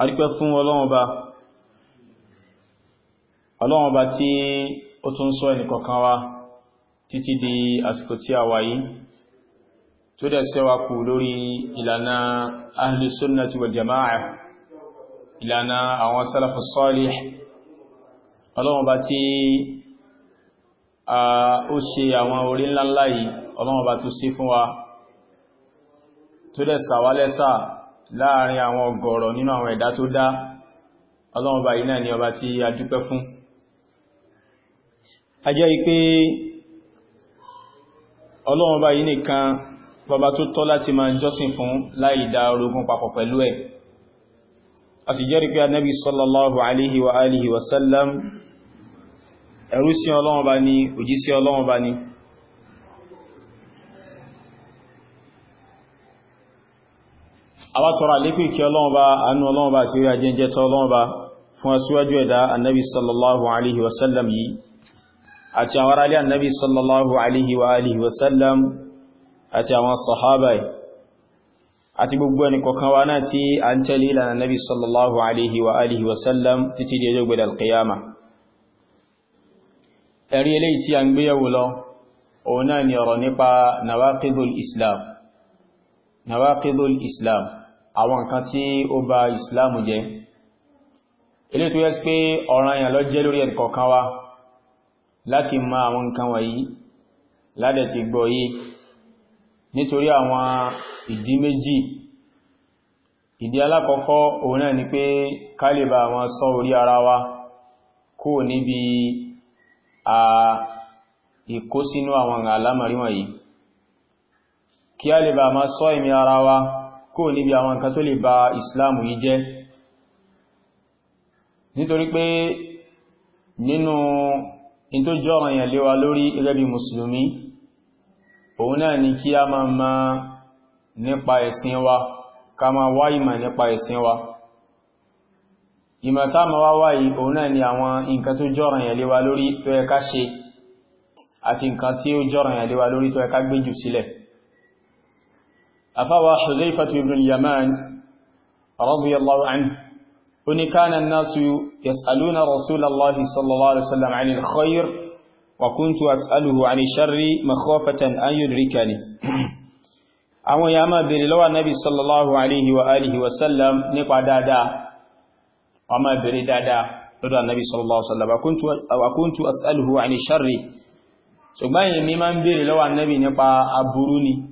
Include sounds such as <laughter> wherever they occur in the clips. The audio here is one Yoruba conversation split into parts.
adúpẹ́ fún Ọlọ́run Ọba Ọlọ́run Ọba tí ó tún sọ ẹnìkọ̀kan wa títí di àsìkò tí a wà yìí tó dẹ̀ ṣẹ́wà kù lórí ìlànà ahlu sunnati wal jama'a ìlànà àwọn salafu salih Ọlọ́run Ọba tí ó ṣe àwọn orí ńláńlá yìí Ọlọ́run Ọba tó ṣe fún wa tó dẹ̀ sàwálẹ́sà láàrin àwọn ọgọ̀rọ̀ nínú àwọn ẹ̀dá tó dá ọlọ́run báyìí náà ni ọba tí a dúpẹ́ fún a jẹ́ pé ọlọ́run báyìí nìkan bàbá tó tọ́ láti máa jọ́sìn fún láì dá orogún papọ̀ pẹ̀lú ẹ̀ a sì jẹ́rìí pé anábi sallallahu alaihi wa alihi wasallam ẹrú sí ọlọ́run bá ní òjíṣẹ́ ọlọ́run bá ní awátọrọ àlékún kí ọlọ́ọ̀bá anú ọlọ́ọ̀bá sí rí ajẹ́jẹ́ tọ́ ọlọ́ọ̀bá fún aṣíwájú ẹ̀dá annabi sallallahu alaihi wasallam yìí àti àwọn aráalé annabi sallallahu alaihi wa alihi wasallam àti àwọn sahaba àti gbogbo ẹni kọ̀kan wa náà tí a ń tẹ́lé ìlànà annabi sallallahu alaihi wa alihi wasallam nawaqidul islam àwọn nǹkan tí ó ba ìsìláàmù jẹ́ ilé tó yẹ́ sí pé ọ̀ràn yà lọ jẹ́ lórí ẹ̀kọ̀ kan wá láti ma àwọn nǹkan wọ̀nyí ládẹ̀ ti gbọ́ yìí nítorí àwọn ìdí méjì ìdí alákọ̀ọ́kọ́ òun náà ni pé kálìbà àwọn sọ orí ara wa kó níbi a ìkó sínú àwọn àlámàrí wọ̀nyí kí a lè bà máa sọ ìmì ara wa kó níbi àwọn nǹkan tó lè ba ìsìláàmù yìí jẹ́ nítorí pé nínú in tó jọ ọ̀ranyàn lé lórí gẹ́gẹ́ bí òun náà ni kí a máa ma nípa ẹ̀sìn wa ká máa wá ìmọ̀ nípa ẹ̀sìn wa ìmọ̀ tá ma wá wáyìí òun náà ni àwọn nǹkan tó jọ ọ̀ranyàn lé wa lórí tó yẹ ṣe àti nǹkan tí ó jọ ọ̀ranyàn lé lórí tó yẹ gbé jù sílẹ̀ أفوى حذيفة بن اليمان رضي الله عنه هنا كان الناس يسألون رسول الله صلى الله عليه وسلم عن الخير وكنت أسأله عن الشر مخافة أن يدركني <clears throat> أمو يا أما بريلوى النبي صلى الله عليه وآله وسلم نقوى دادا أما بري دادا نقوى النبي صلى الله عليه وسلم وكنت, وكنت أسأله عن الشر سبعين ممن بريلوى النبي نقوى أبروني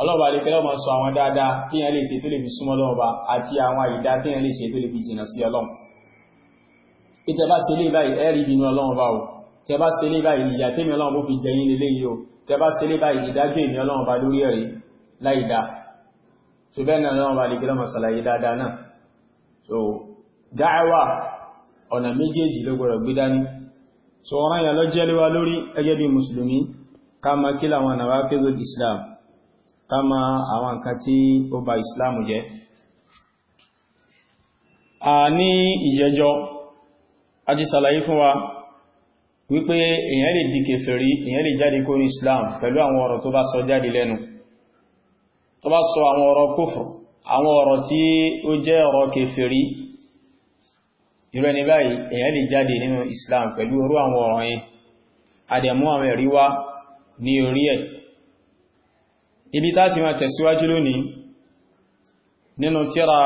ọlọ́ọ̀bá lè fẹ́lọ́ máa sọ àwọn dáadáa tí yẹn lè ṣe tó lè fi súnmọ́ lọ́ọ̀bá àti àwọn àìdá tí yẹn lè ṣe tó lè fi jìnà sí ọlọ́run ìtẹ́ bá ṣe lè báyìí ẹ̀rí ìbínú ọlọ́run bá o tẹ́ bá ṣe lè báyìí ìyà so bẹ́ẹ̀ náà ọlọ́run bá lè fẹ́lọ́ so dáẹwà ọ̀nà méjèèjì ló gbọ́dọ̀ gbé dání so ọ̀ràn yà lọ jẹ́ lé lórí ẹgẹ́ bí mùsùlùmí ká máa kí làwọn ànàwà fẹ́lú Islam Kama mọ àwọn nǹkan tí ó ba ìsìláàmù jẹ́ a ní ìjẹjọ́ a ti sàlàyé fún wa wípé èyàn lè di kèfèrí èyàn lè jáde kó ní islam pẹ̀lú àwọn ọ̀rọ̀ tó bá sọ jáde lẹ́nu tó bá sọ àwọn ọ̀rọ̀ kófù àwọn ọ̀rọ̀ tí ó jẹ́ ọ̀rọ̀ kèfèrí irú ẹni báyìí èyàn lè jáde nínú islam pẹ̀lú orú àwọn ọ̀rọ̀ yẹn adẹ̀mú àwọn ẹ̀rí wá ní orí ẹ̀ ibi táti máa tẹ̀síwájú lónìí nínú tírà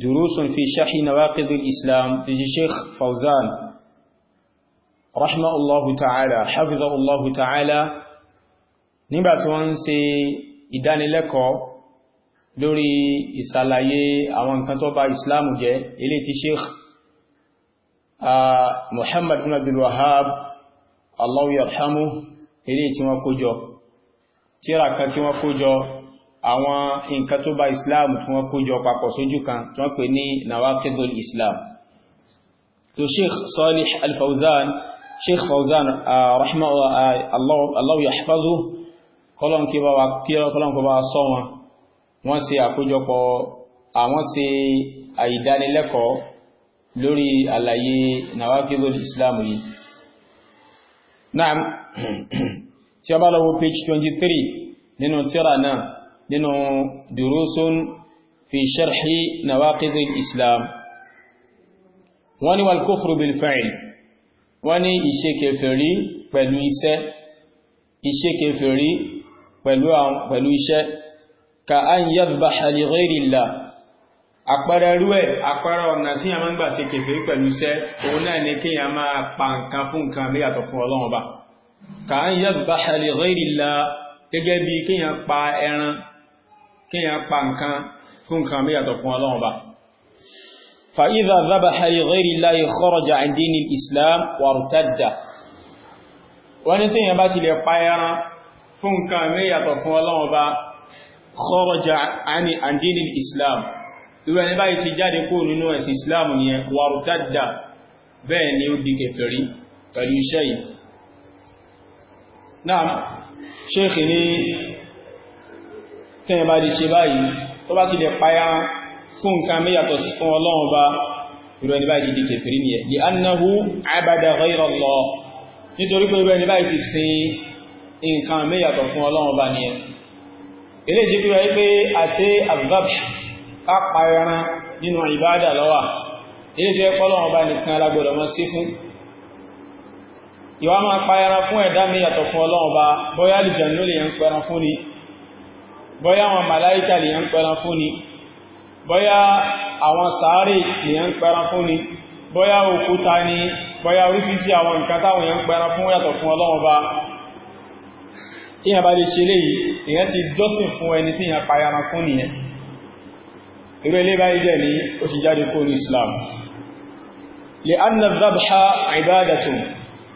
durusun fi sharhi nawaqidil islam ti ṣe sheikh fauzan rahimahullahu ta'ala hafizahullahu ta'ala nígbàtí wọ́n ń ṣe ìdánilẹ́kọ̀ọ́ lórí ìsàlàyé àwọn nǹkan tó bá islam jẹ́ ilé ti sheikh muhammad ibn abdul wahab allahu yarhamu ilé tí wọ́n kójọ tíra kan tí wọ́n kójọ àwọn nǹkan tó bá islam tí wọ́n kójọ papọ̀ sójú kan tí wọ́n pè ní nawaqidul islam tó sheikh salih al-fawzan sheikh fawzan ah, rahimahu ah, allah yahfazu kọlọ́n kí bá wa kíra kọlọ́n kó bá wa sọ wọn wọ́n ṣe àkójọpọ̀ àwọn ṣe àìdánilẹ́kọ̀ọ́ lórí àlàyé nawaqidul islam yìí <clears throat> tí a bá lọ wo page 23 nínú tírà náà nínú durusun fi sharhi nawaqidh al-islam wọ́n ni wal kufru bil fa'il wọ́n ni ìṣe kèfèrí pẹ̀lú iṣẹ́ ìṣe kèfèrí pẹ̀lú iṣẹ́ ka an yadhbaha li ghayri llah àpẹẹrẹ rú àpẹẹrẹ ọ̀nà tí a ń gbà ṣe kèfèrí pẹ̀lú iṣẹ́ òun náà ni kí a máa pa nǹkan fún nǹkan bí fún Ọlọ́run bá ka an yadhbaha li ghayrillah gẹ́gẹ́ bí kíyàn pa ẹran kíyàn pa nǹkan fún nǹkan mẹ́yàtọ̀ fún ọlọ́run ba fa idha dhabaha li ghayrillah kharaja an dini islam wa rtadda wọ́n ní tíyàn bá ti lè pa ẹran fún nǹkan mẹ́yàtọ̀ fún ọlọ́run ba kharaja an dini islam irú islam náà ṣéèkì ní tẹ́yẹ bá di ṣe báyìí tó bá ti lè páyá fún nǹkan méyàtọ̀ fún ọlọ́run bá irú ẹni báyìí di kèfèrí ni ẹ̀ di annahu abada ghayra Allah nítorí pé irú ẹni báyìí ti sin nǹkan méyàtọ̀ fún ọlọ́run bá ni ẹ̀ ìwá máa pa ẹran fún ẹ̀dá mi yàtọ̀ fún ọlọ́run bá bóyá lìjànú lè yẹn pẹran fún ni bóyá àwọn màláíkà lè yẹn pẹran fún ni bóyá àwọn sàárè lè yẹn pẹran fún ni bóyá òkúta ni bóyá oríṣiríṣi àwọn nǹkan táwọn yẹn pẹran fún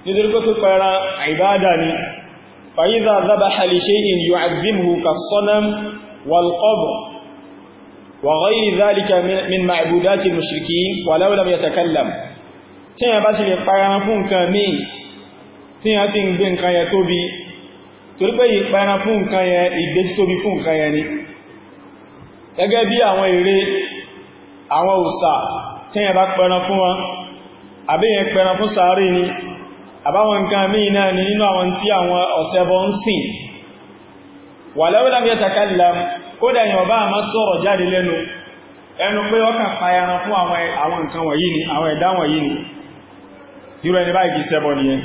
nítorí pé pípẹ̀ra àìbáadà ni fàyíza zabaha li shay'in yu'azzimhu kas-sanam wal-qabr wa ghayri dhalika min ma'budati al-mushrikeen walau lam yatakallam tí a bá ti lè pẹ̀ran fún nǹkan ní tí a sì ń gbé nǹkan yẹ tóbi torí pé ìpẹ̀ran fún nǹkan yẹ ìgbésí tóbi fún nǹkan ni gẹ́gẹ́ bí àwọn ère àwọn òsà tí a bá pẹ̀ran fún wọn àbí yẹn pẹ̀ran fún ni àbáwọn nǹkan míì náà ni nínú àwọn tí àwọn ọ̀sẹ̀bọ ń sìn wà lẹ́wọ́lá bí ẹ̀tàkàlá kódà yìí ọba àmá sọ̀rọ̀ jáde lẹ́nu ẹnu pé ọkà payaran fún àwọn nǹkan wọ̀nyí ni àwọn ẹ̀dá wọ̀nyí ni irú ẹni báyìí kìí ṣẹbọ nìyẹn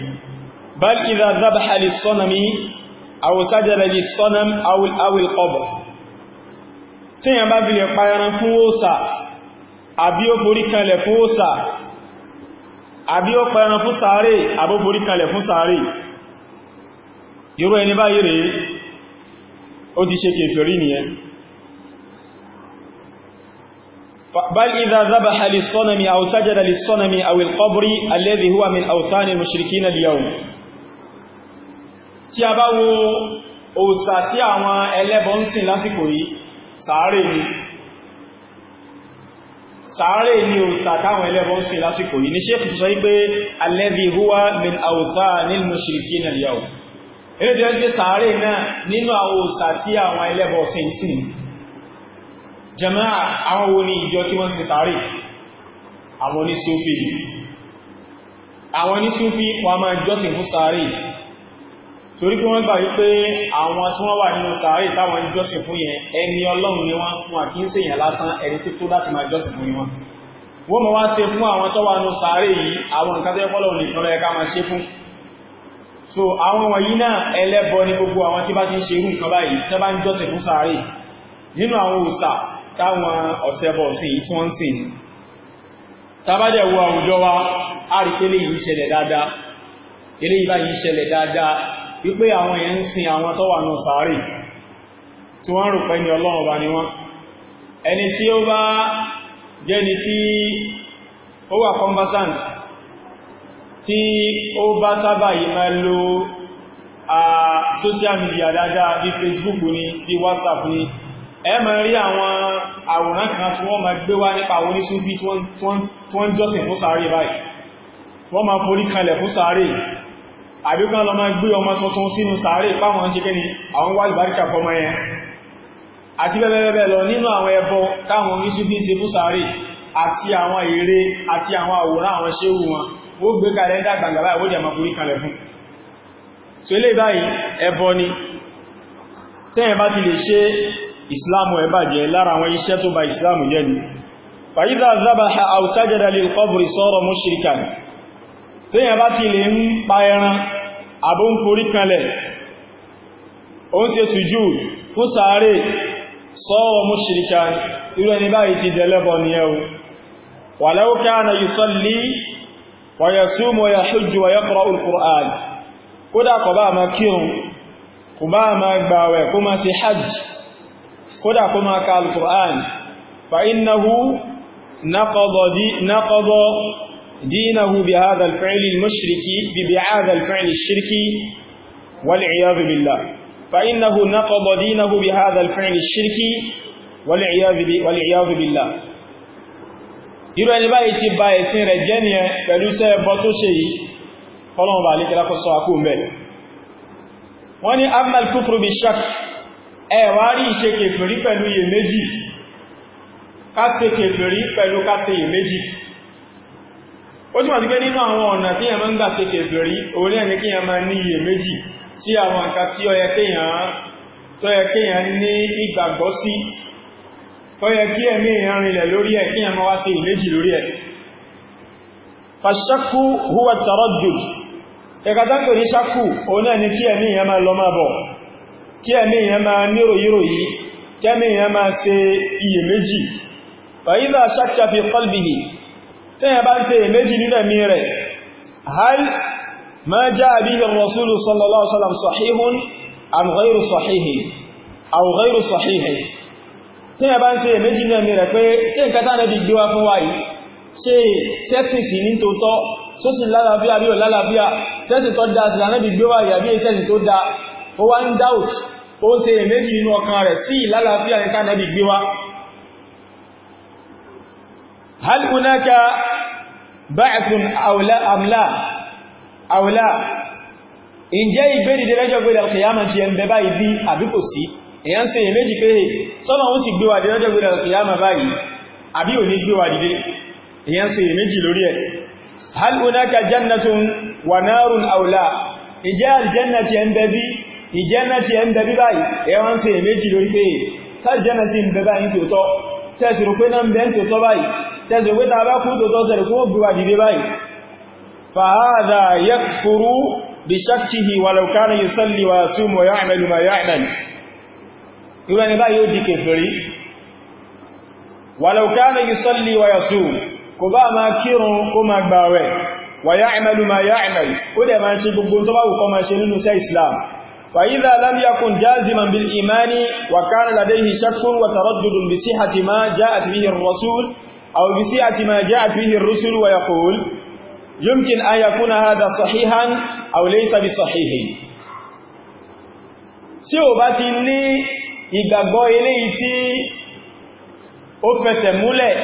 bal idha dhabaha lis-sanami aw sajada lis-sanam aw al-qabr àbí ó pẹran fún sàárè àbóborí kalẹ̀ fún sàárè irú ẹni báyìí rèé ó ti ṣe kèfèrí nìyẹn بل إذا ذبح للصنم أو سجد للصنم أو القبر الذي هو من أوثان المشركين اليوم tí a bá wo òòsà tí àwọn ẹlẹ́bọ ń sàárè ni òsà táwọn ẹlẹ́bọ̀ sí lásìkò yìí ní ṣékù sọ wípé alladhi huwa min awthanil mushrikina al-yawm eré jẹ́ pé sàárè náà nínú àwọn tí àwọn ẹlẹ́bọ̀ sí sí jama'a àwọn wo ni ìjọ tí wọ́n sí sàárè àwọn ní Súfí torí pé wọ́n gbà wípé àwọn tí wọ́n wà nínú sàárè táwọn ìjọsìn fún yẹn ẹni ọlọ́run ni wọ́n fún àkíyèsí èèyàn lásán ẹni tí tó láti máa jọsìn fún wọn wọ́n mọ̀ wá ṣe fún àwọn tó wà nínú sàárè yìí àwọn nǹkan so àwọn wọ̀nyí ni gbogbo àwọn tí bá ti ń ṣe irú nǹkan báyìí tẹ́ bá ń jọsìn fún sàárè nínú àwọn òòṣà táwọn ọ̀sẹ̀bọ̀ sí tí eléyìí báyìí ṣẹlẹ̀ dáadáa wípé àwọn èèyàn ń sin àwọn tó wà náà sàárì tí wọ́n rò pé ní ọlọ́run bá ní wọ́n ẹni tí ó bá jẹ́ni tí ó wà conversant tí ó bá sábà yìí máa lo a social media dáadáa bí Facebook ni bí WhatsApp ni ẹ máa rí àwọn àwòrán kan tí wọ́n máa gbé wá nípa àwọn oníṣúbí tí wọ́n jọ́sìn fún sàárì báyìí wọ́n máa forí kalẹ̀ fún sàárì àbíkọ́ lọ máa gbé ọmọ tuntun sínú sàárè fáwọn ṣe kẹ́ni àwọn wà lùbáríkà fọmọ yẹn àti bẹ́ẹ̀bẹ́ẹ̀ lọ nínú àwọn ẹbọ táwọn Yúsúfì ṣe fún sàárè àti àwọn ère àti àwọn àwòrán àwọn ṣéwù wọn ó gbé kàlẹ́ndà gbàgbà báyìí ó dẹ̀ máa forí kalẹ̀ fún so ilé báyìí ẹbọ ni tẹ́yìn téèyàn bá ti lè ń pa ẹran àbó ń forí kanlẹ̀ ó ń ṣe sùjú fún sàárè sọ́ọ̀ múṣìríkà irú ẹni báyìí ti dẹ̀lẹ́bọ̀ ní ẹwù wà lẹ́wọ́ká na yusalli wa yasumu wa fa innahu naqada دينه بهذا الفعل المشركي بهذا الفعل الشركي والعياذ بالله فإنه نقض دينه بهذا الفعل الشركي والعياذ والعياذ بالله يرو ان باي تي باي سين رجنيه بلو سي بوتو شي فلون با لي كلاكو سو اكو مبل واني اما الكفر بالشك اي واري شيكي فري بلو يمجي كاسيكي فري بلو كاسيكي يمجي ó túnmọ̀ sí pé nínú àwọn ọ̀nà tí yẹn máa ń gbà ṣe kèfèrí òun náà ni kí yẹn máa ní iyèméjì sí àwọn nǹkan tí ó yẹ kéèyàn ní ìgbàgbọ́ sí tó yẹ kí ẹ̀mí èèyàn rinlẹ̀ lórí ẹ̀ kí yẹn máa wá ṣe ìméjì lórí ẹ̀ fàṣákú huwa taraddud ẹ̀ka ni kí ẹ̀mí èèyàn máa lọ máa bọ̀ kí ẹ̀mí èèyàn máa níròyíròyí kẹ́mí èèyàn máa fa idha shakka fi qalbihi tẹ́yàn bá ṣe èméjì nínú ẹ̀mí rẹ̀ hal ma jaa bihi ar-rasul sallallahu alaihi wasallam sahihun am ghayru sahihi aw ghayru sahihi tẹ́yàn bá ṣe èméjì nínú ẹ̀mí rẹ̀ pé ṣé nǹkan tánà di gbé wá fún wáyí ṣe sẹ́sìsì ní tòótọ́ sẹ́sì lálàáfíà bí ò lálàáfíà sẹ́sì tó dá sí lánàbí gbé wáyí àbí sẹ́sì tó dá ó wá ń dáùt هل هناك بعث أو لا أم لا أو لا إن جاء ìbéèrè dé lọ́jọ́ gbéra alkiyama ti ẹn bẹ báyìí bí àbí kò sí èyàn ṣe èméjì pé sọ́nà ó sì gbéwà dé lọ́jọ́ gbéra alkiyama báyìí àbí ò ní gbéwà dìde èyàn ṣe èméjì lórí ẹ̀ hal hunaka jannatun wa narun aw la ìjẹ́ aljanna ti ẹn bẹ bí ìjẹ́nà ti ẹn bẹ bí báyìí èyàn ṣe èméjì lórí pé sáà jẹ́nà sí ń bẹ báyìí tòótọ́ tẹ́sìrò pé náà ń bẹ ń tòótọ́ báyìí tẹ́sù pé ta bá kúrò tó sẹ̀rẹ̀ kó gbíwà dìde báyìí fàhádà yẹ fúrú bí ṣakkihi wàlàukánà yìí sọ́lì wà súnmọ̀ ya àmàlù ma ya àmàlù ìwẹ́ ni báyìí ó di kèfèrí wàlàukánà yìí sọ́lì wà yasú kò bá ma kírun kó ma gbàwẹ̀ wà ya àmàlù ma ya àmàlù ó dẹ̀ ma ṣe gbogbo tó bá wùkọ́ ma ṣe nínú sẹ́ islam فإذا لم يكن جازما بالإيمان وكان لديه شك وتردد بصحة ما جاءت به الرسول أو بسيئة ما جاء فيه الرسل ويقول يمكن أن يكون هذا صحيحا أو ليس بصحيح tí ó bá ti ní ìgbàgbọ́ eléyìí tí ó fẹsẹ̀ múlẹ̀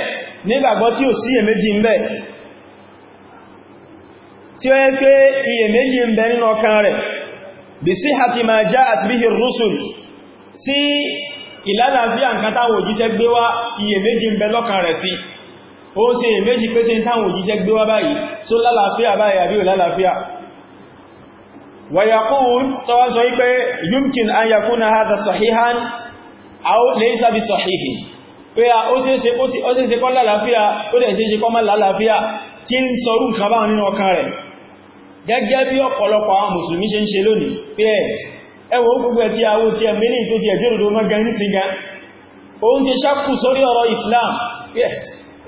nígbàgbọ́ tí ò sí iyèméjì ń bẹ tí ó yẹ pé iyèméjì ń bẹ nínú ọkàn rẹ̀ bí sí àti máa já àti bí hìrúsùn sí ìlànà bí àǹkátà òjíṣẹ́ gbé wá iyèméjì ń bẹ lọ́kàn rẹ̀ sí si ó sì méjì pé tí táwọn òjíṣẹ́ gbé wá báyìí só lálàáfíà báyìí àbí ò lálàáfíà wàyàkún tó wá sọ wípé yumkin an yakuna hadha sahihan aw laysa bi sahihin pé a ó ṣeéṣe kó lálàáfíà ó dẹ̀ ṣeéṣe kó má lálàáfíà tí ń sọrú nǹkan báwọn nínú ọkàn rẹ̀ gẹ́gẹ́ bí ọ̀pọ̀lọpọ̀ àwọn mùsùlùmí ṣe ń ṣe lónìí pé ẹwọ gbogbo ẹ̀tí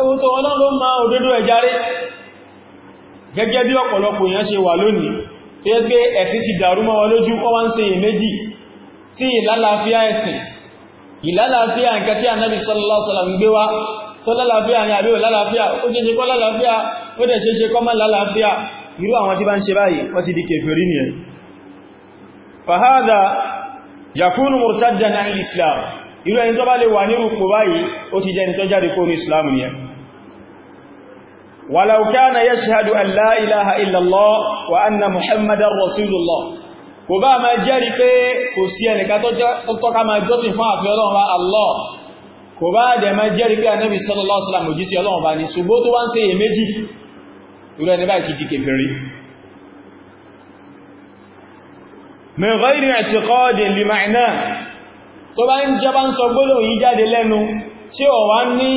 ẹwọ́n tó ọlọ́run ló máa òdodo ẹ̀járe gẹ́gẹ́ bí ọ̀pọ̀lọpọ̀ èèyàn ṣe wà lónìí tó yẹ pé ẹ̀sìn ti dàrú mọ́ wọn lójú kọ́ wá ń ṣe iyèméjì sí ìlàlàáfíà ẹ̀sìn ìlàlàáfíà nǹkan tí ànábì sallallahu alaihi wasallam gbé wá ni àbí ò lálàáfíà ó ṣeṣe kọ́ lálàáfíà ó dẹ̀ ṣeṣe kọ́ má lálàáfíà irú àwọn tí bá ń islam irú ẹni tó bá lè wà islam nìyẹn ولو كان يشهد أن لا إله إلا الله وأن محمد رسول الله وبا ما جاري في كسياني كتوكا ما جوسي فان في الله الله وبا دي ما جاري في النبي صلى الله عليه وسلم وجيسي الله باني سبوتو وان سي يميجي يقول أنا باي تيجي كفري من غير اعتقاد لمعناه طبعا جبان سبولو يجادي لنو سيو واني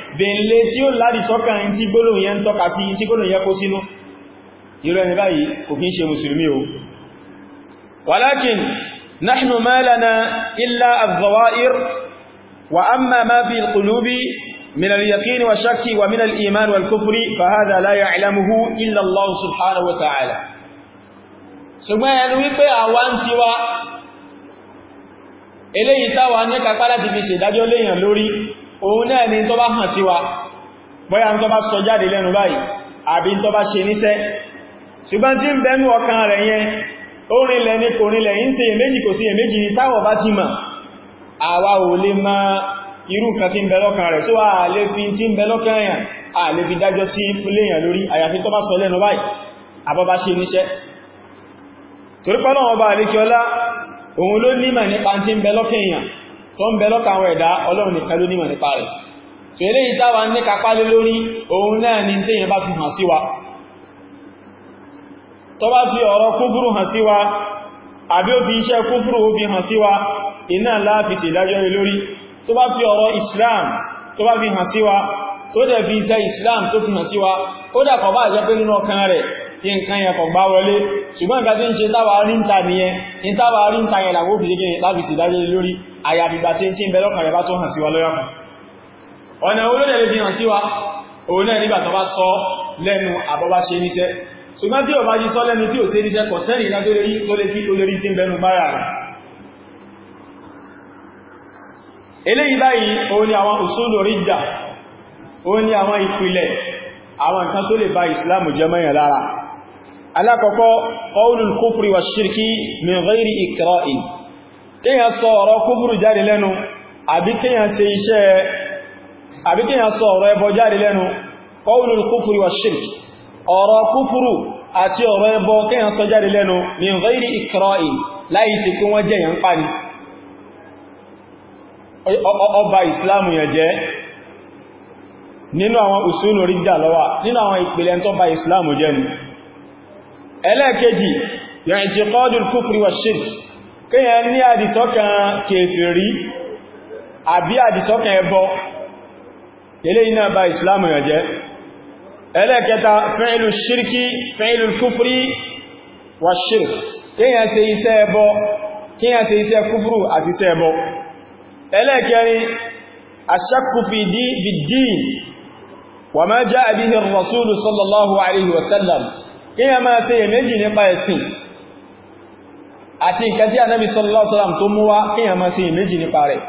bèèlè tí ó láti sọ́kàn yí tí gbólóhùn yẹn ń tọ́ka sí yí tí gbólóhùn yẹn kó sínú irú ẹni báyìí kò kí ń ṣe mùsùlùmí o walakin nahnu ma lana illa az-zawa'ir wa amma ma fi al-qulubi من اليقين والشك ومن الإيمان والكفر فهذا لا يعلمه إلا الله سبحانه وتعالى ṣùgbọ́n ẹnu wípé àwọn tí wá eléyìí táwà ní kàpá láti fi ṣèdájọ́ léèyàn lórí òun náà ni tó bá hàn sí wa bóyá tó bá sọ jáde lẹ́nu báyìí àbí tó bá ṣe níṣẹ́ ṣùgbọ́n tí ń bẹnu ọkàn rẹ̀ yẹn ó rinlẹ̀ ní kò rinlẹ̀ ń ṣe èméjì kò sí èméjì ní táwọ̀ bá ti mà àwa ò lè ma irú nǹkan tí ń bẹ lọ́kàn rẹ̀ tó wà lè fi tí ń bẹ lọ́kàn tó ń bẹ lọ́kàn àwọn ẹ̀dá ọlọ́run nìkan ló nímọ̀ nípa rẹ̀ tó ilé ìtawà ní kapá lé lórí òun náà ni téèyàn bá fi hàn sí wa tó bá fi ọ̀rọ̀ kúfúrú hàn sí àbí ó fi iṣẹ́ kúfúrú ó hàn sí iná láàfi ìdájọ́ rẹ̀ lórí tó bá fi ọ̀rọ̀ Islam tó bá fi hàn sí tó dẹ̀ fi iṣẹ́ Islam tó fi hàn sí wa ó dàkọ̀ bá jẹ́ pé nínú ọkàn rẹ̀ tí nǹkan yẹn kọ̀ gbá wọlé ṣùgbọ́n nǹkan tí ń ṣe táwà rí ń ta nìyẹn ní táwà rí ń ta yẹn làwó fi ṣe láti sì dájé lórí àyàfìgbà tí ń tí ń bẹ́lọ́kàn rẹ̀ bá tó hàn sí wa lọ́yàkùn ọ̀nà olóòdẹ̀ lè fi hàn sí wa òun náà nígbà tó bá sọ lẹ́nu àbọ́bá ṣe níṣẹ́ ṣùgbọ́n tí ò bá jí sọ lẹ́nu tí ò ṣe níṣẹ́ kọ̀ sẹ́rì iná tó lè rí tó lè rí àwọn nǹkan tó lè bá ìsìlámù jẹ́ mẹ́yàn lára alákọ̀ọ́kọ́ qawlul kufri wa shirki min ghairi ikra'in kíyàn sọ ọ̀rọ̀ kúfùrù jáde lẹ́nu àbí kíyàn sọ ọ̀rọ̀ ẹbọ jáde lẹ́nu qawlul kufri wa shirki ọ̀rọ̀ kúfùrù àti ọ̀rọ̀ ẹbọ kíyàn sọ jáde lẹ́nu min ghairi ikra'in láì sí kí wọ́n jẹ́ yàn pàní ọba ìsìláàmù yẹn jẹ́ nínú àwọn usulu ridda ló ba ìsìláàmù jẹ́ ni ẹlẹ́ẹ̀kejì yọ̀ǹtíkọ́dùn kúfùrí wà ṣírk kíyàn ní àdìsọ́kàn kèfèrí àbí àdìsọ́kàn ẹbọ ilé iná bá ìsìlámù yàn jẹ́ ẹlẹ́ẹ̀kẹta fẹ́ìlú ṣírkí fẹ́ìlú kúfùrí wà ṣírk kíyàn ṣe iṣẹ́ ẹbọ kíyàn ṣe iṣẹ́ kúfùrú àti iṣẹ́ ẹbọ ẹlẹ́ẹ̀kẹrin aṣakùfì dí bìdín wà má já àbíhìn rasúlù sallallahu alaihi wasallam kí a máa ṣe èméjì nípa ẹ̀sìn àti nǹkan tí Ànábì sallallahu alaihi wasallam tó mú wá kí a máa ṣe èméjì nípa rẹ̀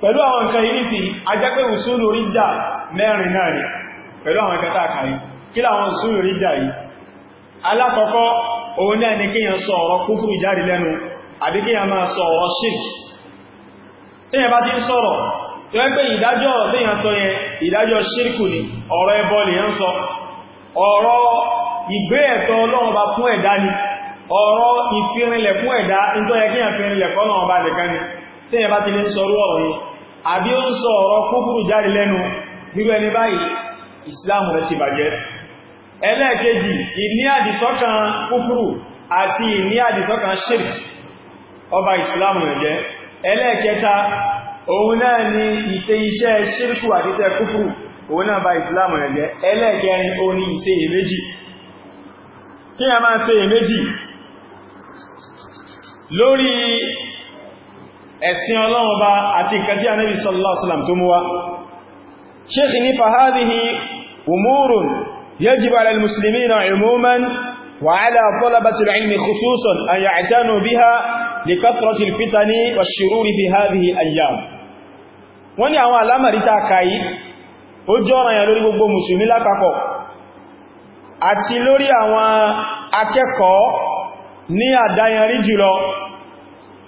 pẹ̀lú àwọn nǹkan yìí sí ajápẹ́ usulu ridda mẹ́rin náà ni pẹ̀lú àwọn nǹkan tààkàrí kí láwọn usulu ridda yìí alákọ̀ọ́kọ́ òun náà ni kí yàn sọ ọ̀rọ̀ kúfùrù ń sọ ọ̀rọ̀ ìgbé ẹ̀tọ́ ọlọ́run bá fún ẹ̀dá ni ọ̀rọ̀ ìfirinlẹ̀ fún ẹ̀dá tó yẹ kí àfirinlẹ̀ fọ́lọ́run bá lẹ̀ká ni tí ẹ bá ti ní sọ rú ọ̀rọ̀ àbí ó ń sọ ọ̀rọ̀ kúkúrú jáde lẹ́nu wíwẹ́ ní báyìí ìsìláàmù rẹ̀ ti bàjẹ́ ẹlẹ́ẹ̀kejì ẹlẹ́ẹ̀kẹta òun náà ni ìṣe iṣẹ́ shirku àti iṣẹ́ kúkúrú òun náà ba ìsìláàmù rẹ̀ jẹ́ ẹlẹ́ẹ̀kẹrin òun ni ìṣe èméjì kí a máa ṣe èméjì lórí ẹ̀sìn ọlọ́run bá àti ìkàtí ànábì sallallahu alaihi wasallam tó mú wá Sheikh ní fahadihi umurun yajibu ala al-muslimina umuman wa ala talabati al-ilmi khususan an ya'tanu biha likathrati al-fitani wash-shururi fi hadhihi al lórí gbogbo mùsùlùmí lápapọ̀ àti lórí àwọn akẹ́kọ̀ọ́ ní àdáyanrí jùlọ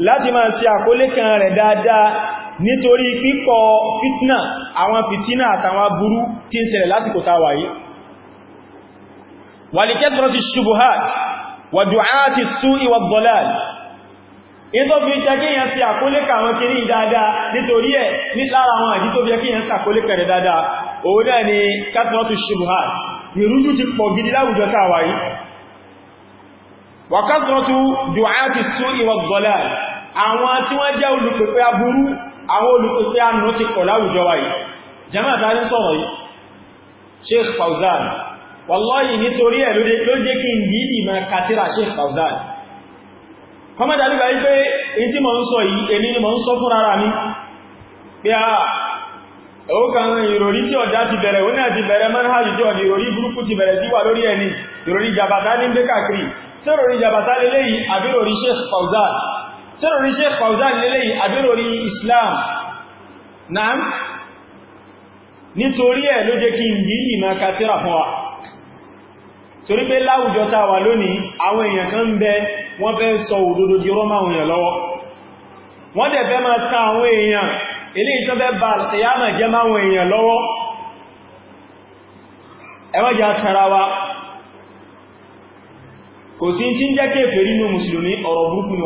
láti máa ṣe àkólé kan rẹ̀ dáadáa nítorí kíkọ̀ fitna àwọn fitina àtàwọn burú tí ń ṣẹlẹ̀ lásìkò tá wà yìí wàlìkẹ́tọ̀rọ̀tì ṣubuhat wà dùáàtì sú ìwà bọ̀láàlì in tó fi jẹ́ kíyàn sí àkólẹ́kà àwọn kìrí dáadáa nítorí ẹ̀ ni kẹ́tọ̀rọ̀tì ṣubuhat ìrújú ti pọ̀ gidi láwùjọ táwà yìí wàkásọ́tú dùáàtì sú ìwà gọ́lá àwọn tí wọ́n jẹ́ olùpẹ̀pẹ̀ aburú àwọn olùpẹ̀pẹ̀ anú ti pọ̀ láwùjọ wa yìí jama'a ta Sheikh Fauzan wallahi nítorí ẹ̀ ló jẹ́ kí n dìídì Sheikh Fauzan kọmọ́dà nígbà yí pé in tí mọ̀ ń sọ yìí èmi ni mọ̀ ó kàn ìròrí tí ọ̀dá ti bẹ̀rẹ̀ ó náà ti bẹ̀rẹ̀ manhajj tí ọ̀dá ìròrí burúkú ti bẹ̀rẹ̀ sí wà lórí ẹni ìròrí jàbátá ní gbé kàkiri jàbátá lélẹ́yìí àbíròrí Sheikh Fauzan tí Sheikh Fauzan lélẹ́yìí àbíròrí Islam náà nítorí ẹ̀ ló jẹ́ kí n yí ìmọ̀ kàtírà wa torí pé láwùjọ tá wà lónìí àwọn èèyàn kan ń bẹ wọ́n dẹ̀ fẹ́ máa ta àwọn èèyàn ilé ìṣọ́fẹ́ bá ìyámà jẹ́ máwọn èèyàn lọ́wọ́ ẹwọ́jà tara wa kò sí tí ń jẹ́ kèfèrí ní musulmi ọ̀rọ̀ burúkú ni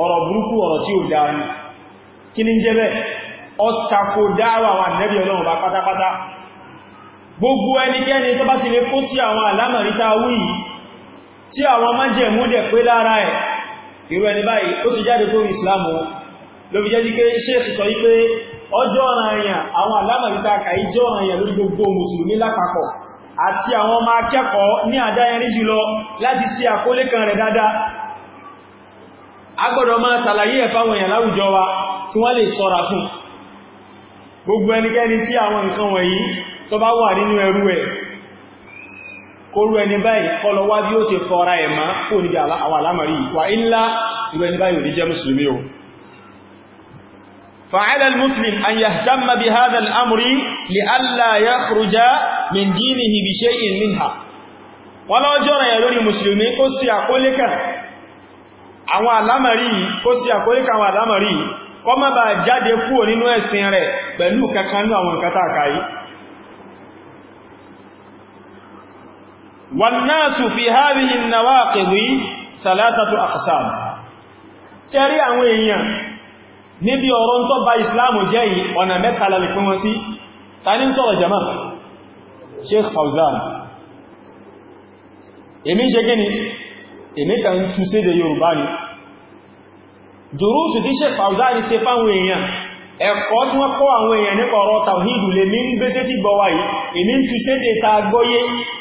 ọ̀rọ̀ burúkú ọ̀rọ̀ tí ó dáa kí ní jẹ́ bẹ́ ọ̀tàkò dáwà wà nẹ́bí ọlọ́run pátápátá gbogbo ló fi jẹ́ sí pé ṣéèkì sọ wípé ọjọ́ ọ̀ràn èèyàn àwọn alámọ̀lítà kàí jẹ́ ọ̀ràn èèyàn lórí gbogbo mùsùlùmí lápapọ̀ àti àwọn ọmọ akẹ́kọ̀ọ́ ní àdáyẹrí jùlọ láti sí àkólé kan rẹ̀ dáadáa agbọ́dọ̀ máa ṣàlàyé ẹ̀ fáwọn èèyàn láwùjọ wa kí wọ́n lè ṣọ́ra fún gbogbo ẹnikẹ́ni tí àwọn nǹkan wọ̀nyí tó bá wà nínú ẹrú ẹ̀ kóró ẹni báyìí kọlọ wá bí ó ṣe fọ́ra ẹ̀má kò níbi àwọn alámàrí wà ílá ìrẹ́ni báyìí ò ní jẹ́ mùsùlùmí o فعلى المسلم أن يهتم بهذا الأمر لئلا يخرج من دينه بشيء منها ولا جرى يلوني مسلمين قصي أقولك àwọn àlámàrí kó sí àkóríkà àwọn àlámàrí kó má bàa jáde kúrò nínú ẹ̀sìn rẹ̀ pẹ̀lú kankanú àwọn ìkàtà àkàyí والناس في هذه النواقض ثلاثة أقسام ṣe rí àwọn èèyàn níbi ọ̀rọ̀ tó bá ìsìláàmù jẹ́ yìí ọ̀nà mẹ́ta lalìpín wọn sí ta ní sọ̀rọ̀ jama Sheikh Fauzan èmi ṣe gíní èmi ta ń tú sí da Yorùbá ni dúrútù tí Sheikh Fauzan ṣe fáwọn èèyàn ẹ̀kọ́ tí wọ́n kọ́ àwọn èèyàn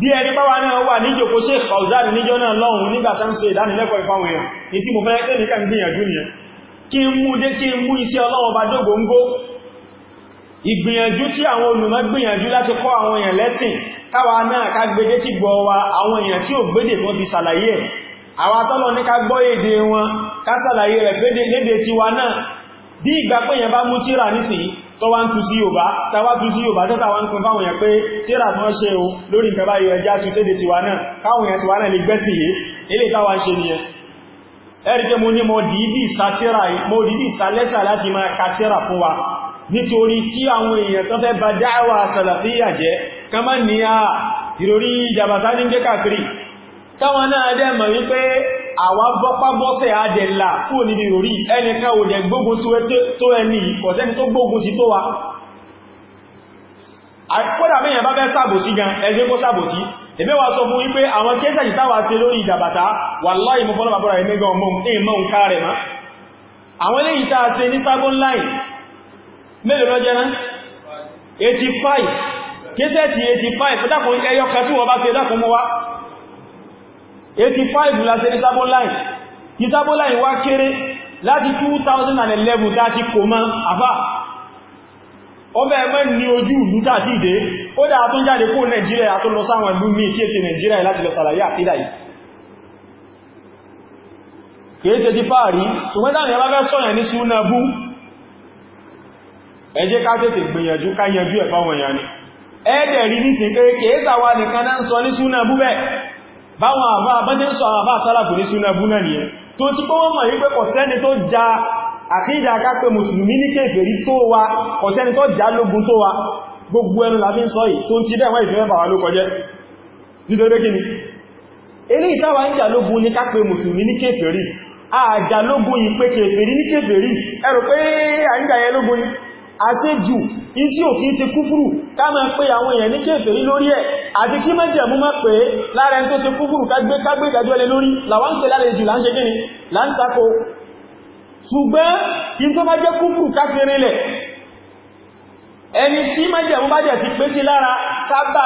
bí ẹni pàwà náà wà ní ìjòkó ṣe Fauzan níjọ́ náà lọ́hun nígbàtà ń se ìdánilẹ́kọ̀ọ́ ìfáwọn èèyàn ní tí mo fẹ́ pẹ́ nìkan gbìyànjú nìyẹn kí n mú dé kí n mú iṣẹ́ Ọlọ́run bá dógóngó ìgbìyànjú tí àwọn olùmọ̀ gbìyànjú láti kọ́ àwọn èèyàn lẹ́sìn káwa náà ká gbédé tí gbọ́ wa àwọn èèyàn tí ò gbédè wọn ti ṣàlàyé ẹ̀ àwa tọ́lọ ní ká bí ìgbà pé èèyàn bá mú tíra nísìnyí tó wá ń tú sí Yorùbá tàwà tú sí Yorùbá tọ́ta wá ń pín fáwọn èèyàn pé tíra tí wọ́n ṣe o lórí nǹkan báyìí ẹjá tú sédè tiwa náà káwọn èèyàn tiwa náà lè gbẹ́sì yé ilé táwa ṣe nìyẹn ẹ̀rìkẹ́ mo ní mo dìídì sátírà mo dìídì sálẹ́sà láti máa kátírà fún wa nítorí kí àwọn èèyàn tó fẹ́ bá dáwà sàlàfíyà jẹ́ kán má ní à ìrorí ìjàbàtà ní jẹ́ káwọn náà dẹ̀ mọ̀ wípé àwa bọ́pá bọ́sẹ̀ àdẹ̀là kúrò níbi orí ẹnìkan ò dẹ̀ gbógun tó ẹni kọ̀sẹ́ni tó gbógun ti tó wa àkọ́dà mẹ́yàn bá fẹ́ sàbòsí gan ẹgbẹ́ kó sàbòsí ẹgbẹ́ wa sọ fún wípé àwọn kéèsàjì táwà sí lórí ìdàbàtà wallahi mọ́ fọ́lọ́bà bọ́ra ẹgbẹ́ gan mọ́ ìmọ̀ ń ká rẹ̀ má àwọn ilé 85 la ṣe ní carbon line kí line wá kéré láti 2011 tàti kò mọ́ àbá ọbẹ̀ ẹgbẹ́ ní ojú ìlú tàti ìdé ó dáa tó jáde kó Nàìjíríà tó lọ sáwọn ìlú míì kí èsì Nàìjíríà láti lọ sàlàyé àfídà yìí kéèkéé ti fàárí ṣùgbọ́n dáni alábẹ́ sọ́yàn ní súnabú ẹ jẹ́ ká tètè gbìyànjú ká yanjú ẹ̀fà ni ẹ̀ẹ́dẹ̀ rí ní ti sọ báwọn àbá abẹ́jẹ́ sọ àwọn àbá sálàfù ní súnà búnà nìyẹn tó ti kọ́ wọ́n mọ̀ yí pé kọ̀sẹ́ni tó ja àkídà kápẹ́ mùsùlùmí ní kèfèrí tó wa kọ̀sẹ́ni tó já lógun tó wa gbogbo ẹnu la fi ń sọ yìí tó ń ti dẹ̀wọ́ ìfẹ́ bàwà ló kọjẹ́ nítorí kí ni eré ìtawà ń jàlógún ní kápẹ́ mùsùlùmí ní kèfèrí àjàlógún yìí pé kèfèrí in tí ò kí ṣe kúfúrù ká máa pé àwọn èèyàn ní kéfèrí lórí ẹ̀ àti kí mẹ́jẹ̀ mú má pé lára ẹni tó ṣe kúfúrù kágbé kágbé ìdájọ́ lé lórí làwọn ń pè lára ìjù láńṣe kíni láńtakò ṣùgbọ́n kí tó bá jẹ́ kúfúrù káfèrè lẹ̀ ẹni tí mẹ́jẹ̀ mú bá jẹ̀ sí pé sí lára ká bá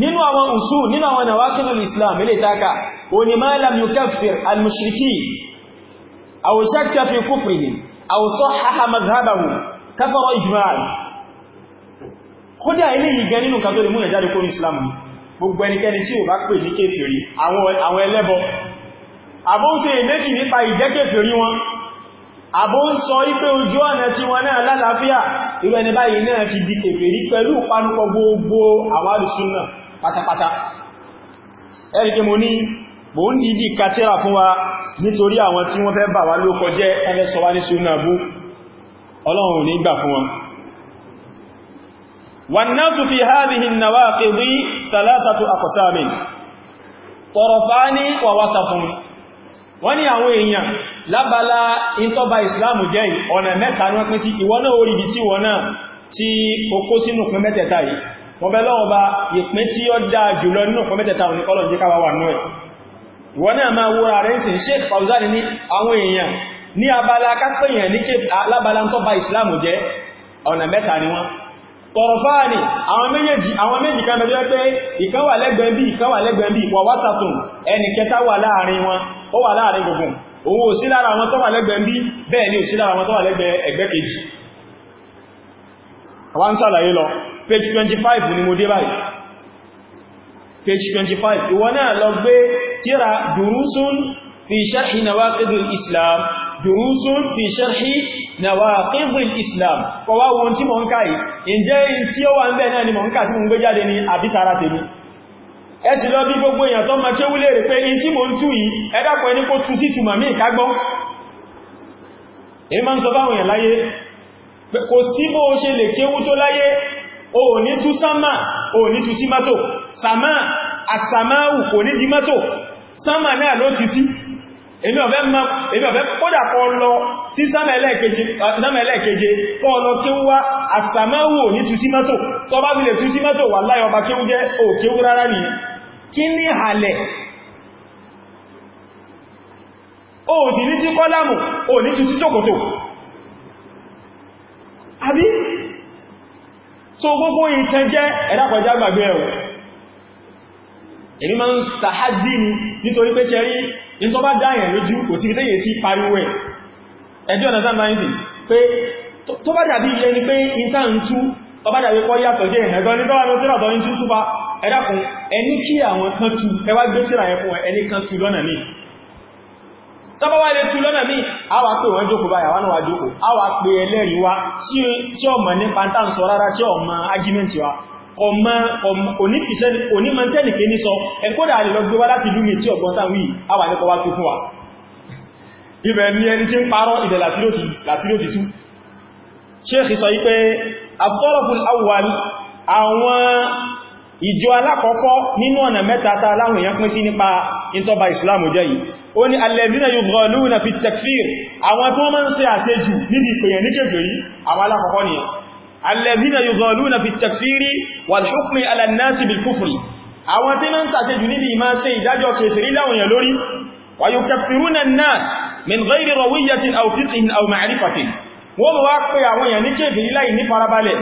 nínú àwọn usul nínú àwọn nawaqidul islam ilé ìtaka onímọ̀ lam yukaffir al-mushriki أو شك في كفرهم أو صحح مذهبهم كفر إجماعا kódà eléyìí gan nínú kan tó lè múnà jáde kó ní islamu gbogbo ẹnikẹ́ni tí ò bá pè ní kéfèrí àwọn ẹlẹ́bọ àbó ń ṣe èméjì nípa ìjẹ́ kéfèrí wọn àbó ń sọ ipé ojú ọ̀nà tí wọn náà lálàáfíà irú ẹni báyìí náà fi di kéfèrí pẹ̀lú panupọ̀ gbogbo àwárùsùn náà pátápátá ẹ̀rì mò ń dìdí kàtírà fún wa nítorí àwọn tí wọ́n fẹ́ bà wá ló kọjẹ́ ẹgbẹ́ sọ wá ní súnàbú ọlọ́run ní gbà fún wọn والناس في هذه النواقض ثلاثة أقسام طرفان ووسط wọ́n ní àwọn èèyàn lábala ìntọ́ba ìsìláàmù jẹ́ ọ̀nà mẹ́ta ní wọ́n pín sí ìwọ náà orí ibi tí wọ́n náà tí ó kó sínú pín mẹ́tẹ̀ẹ̀ta ìwọ náà máa wúra rẹ̀ sí Sheikh Fawzan ní àwọn èèyàn ní abala kápẹ̀yàn ní alábala ń tọ́ba ìsìláàmù jẹ́ ọ̀nà mẹ́ta ni wọ́n tọ̀rọ̀fáà ni àwọn méjèèjì àwọn méjì kan bẹ̀rẹ̀ pé ìkan wà lẹ́gbẹ̀ẹ́ bí ìkan wà lẹ́gbẹ̀ẹ́ bí wà wásàtùn ẹni kẹta wà láàrin wọn ó wà láàrin gbogbo òun ò sí lára àwọn tó wà lẹ́gbẹ̀ẹ́ bí bẹ́ẹ̀ ni ò sí lára àwọn tó wà lẹ́gbẹ̀ẹ́ ẹgbẹ́ ni mo dé page 25 ìwọ náà lọ gbé tíra durusun fi sharhi nawaqidul islam durusun fi sharhi nawaqidul islam kọwa wọn tí mọ̀ ń káyì ǹjẹ́ in tí ó wà ń bẹ̀ náà ni mọ̀ ń ká sí mọ̀ ń gbé jáde ní àbítara tèmi ẹ̀sì lọ bí gbogbo èèyàn tó ma kéwú lè rí pé in tí mọ̀ ń tú yìí ẹ̀dàpọ̀ ẹni kó tú sí tùmà mí ìkágbọ́ èyí ma ń sọ báwọn èèyàn láyé kò sí bó ṣe lè kéwú tó láyé o ní tú sánmà o ní tú sí mọ́tò sàmà àtàmáwù kò ní di mọ́tò sánmà náà ló ti sí èmi ọ̀fẹ́ mọ́ èmi ọ̀fẹ́ kódà kọ lọ sí sánmà ẹlẹ́ẹ̀keje kọ lọ tí ó wá àtàmáwù ò ní tú sí mọ́tò tọ́ bá bilẹ̀ tú sí mọ́tò wà láyọba kéwú jẹ́ òkéwú rárá ni kí ní halẹ̀ o ti ní tí kọ́lámù o ní tú sí ṣòkòtò àbí so gbogbo ìtàn jẹ́ ẹ̀dàpọ̀já gbàgbé ẹ̀rọ èmi máa ń tàhádì ní nítorí pé ṣe rí ní tó bá dáyàn lójú kò sí ìtẹ́yẹ sí pariwo ẹ̀ ẹjọ́ ọ̀nà sáàmà ìsìn pé tó bá dàbí ilẹ̀ ni pé ìta ń tú tó bá dàbí kọ́ yàtọ̀ jẹ́ ẹ̀gọ́ ní tọ́wà lọ́tí ọ̀tọ̀ ní túnṣúpa tọ́bá wá ilé tú lọ́nà mí a wá pè wọ́n jókòó báyà wá náà wá jókòó a wá pè ẹlẹ́rìí wá tí ọmọ ní pàntán sọ rárá tí ọmọ agímẹ́ntì wá onímọ̀ntẹ́nì pé ní sọ ẹkọ́dà àlèlọ́gbé wá láti lúmi tí ọgbọ́n táwí a wà nípa wá tún fún wa ibẹ̀ ní ẹni tí ń parọ́ ìdẹ̀ làtílò ti tú ṣéèkì sọ yí pé afọ́lọ́fún awwal ó ní alẹ́mìnà yóò gọ́ lóòrùn fi takfir àwọn tó máa ń ṣe àṣejù níbi ìpèyàn ní kèfèrí àwọn alákọ̀ọ́kọ́ ni alẹ́mìnà yóò gọ́ lóòrùn fi takfiri wà hukmi alannasi bil kufri àwọn tí máa ń ṣàṣejù níbi ìmá ṣe ìdájọ́ kèfèrí láwọn yẹn lórí wà yóò kẹfìrún nas min ghairi rawiyatin aw fiqhin aw ma'rifatin wọ́n mọ̀ wá pé àwọn èèyàn ní kèfèrí láì ní farabalẹ̀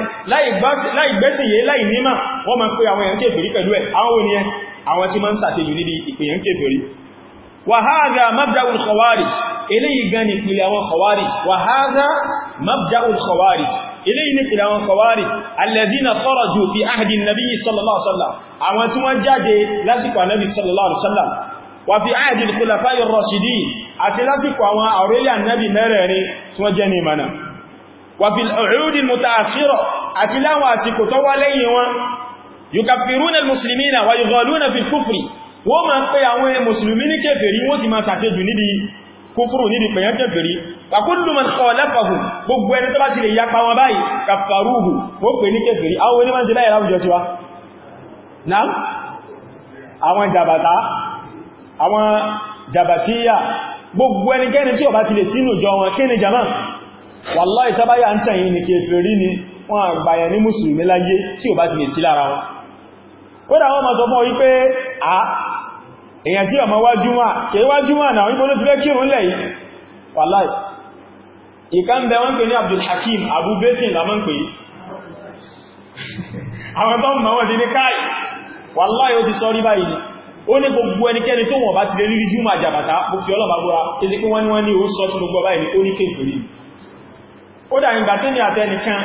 láì gbẹ́sìnyẹ láì nímà wọ́n mọ̀ pé àwọn èèyàn kèfèrí pẹ̀lú ẹ̀ àwọn oníyẹn àwọn tí máa ń ṣàṣejù níbi ìpèyàn kèfèrí وهذا مبدأ الخوارج إليه قاني كل يوم خوارج وهذا مبدأ الخوارج إليه نقل يوم خوارج الذين خرجوا في عهد النبي صلى الله عليه وسلم أما تمجد لسكوا النبي صلى الله عليه وسلم وفي عهد الخلفاء الراشدين أتلسكوا أما أولي النبي مرني تمجني منا وفي العهود المتأخرة أتلاوا أتكتوا ليوا يكفرون المسلمين ويغالون في الكفر wọ́n máa pé àwọn mùsùlùmí ní kèfèrí wọ́n sì máa sàṣejù nídi kúfúrù nídi pẹ̀yàn kèfèrí pàkúlù man khalafahum gbogbo ẹni tó bá ti lè yapa wọn báyìí kàfàrúhù ó pè ní kèfèrí àwọn onímọ̀ sí báyìí láwùjọ tiwa náà àwọn jàbàtá àwọn jàbàtíyà gbogbo ẹnikẹ́ni tí ó bá ni jama wallahi ìsábáyà ń tàn yìí ni kèfèrí ni wọ́n àgbàyà ní mùsùlùmí èyàn tí ọmọ wájúmọ́ kèé wájúmọ́ náà wípé ló ti fẹ́ kírùn lẹ̀ yìí wàláì ìkan bẹ wọ́n pè ní Abdulhakim Abu Basin lamọ́n pè àwọn tó mọ̀ wọ́n ti ní káì wàláì ó ti sọ rí báyìí ó ní gbogbo ẹnikẹ́ni tó wọ́n bá ti lè rí júmọ̀ àjàbàtà ó fi ọlọ́bà búra tí sí pé wọ́n ní wọ́n ní ó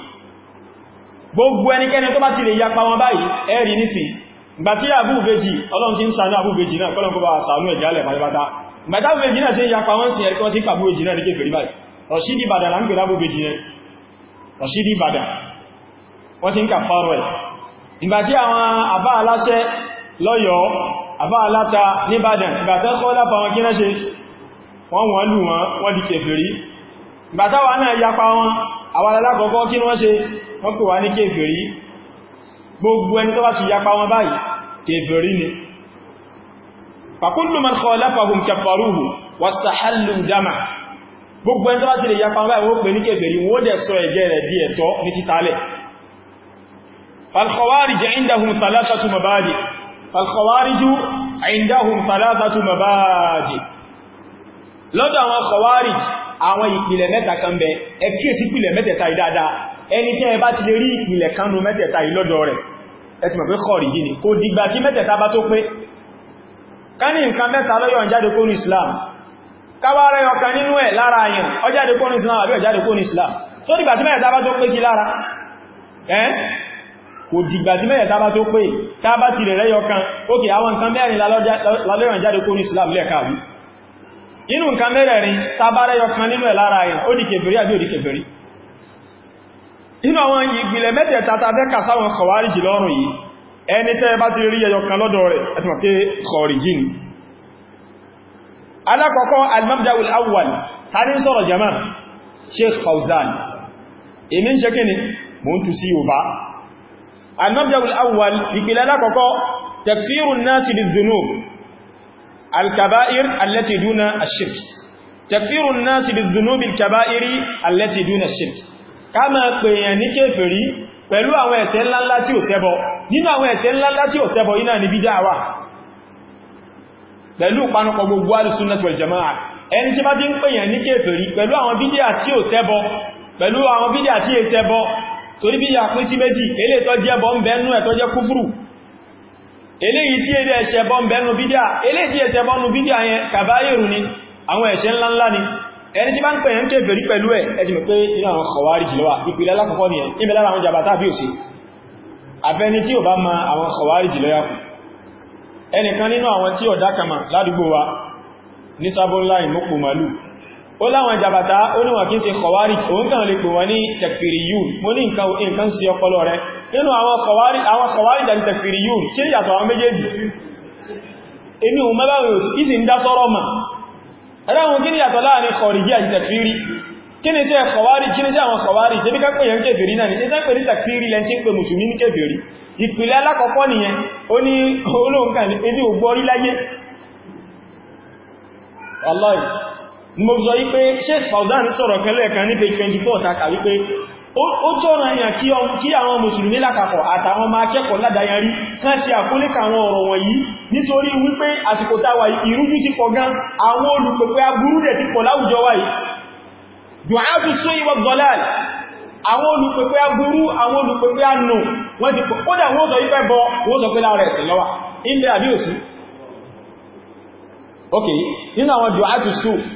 gbogbo ẹnikẹ́ni tó bá ti lè yapa wọn báyìí ẹ̀rì nísìn ìgbà tí àbúgbèjì ọlọ́run ti ń ṣàánú àbúgbèjì náà kọ́lọ̀ kọba ṣàánú ẹ̀jálẹ̀ pàtàkì ìgbàtí àbúgbèjì náà ti yapa wọn sí ẹ̀kọ́ sí pàbúgbèjì náà ní kéfèrí báyìí rọ̀ṣídì bàdà là ń pè lábúgbèjì yẹn rọ̀ṣídì bàdà wọ́n ti ń kà fárọ̀ ẹ̀ ìgbàtí àwọn àbá aláṣẹ lọ́yọ̀ọ́ àbá aláta níbàdàn ìgbàtẹ́ kọ́ lápa wọn kí náà ṣe wọ́n wọ́n náà yapa wọn àwọn alákọ̀ọ́kọ́ kí wọ́n ṣe wọ́n pè wá ní kèfèrí gbogbo ẹni tó bá ti yapa wọn báyìí kèfèrí ni fàkúlù man khalafahum kafaruhu wastahallu dama gbogbo ẹni tó bá ti فالخوارج عندهم ثلاثة مبادئ فالخوارج عندهم ثلاثة مبادئ lọ́dọ̀ àwọn kọwárì àwọn ìpìlẹ̀ mẹ́ta kan bẹ ẹ kíyèsí ìpìlẹ̀ mẹ́tẹ̀ta ìdáadáa ẹni tí ẹ bá ti lè rí ìpìlẹ̀ kanú mẹ́tẹ̀ta ìlọ́dọ̀ rẹ̀ ẹ ti mọ̀ pé ni kò dìgbà tí mẹ́tẹ̀ta bá tó pé ká ní nǹkan mẹ́ta lọ́yọ̀ Islam káwárẹ́ ọ̀kan nínú Islam àbí ọjáde kó ní Islam tó dìgbà tí mẹ́tẹ̀ta bá tó pé sí lára ẹ́ kò dìgbà tí mẹ́tẹ̀ta bá tó pé tá bá ti rẹ̀ rẹ̀ yọkan ókè àwọn nǹkan mẹ́rin lálọ́yọ̀ jáde kó ní Islam lẹ́ẹ̀kàwí inú nǹkan mẹ́rẹ̀rin tàbára yọ kan nínú ẹ̀ lára ayàn ó di kèfèrí àbí ó di kèfèrí inú àwọn ìgbìlẹ̀ mẹ́tẹ̀ẹ̀ta tàbẹ́ kàsáwọn kọwàríjì lọ́rùn yìí ẹni tẹ́ bá ti rí ẹyọ lọ́dọ̀ rẹ̀ ẹ pé kọ̀ọ̀rìjì Sheikh Fauzan èmi ń ṣe kí ni mo ń tú sí Yorùbá al-mabda'ul awwal ìpìlẹ̀ alákọ̀ọ́kọ́ الكبائر التي دون الشرك تكفير الناس بالذنوب الكبائر التي دون الشرك كما قياني كفري pẹ̀lú àwọn ẹ̀ṣẹ̀ ńláńlá tí ò tẹ́bọ nínú àwọn ẹ̀ṣẹ̀ ńláńlá tí ò tẹ́bọ iná ni bídá wà pẹ̀lú panupọ̀ gbogbo al-sunnah wal jamaa'ah ẹni tí bá ti ń pèyàn ní kèfèrí pẹ̀lú àwọn bídá tí ò tẹ́bọ pẹ̀lú àwọn bídá tí è tẹ́bọ torí bídá pín sí méjì eléètọ́ jẹ́bọ ń bẹ́ẹ̀nú ẹ̀tọ́ jẹ́ kúfùrù eléyìí tí èdè ẹ̀ṣẹ̀ bọ́n bẹnu bídíà eléyìí tí ẹ̀ṣẹ̀ bọ́nu bídíà yẹn kàbáyèrù ni àwọn ẹ̀ṣẹ̀ ńláńlá ni ẹni tí bá ń pè ń kèfèrí pẹ̀lú ẹ̀ ẹ̀tì mẹ́ pé inú àwọn Khawarij ló wà ìpìlẹ̀ alákọ̀ọ́kọ́ ni ẹ̀ ìbẹ̀ lára àwọn jàbátá bí ò sí àfẹ́ni tí ò bá ma àwọn Khawarij ló yàkù ẹnìkan nínú àwọn tí ọ̀dá kama ládùúgbò wa ní ó láwọn jàbàtá ó níwọ̀n kí n ṣe kọwárí òun kàn lè pè wọ́n ní tẹ̀fìrì yìí mo ní nǹkan sí ọpọlọ rẹ̀ nínú àwọn kọwárí dàbí tẹ̀fìrì yìí kí ní yàtọ̀ àwọn méjèèjì inú mẹ́bàwẹ̀ òsì ìsì ń dá sọ́rọ̀ mà ẹ̀rẹ́wọ̀n kí ní yàtọ̀ láàrin kọ̀rìgí àti tẹ̀fìrí kí ní sí ẹ̀kọ̀wárí kí ní sí àwọn kọ̀wárí ṣe bí kápẹ̀ yẹn kèfèrí náà ní ṣe pẹ̀lú tẹ̀fìrí lẹ́n tí ń pè mùsùlùmí ní kèfèrí mo sọ wípé Sheikh Fauzan sọ̀rọ̀ kẹlẹ̀ kan ní page 24 taka wípé ó jọ́rọ̀ èèyàn kí àwọn mùsùlùmí lápapọ̀ àtàwọn máa kẹ́kọ̀ọ́ ládáyarí kán sí àkólíkà àwọn ọ̀rọ̀ wọ̀nyí nítorí wípé àsìkò táwà ìrújú ti pọ̀ gan àwọn olùpẹ̀pẹ̀ aburú rẹ̀ ti pọ̀ láwùjọ wáyìí dùnátù sún ìwọ̀ gọ́láàlì àwọn olùpẹ̀pẹ̀ aburú àwọn olùpẹ̀pẹ̀ ànù wọ́n ti kódà wọ́n sọ wípé bọ wọ́n sọ pé láàrẹ̀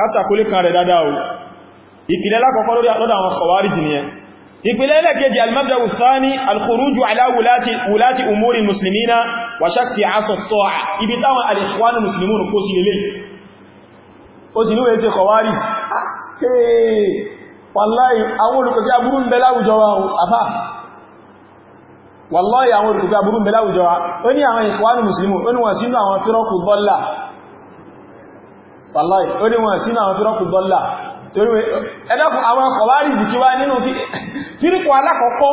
kásàkólé kan rẹ̀ dáadáa o ìpìlẹ̀ lákọ̀ọ́kọ́ lọ́dọ̀ àwọn khawarij nìyẹn ìpìlẹ̀ ẹlẹ́kejì al-mabda' ath-thani al-khuruj ala wulati umuri muslimina wa shakki 'asa at-ta'a ibi táwọn al-ikhwan muslimun kó sí lélẹ̀ ó sì níwẹ̀ sí khawarij wallahi àwọn olùkọ̀kí aburú ń bẹ láwùjọ wa àfá wallahi àwọn olùkọ̀kí aburú ní àwọn ikhwan muslimun ó ní wọ́n sínú àwọn fírọ́kù bọ́lá wàláì ó ní wọn sínú àwọn fírọ́kù dọ́là torí ẹ̀dọ́kù àwọn kọ̀wárí jìkí wá nínú fírìkù alákọ̀ọ́kọ́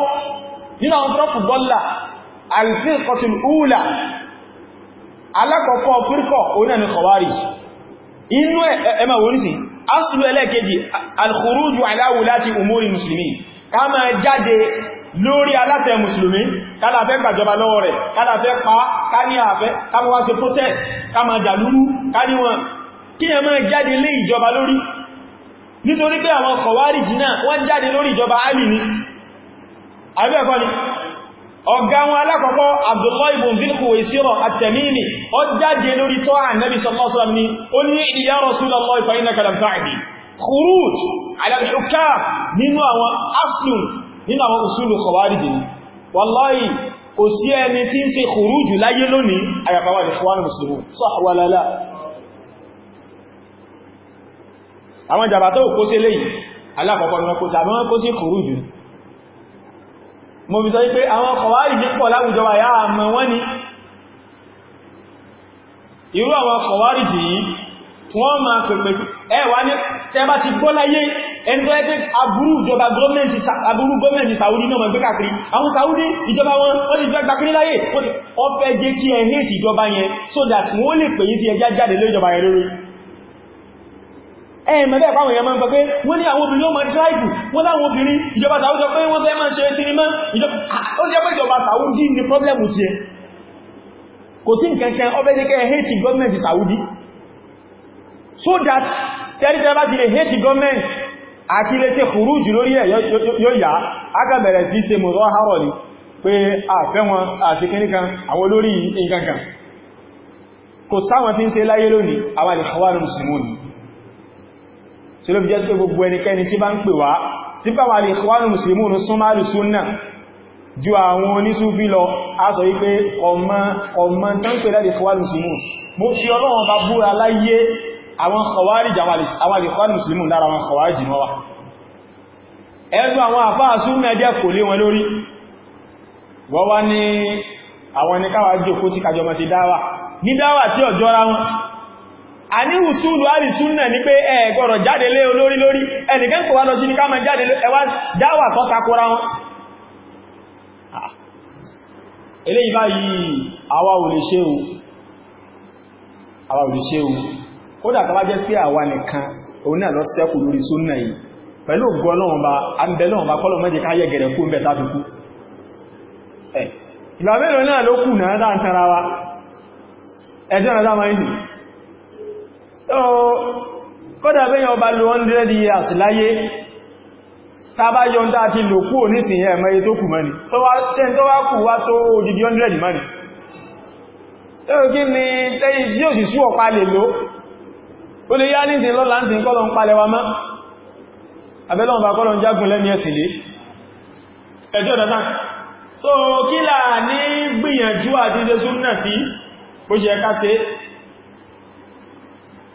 nínú àwọn fírọ́kù dọ́là alfirqatul ula alákọ̀ọ́kọ́ fírìkọ̀ oní ẹni kọ̀wárí inú ẹmà wọ́n sí asùlù ẹlẹ́kejì alkhuruju ala wulati umuri muslimi ká máa jáde lórí aláṣẹ musulmi kádà fẹ́ gbàjọba lọ́wọ́ rẹ̀ kádà fẹ́ pa ká ní àfẹ́ ká wá protest ká máa dàlúrú ká ní wọn kí ẹ máa jáde lé ìjọba lórí nítorí pé àwọn kọ̀wárìjì náà wọ́n jáde lórí ìjọba alì ní àbẹ́ẹ̀kọ́ ni ọ̀gá wọn alákọ̀ọ́kọ́ Abdullahi ibn bin Khuwaysira at-Tamimi ó jáde lórí tọ́ Ànábì sallallahu alaihi wasallam ni ó ní ya Rasulullah fa innaka lam ta'di khuruj ala al-hukam nínú àwọn aslun nínú àwọn wallahi kò sí ẹni tí ń ṣe khuruj láyé lónìí àyàfàwà ìfọwọ́n musulmi sahwalala àwọn jàbà tó kó sí léyìí alákọ̀ọ́kọ́ ni wọ́n kó sí àbí wọ́n kó sí kòrò jù mo fi sọ wípé àwọn kọ̀wàrí jí pọ̀ láwùjọ wa yá àmọ́ wọ́n ni irú àwọn kọ̀wàrí jì yìí wọ́n máa pèpè sí ẹwà ní tẹba ti gbọ́ láyé ẹni tó ìjọba gọ́ọ̀mẹ́ntì Saudi náà gbé kàkiri àwọn Saudi ìjọba wọn wọ́n ti gbẹ́gbà kiri láyé wọ́n fẹ́ jẹ́ kí ẹ hate ìjọba yẹn so that wọ́n lè pè yí sí ẹjá jáde lé ìjọba yẹn lórí ẹ̀mẹ́bẹ̀ fáwọn èèyàn máa ń pẹ́ wọ́n ní àwọn obìnrin ó máa dráìbù wọ́n láwọn obìnrin ìjọba Saudi sọ pé wọ́n fẹ́ máa ṣe sinimá ó sì ẹgbẹ́jọba Saudi ní pọ́blẹ̀mù ti ẹ kò sí nǹkankan ọbẹ́ ní kẹ́ hẹ́tì gọ́ọ̀mẹ́ntì Saudi so that tẹ́rítẹ́ bá ti lè hẹ́tì gọ́ọ̀mẹ́ntì àti lè ṣe kùrújù lórí ẹ̀ yóò yá agàbẹ̀rẹ̀ sí ṣe mọ̀rọ̀ harọ̀ ni pé àfẹ́ wọn àṣekínníkan àwọn olórí nǹkankan kò sáwọn tí ń ṣe láyé lónìí àwọn ìhàwárí musulmùn tí ló fi jẹ́ pé gbogbo ẹnikẹ́ni tí bá ń pè wá tí báwà lè ṣwánù mùsùlùmí súnmọ́lù súnnà ju àwọn onísúfí lọ a sọ wípé ọmọ tán pè láti ṣwánù mùsùlùmí mo fi ọlọ́wọ́n bá búra láyé àwọn Khawarij àwọn àlèkọ́wàlù mùsùlùmí lára àwọn Khawarij ni wọ́n wà ẹnu àwọn àfáà súnnà a ní ìsúlù àrísúnnà ní pé ẹ gbọ́dọ̀ jáde lé olórí lórí ẹnìkan kò wá lọ sí ní ká máa jáde ẹwà dáwà tó takora wọn eléyìí báyìí àwa ò lè ṣe o àwa ò lè ṣe o kódà tó bá jẹ́ sí àwa nìkan òun náà lọ sẹ́kù lórí súnnà yìí pẹ̀lú ògbọ́ kọ́dà bẹ́yàn ọba lo 100 years láyé tàbá yọntá àti lò kú ò nísìn ẹ̀mọ́ ètò kù mọ́ni tó wá tẹ́ tó wá kù wá tó òjìdí 100 mọ́ni ẹ̀rọ kí ni tẹ́yìn tí ó sì sú ọ̀pá lè lò ó lè yá nísìn lọ́la ń sin kọ́lọ ń palẹwa mọ́ abẹ́lọ́nbà kọ́lọ ń jágun lẹ́ni ẹ̀sìn lé ẹjọ́ dada so kí là ní gbìyànjú àti jésù náà sí ó jẹ́ ká ṣe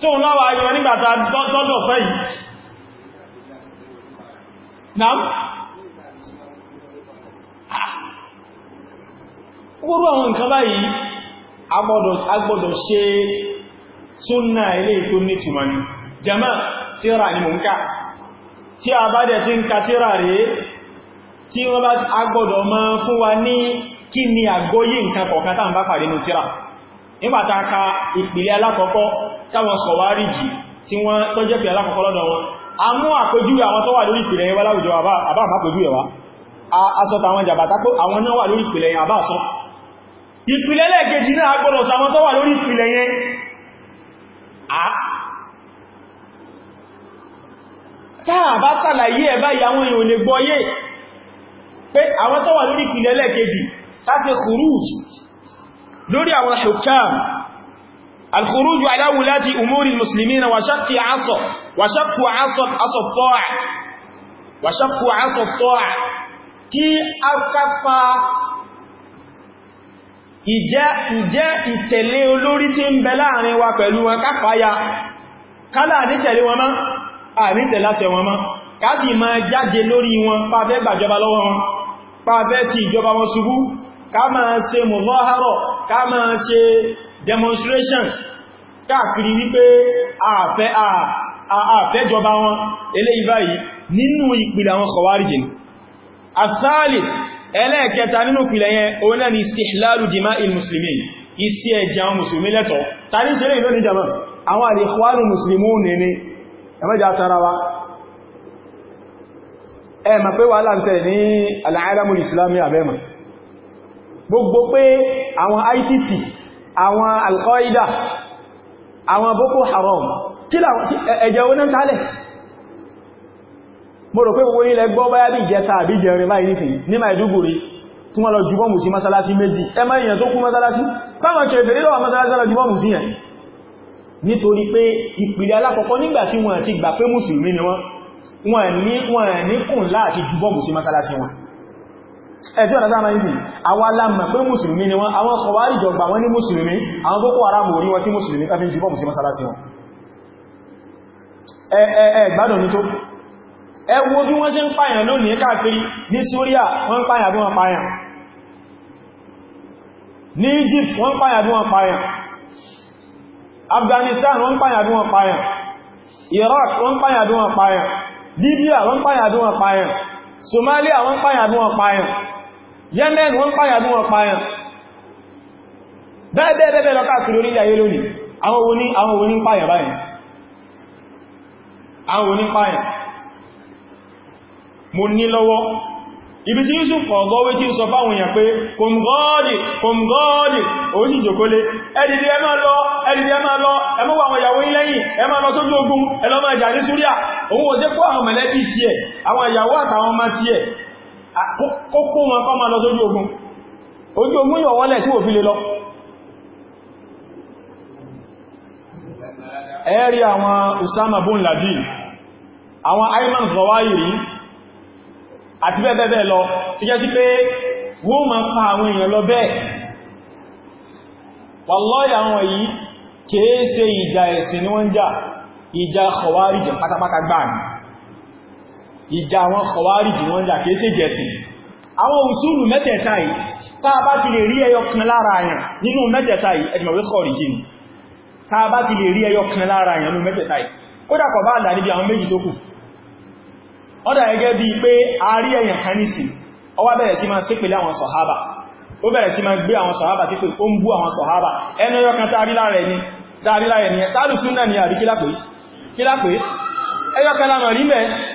tí òun láwà ayọ̀ nígbàtà dọ́dọ̀ fẹ́ yìí náà gbogbo àwọn nǹkan báyìí agbọ́dọ̀ ṣe súnnà ilé tó ní tùmọ̀ni jama tíra ni mò ń ká tí a bá dẹ̀ tí ń ka tíra rẹ̀ tí wọ́n bá agbọ́dọ̀ ma fún wa ní kí ni àgbóyí nǹkan kọ̀ọ̀kan tàbí pàdé nù tíra nígbàtà ka ìpìlẹ̀ alákọ̀ọ́kọ́ táwọn kọ̀wárí jì tí wọ́n tó jẹ́ pé alákọ̀ọ́kọ́ lọ́dọ̀ wọn a mú àpèjúwe àwọn tó wà lórí ìpìlẹ̀ yẹn wá láwùjọ àbá àpèjúwe wa a sọ tàwọn jàbàtà pé àwọn náà wà lórí ìpìlẹ̀ yẹn àbá sọ ìpìlẹ̀ lẹ́ẹ̀kejì náà gbọ́dọ̀ sàwọn tó wà lórí ìpìlẹ̀ yẹn táà bá sàlàyé àwọn èèyàn الخروج على ولاة أمور المسلمين وشق عصا وشق عصا عصا الطاعة وشق عصا الطاعة كي a kápa ìjẹ́ ìjẹ́ ìtẹ̀lé olórí tí ń bẹ láàrin wa pẹ̀lú wọn kápa ya kálà ní tẹ̀lé wọn mọ́ àmì tẹ̀láṣẹ wọn mọ́ káàkì ma jáde lórí wọn pàfẹ́ gbàjọba lọ́wọ́ wọn pàfẹ́ ti ìjọba wọn ṣubú ká máa ṣe demonstration káàkiri wípé àfẹ́ jọba wọn eléyìí báyìí nínú ìpìlẹ̀ àwọn kọwàríjìn athalith ẹlẹ́ẹ̀kẹta nínú ìpìlẹ̀ yẹn òun náà ni istihlalu dima'il musulmi isi ẹ̀jẹ̀ àwọn musulmi lẹ́tọ̀ tàbí ṣe lè lónìí jama àwọn al-ikhwanu muslimun ní ẹmẹ́jà tarawa ẹ ma pé wà láǹtẹ̀ ní al-alamu islami abẹ́mà gbogbo pé àwọn ITC àwọn alkọ́ìdà àwọn boko haram ẹ̀jẹ̀ owó náà tálẹ̀ mo rò pé gbogbo ilẹ̀ gbọ́ báyá bí ìjẹta àbí ìjẹrin báyìí nìsìn ní Maiduguri tí wọ́n lọ ju bọ́ọ̀mù sí masalasi méjì ẹmọ èèyàn tó kú masalasi sáwọn kèfèrè ẹ̀tí ọ̀nà sáàmà ní sí àwọn alámà pé mùsùlùmí ni wọ́n àwọn kọwàrí jọgbà wọ́n ní mùsùlùmí àwọn boko haram orí wọ́n sí mùsùlùmí tàbí jùbọ́ mùsùlùmí mọ́sálásí wọn ẹgbádùn ní tó ẹ wo bí wọ́n ṣe ń pààyàn lónìí káàkiri ní Syria wọ́n pààyàn bí wọ́n pààyàn ní Egypt wọ́n pààyàn bí wọ́n pààyàn Afghanistan wọ́n pààyàn bí wọ́n pààyàn Iraq wọ́n pààyàn bí wọ́n pààyàn Libya wọ́n pààyàn bí wọ́n pààyàn Somalia wọ́n pààyàn bí wọ́n pààyàn yemen wọ́n páyà bí wọ́n páyà bẹ́ẹ̀bẹ́ẹ̀bẹ́ lọ káàkiri orílẹ̀ ayé lónìí àwọn oní páyà báyìí àwọn oní páyà mo ní lọ́wọ́ ibi tí yíṣù fọ̀gọ́wé tí sọ fáwọn èèyàn pé kòmgọ́ọ̀dì kòmgọ́ọ̀dì oríṣì jòkólé lọ ẹ lọ lọ kókó ah, wọn kọ́ máa lọ sójú ogun ojú ogun yọ wọ́lẹ̀ tí wò fi lè lọ ẹ̀rí àwọn Usama bun Laden àwọn Ayman Zawahiri àti bẹ́ẹ̀bẹ́ẹ̀ lọ tí jẹ́ sí pé wọ́n máa pa àwọn èèyàn lọ bẹ́ẹ̀ wallahi àwọn yìí kèé ṣe ìjà ẹ̀sìn ni wọ́n jà ìjà Khawarij pátápátá gbáà ni ìjà àwọn kọwàríjì wọ́n jà kìí sí jẹ́sìn àwọn òṣùlù mẹ́tẹ̀ẹ̀ta yìí tá a bá ti lè rí ẹyọ kan lára àyàn nínú mẹ́tẹ̀ẹ̀ta yìí ẹ̀dùn ọ̀wé kọ̀ọ̀rìjì ni tá a bá ti lè rí ẹyọ kan lára àyàn nínú mẹ́tẹ̀ẹ̀ta yìí kódà kọ̀ bá àdá níbi àwọn méjì tó kù ọdá ẹgẹ́ bí pé a rí ẹ̀yàn kan nìsì ó wá bẹ̀rẹ̀ sí máa ṣépè lé àwọn sọ̀hábà ó bẹ̀rẹ̀ sí máa gbé àwọn sọ̀hábà sí pé ó ń bú àwọn sọ̀hábà ẹnu ẹyọ kan tàrí lára ẹni tàrí lára ẹni ẹ̀ sáàlùsúnnà ni àrí kílápé ẹyọ kan lámọ̀ rí mẹ́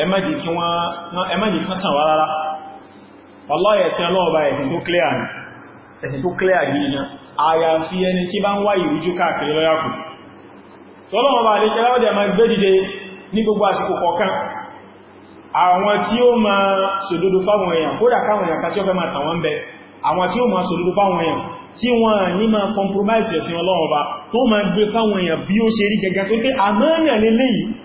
ẹ má jẹ́ kí wọ́n tàn wá rárá wallahi ẹ̀sìn ọlọ́ọ̀bá ẹ̀sìn tó clear ni ẹ̀sìn tó clear gidi na àyàfi ẹni tí bá ń wá ìrújú káàkiri lọ́yàkù tọ́lọ́ọ̀bá àlẹ́kẹ́ láwọ́dẹ̀ ma gbé dìde ní gbogbo àsìkò kọ̀ọ̀kan àwọn tí ó ma sòdodo fáwọn èèyàn kódà káwọn èèyàn kàtí ọ̀fẹ́ máa tàwọn bẹ àwọn tí ó ma ma compromise ẹ̀sìn ọlọ́ọ̀ba tó ma gbé fáwọn èèyàn bí ó ṣe rí gẹ́gẹ́ tó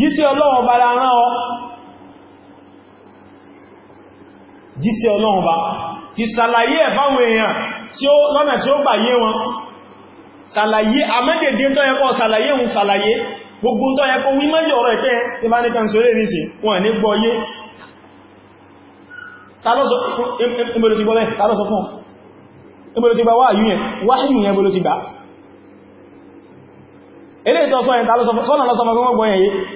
jíṣẹ́ ọlọ́run ọba la rán ọ jíṣẹ́ ọlọ́run ọba ti sàlàyé ẹ̀ fáwọn èèyàn lọ́nà tí ó gbàyé wọn sàlàyé amẹ́dẹ̀dẹ́ tó yẹ kó sàlàyé hun sàlàyé gbogbo tó yẹ kó wí mẹ́jọ ọ̀rọ̀ ẹ̀kẹ́ tí bá ní kan sọ lérí sí wọn ní gbọ́yé tàlọ́sọ fún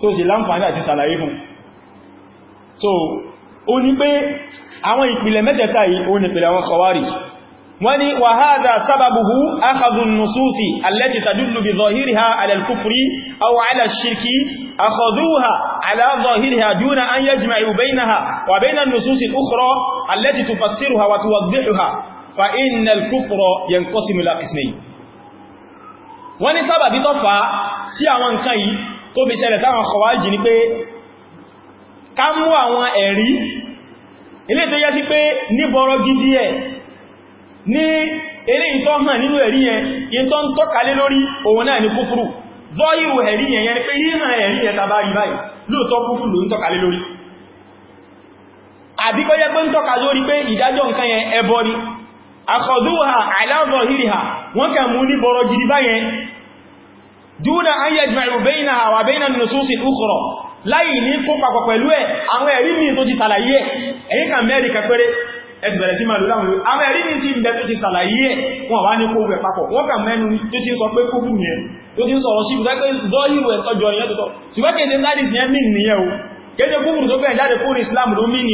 tó sì láǹfààní àti sàlàyé fún so ó ní pé àwọn ìpìlẹ̀ mẹ́tẹ̀ẹ̀ta yìí ó ní pìlẹ̀ àwọn kọwárì wọ́n ni wa hadha sábàbùhú akhadhun nususi allati tadullu bi zahiriha ala al-kufri aw tó fi ṣẹlẹ̀ sáwọn kọwàájì ní pé ká mú àwọn ẹ̀rí ilé tó yá sí pé ní bọ́rọ̀ gidi ẹ̀ ní eré ìtọ́ hàn nínú ẹ̀rí yẹn ìtọ́ ń tọ́kalé lórí òun náà ní kúfúrù zọ́yìrù ẹ̀rí yẹn yẹn pé yíhàn ẹ̀rí yẹn tàbá rí báyìí lóòtọ́ kúfúrù ló ń tọ́kalé lórí àbíkọ́ yẹ pé ń dúnà an yajma'u baynaha wa bayna an-nusus al-ukhra láì ní kó papọ̀ pẹ̀lú ẹ̀ àwọn ẹ̀rí mi tó ti sàlàyé ẹ̀ ẹ̀yìn kan mẹ́rin kan péré ẹ̀sì bẹ̀rẹ̀ sí máa lò láwọn àwọn ẹ̀rí mi sí ìbẹ̀ tó ti sàlàyé ẹ̀ wọ́n wá ní kó wẹ̀ papọ̀ wọ́n kà mẹ́nu tó ti sọ pé kó bù yẹn tó ti sọ̀rọ̀ sí ìgbẹ́gbẹ́ zọ́yìnrò ẹ̀tọ́ jọ ìyẹn tó tọ́ ṣùgbẹ́ kèsè ládìs ni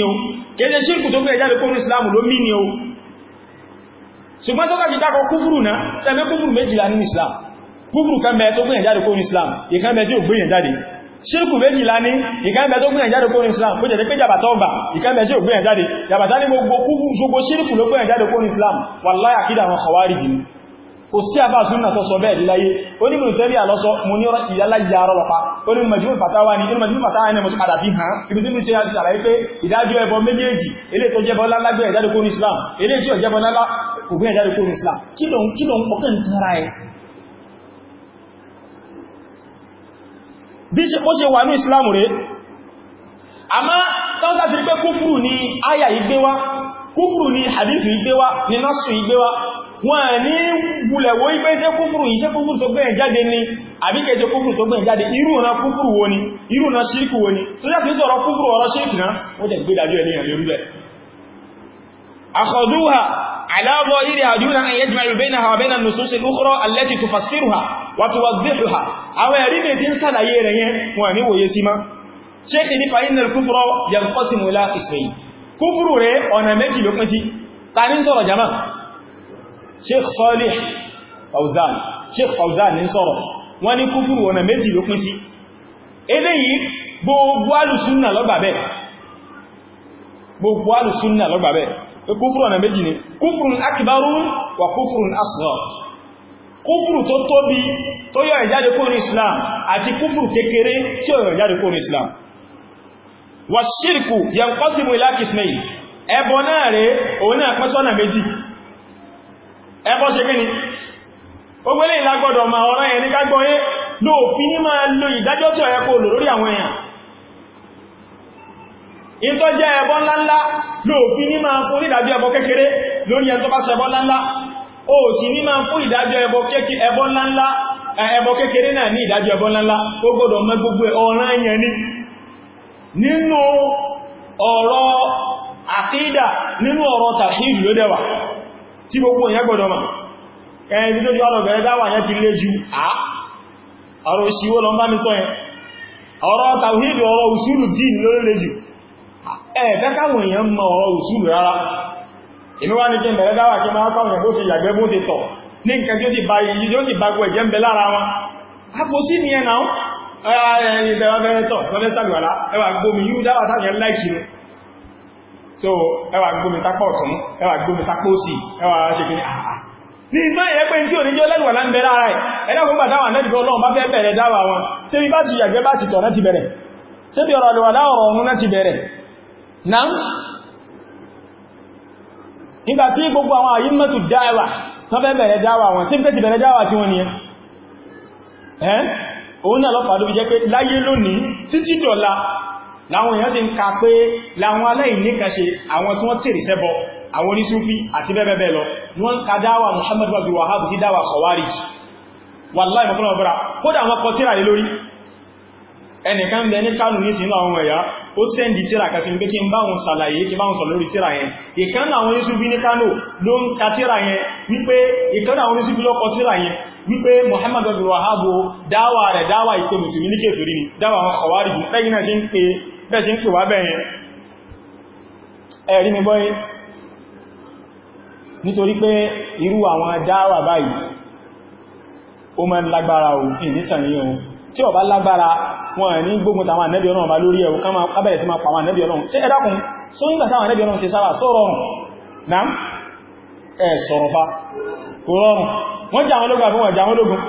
o kéde ṣírkù tó bẹ̀ẹ̀ jáde kúrù Islam ló ni ṣùgbọ́n tó kà sí kúfùrù náà tẹ́gbẹ́ kúfùrù méjìlá nínú Islam kúfùrù kan bẹ tó gbìyànjáde kó ní Islam ìkan bẹ tí ó gbìyànjáde ṣírkù méjìlá ní ìkan bẹ tó gbìyànjáde kó ní Islam kó jẹ́ pé jàbàtà ọba ìkan bẹ tí ó gbìyànjáde jàbàtà ní gbogbo kúfù gbogbo ṣírkù ló gbìyànjáde kó ní Islam wallahi àkídà àwọn Khawarij ni kò sí àbá súnnà tó sọ bẹ́ẹ̀ líláyé ó ní mìí tẹ́rí àlọ́sọ mú ní ìyálàyà ara wọ̀pá ó ní majmú fatawa ní majmú fatawa ní mọ̀tún padà bí hàn ibi tí mìí tẹ́rí àti sàlàyé pé ìdájọ́ ẹbọ méjèèjì ilé tó jẹ́bọ lálá gbé ẹ̀jáde kó ní Islam ilé tí ó jẹ́bọ lálá kò kí ló ń pọ̀kẹ́ ń tẹ́ra ẹ bí ṣe pọ́ ṣe wà ní ìsìlámù rẹ̀ àmá sáwọ́tà ti rí pé kúfùrù ní àyà ìgbéwá kúfùrù ní hadithu ìgbéwá ní násù ìgbéwá wọ́n ní wulẹ̀wó ipé ṣe kúfùrù kúfùrù tó gbẹ̀yìn jáde ní àbíkẹ́ ṣe kúfùrù tó gbẹ̀yìn jáde irú kúfùrù wo ni ṣíríkù wo ni tó yàtí sọ̀rọ̀ kúfùrù ọ̀rọ̀ ṣíríkù náà wọ́n على ظاهرها دون أن يجمع بينها وبين النصوص الأخرى التي تفسرها وتوضحها أو يريد تنسل يريه واني ويسيما شيخ فإن الكفر ينقسم إلى قسمين كفر ري أنا ميكي لقمتي تاني صورة جماعة شيخ صالح فوزان شيخ فوزان نصورة واني كفر وانا ميكي لقمتي إليه gbogbo alùsúnnà lọ́gbàbẹ̀ kúfùrù ọ̀nà méjì ni kúfùrù akìbárú wà kúfùrù asghar kúfùrù tó tóbi tó yọ ìjáde kórí islam àti kúfùrù kékeré tí ó yọ ìjáde kórí islam wà ṣírkù yanqasimu ila qismayn ẹbọ náà rẹ̀ òun náà pẹ́ na méjì ẹbọ ṣe ìlágbọ́dọ̀ ma ọ̀rọ̀ kágbọ́ lóòfin ní máa lo ìdájọ́ tí in tó jẹ́ ẹbọ ńláńlá lóòfin ní máa fún ìdájọ́ ẹbọ kékeré lórí ẹn tó bá ṣẹbọ ńláńlá ó sì ní máa fún ìdájọ́ ẹbọ ńláńlá ẹbọ kékeré náà ní ìdájọ́ ẹbọ ńláńlá ó gbọ́dọ̀ mọ̀ gbogbo ọ̀ràn yẹn ni nínú ọ̀rọ̀ àkídà nínú ọ̀rọ̀ tàhíd ló dẹ̀wà tí gbogbo ìyẹn gbọ́dọ̀ mọ̀ ẹni tó jọ alọ̀gẹ̀rẹ́ dáwà yẹn ti lé ju àá ọ̀rọ̀ ìṣíwó lọ bá mi sọ yẹn ọ̀rọ̀ tàhíd ọ̀rọ̀ usulu dín lórí lé ẹ̀ẹ̀fẹ́ káwọn èèyàn mọ ọ̀rọ̀ òsúlù rárá inú wá ní kí n bẹ̀rẹ̀ dáwà kí máa káwọn èèyàn bó ṣe yàgbẹ́ bó ṣe tọ̀ ní nǹkan tí ó sì bá yìí tí ó sì bá gbọ́ ẹ̀jẹ̀ ń bẹ lára wọn àpò sí ni ẹ̀nà ah, ah. ní ìgbọ́n ìyẹ́ pé tí ò ní jẹ́ lẹ́gbẹ̀ẹ́ lámbẹ̀ lára ẹ̀ ẹ̀lẹ́gbọ́n bá dáwà lẹ́gbẹ̀ẹ́ ọlọ́run bá fẹ́ bẹ̀rẹ̀ dáwà wọn ṣe bí bá ti yàgbẹ́ bá ti tọ̀ náà ti bẹ̀rẹ̀ ṣe bí náà ti bẹ̀rẹ̀ náà nígbàtí gbogbo àwọn àyímọ̀tù dáwà tán fẹ́ bẹ̀rẹ̀ dáwà wọn sí pẹ́tì bẹ̀rẹ̀ dáwà tí wọ́n ni ẹ́ òun náà lọ́pàá ló fi jẹ́ pé láyé lónìí títí dọ̀la láwọn èèyàn sì ń ka pé láwọn aláìníkàṣe àwọn tí wọ́n tèrè sẹ́bọ àwọn onísúfí àti bẹ́ẹ̀ bẹ́ẹ̀ lọ wọ́n ka dáwà Muhammad wa bí Wahhab sí dáwà Khawarij wallahi mọ̀kànlọ́bọ̀ra kódà wọn kọ síra lé lórí ẹnìkan bẹ ní Kánò ní sínú àwọn ó sẹ́ndì tíra kàtí wípé kí n bá wọn sàlàyé kí bá wọn sọ lórí tíra yẹn ìkan àwọn Yúsúfì ní Kánò ló ń ka tíra yẹn wípé ìkan àwọn Yúsúfì lọ́kọ tíra yẹn wípé Muhammad bin daawa dáwà rẹ̀ dáwà ìpé mùsùlùmí ní kèfèrí ni dáwà àwọn Khawarij mi o tí ó bá lágbára wọn ní gbógun tàwọn ànẹ́bí ọlọ́run bá lórí ẹ̀wù kama abẹ́rẹ̀ sí ma pàwọn ànẹ́bí ọlọ́run sí ẹ̀dàkùn só nígbà táwọn ànẹ́bí ọlọ́run ṣe sára sọ́rọ̀ náà ẹ̀ sọ̀rọ̀ fa kò rọrùn wọ́n jà àwọn ológun àfihàn jà àwọn ológun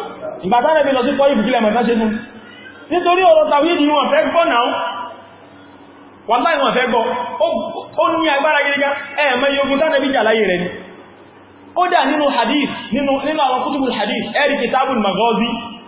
ìgbà táwọn ànẹ́bí lọ sí tọ́ ìbùkílẹ̀ mọ̀ náà ṣe fún nítorí ọ̀rọ̀ tàbí ìdí wọn fẹ́ gbọ́ náà wọ́n láì wọn fẹ́ gbọ́ ó ní agbára gírígá ẹ̀ẹ̀mẹ́ yogun tánàbí jà láyé rẹ̀ ni kódà nínú hadith nínú àwọn kútùbù hadith ẹ̀rì kitabul maghazi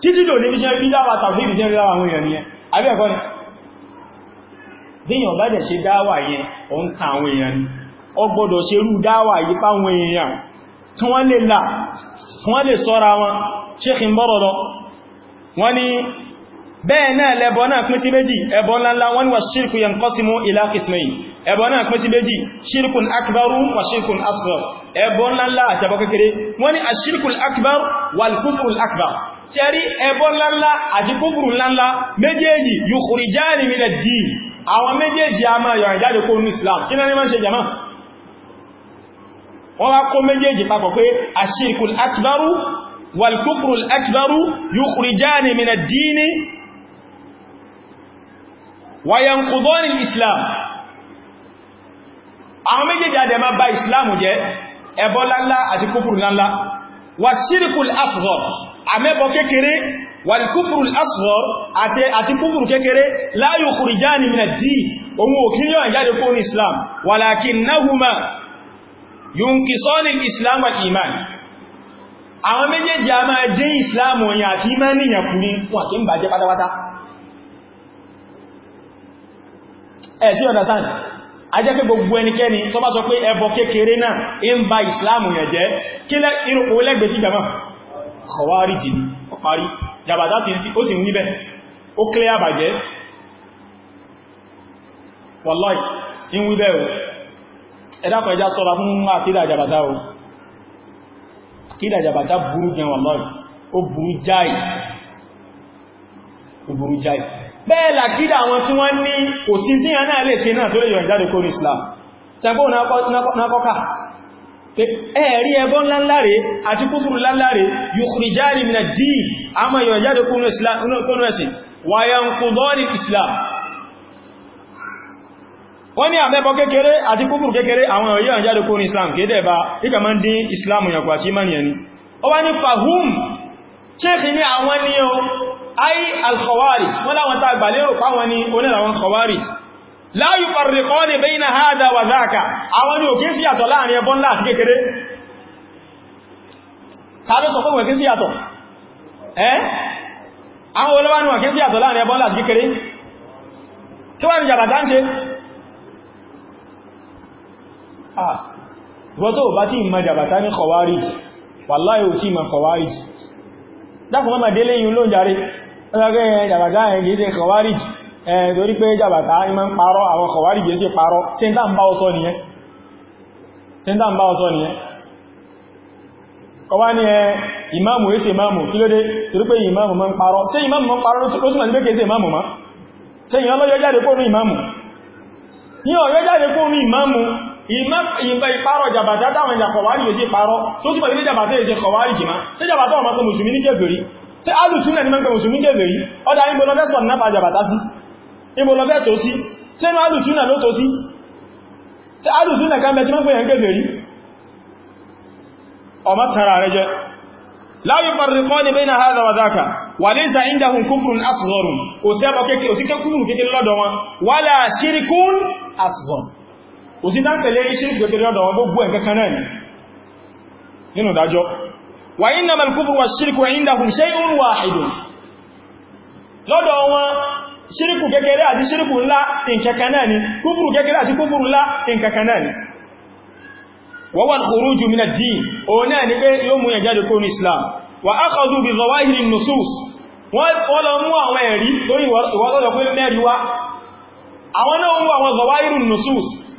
títí lò ní bí ṣe rí dáwà tàbí ìṣẹ́ rí láwọn èèyàn yẹn àbí ẹ̀kọ́ ni díyàn bá jẹ̀ ṣe dáwà yẹn o ń ta àwọn èèyàn ni ọ gbọ́dọ̀ ṣe rú dáwà yí páwọn èèyàn tí wọ́n lè bẹ́ẹ̀ náà lẹ́bọ náà pín sí méjì ẹbọ ńláńlá wọ́n ni wà ṣírkù yanqasimu ila qismayn ẹbọ náà pín sí méjì ṣírkùn akbaru wà ṣírkùn asghar ẹbọ ńláńlá àtẹbọ kékeré wọ́n ni aṣírkùn akbar wal kufrul akbar tẹ́rí ẹbọ ńláńlá àti kúfùrù ńláńlá méjèèjì yukhrijani wàyànkùdọ́nì islam àwọn méjèèjì àdẹ̀má bá islam jẹ́ ẹbọ lánlá àti kúfùrù lánlá wà ṣírìkùl asghar àmẹ́bọ kékeré wà kúfùrù asghar àti kúfùrù kékeré la yukhrijani min ad-din ohun òkíyàn jáde islam walakinnahuma yunqisani islam wal islam òyìn àti imani yàn kúrin fún ẹ̀ eh, tí understand a jẹ́ pé gbogbo ẹnikẹ́ni tó bá sọ pé ẹbọ kékeré náà ń ba ìsìláàmù yẹn jẹ́ kí irú olẹ́gbẹ̀ sí jama kọwàrí jì ní ọparí jàbàtà sí ó sì níbẹ̀ ó kílẹ̀ àbàjẹ́ wallahi o ẹ̀dàkọ̀ o àkídà bẹ́ẹ̀ làkídà àwọn tí wọ́n ní kò sí tí a náà lè ṣe náà tó lè yọ ìjáde ní Islam tẹ́gbọ́ nákọ́kà ẹ̀rí ẹbọ ńláńláre àti kúfùrù ńláńláre yukhrijani mina dìí a máa yọ ìjáde kó ní ẹ̀sìn wa Islam wọ́n ní àmẹ́bọ kékeré àti kúfùrù kékeré àwọn ní Islam kéde ẹ̀bá ìkà máa ń Islam yànkù àti imani ẹni ó wá ní fahum ní àwọn ní o ay al-khawarij wọ́n láwọn tá gbàlérò páwọn ní oníràwọn khawarij la yufarriquna bayna hadha wa dhaka àwọn ní òkè sí yàtọ̀ láàrin ẹbọn láti kékeré tàbí sọ fún òkè sí yàtọ̀ ẹ́ àwọn olówá ní òkè sí yàtọ̀ láàrin ẹbọn láti kékeré kí wọ́n ni jàbàtà ń ṣe ah, dákùn mọ́mà délé yìí ló ń jàrí ẹgbẹ́ jàbàtà ẹ̀gẹ́ ṣe kọwárì eh, torí pé jàbàtà ìmọ̀ ń parọ́ àwọn kọwárì jẹ́ sí parọ́ tí ń dámbá ọsọ nìyẹn kọwa ní ẹ eh, ìmáàmù èsì ìmáàmù kí ló dé torí pé ìmáàmù mọ́ ń parọ́ sí ìmáàmù mọ́ ń parọ́ ló túnmọ̀ sí pé kèsì ìmáàmù mọ́ sí ìyàn lọ́yọ́ jáde kó ní ìmẹ́ ìparọ̀ jàbàtà táwọn ìjàkọ̀wárí yóò sí parọ́ tó túnbọ̀ ilé jàbàtà èdè kọ̀wárí jìmá tí jàbàtà ọmọ tó mùsùlùmí ní kèfèrí tí alùsùnlẹ̀ nke mẹ́gbẹ̀ ọ kèfèrí ọdá ìbòlọ́fẹ́ sọ náà jàbàtà sí ìbòlọ́fẹ́ tó sí tí ẹnu alùsùnlẹ̀ na kúfùrún kò sí kò sí dáńtẹ̀lé iṣẹ́ ìgbẹ̀tẹ̀lé ọ̀dọ̀ wọn gbogbo ẹ̀kẹ́kẹ́ náà nínú ìdájọ́ wà iná malkúfù wà ṣíríkù ìndàkùn ṣe ń wà ìdùn lọ́dọ̀ wọn ṣíríkù kékeré àti ṣíríkù ńlá ìkẹ́kẹ́ náà ni kúfùrù kékeré àti kúfùrù ńlá ìkẹ́kẹ́ náà ni wọ́n wà kòrújù mina dín òun náà ni pé yóò mú yẹn jáde kó ní Islam wọ́n lọ mú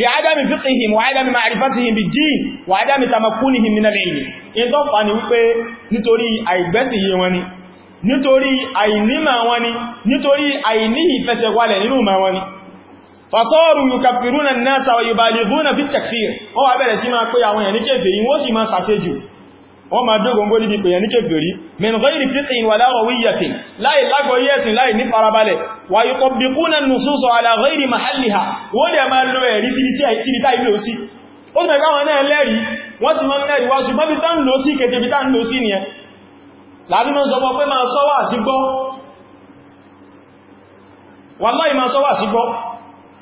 لعدم فقههم وعدم معرفتهم بالدين وعدم تمكنهم من العلم in tó fà ní wípé nítorí àìgbẹ́sì yé wọn ni nítorí àìnímà wọn ni nítorí àìní ìfẹsẹ̀wálẹ̀ nínú ma wọn ni fasaru yukaffiruna an-nasa wa yubalighuna fi at-takfir ó wá bẹ̀rẹ̀ sí máa pé àwọn èèyàn ní kèfèrí wọ́n sì máa ṣàṣejù wọ́n máa dógóngó níbi pèyàn ní kèfèrí min ghairi fiqhin wala rawiyyatin láì lágbọ́yé ẹ̀sìn láì ní farabalẹ̀ wa yutabbiquna an-nususa ala ghairi mahalliha wọ́n dẹ̀ máa lọ ẹ̀rí sí títí táì lò sí ó ti mẹ́gbà wọn náà lẹ́rí wọ́n ti mọ́ lẹ́rí wá ṣùgbọ́n bí tán lò sí kètè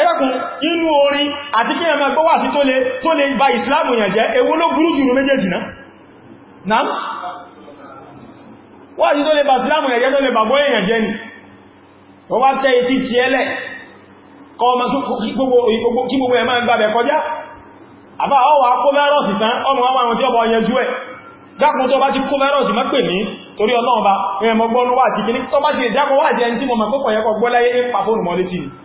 ẹ̀rọ̀kùn inú orin àti kí ẹmọ ẹgbọ́wà sí tó lè bá ìsìláàmù yàn jẹ́ èwo ló burú jùrù méjèèjì náà wà sí tó lè bá ìsìláàmù jẹ́ tó lè èèyàn jẹ́ ni wọ́n wá tẹ́ etí ti ẹlẹ̀ kọjá dákùn tó bá ti kó mẹ́rọ̀sì mọ́ pè ní torí ọlọ́ọ̀ba ẹ̀mọ́gbọ́nú wà sí kìí tó bá ti lè jákọ wà jẹ́ ẹni tí mọ̀ mọ̀ pẹ́kọ̀ yẹ́kọ̀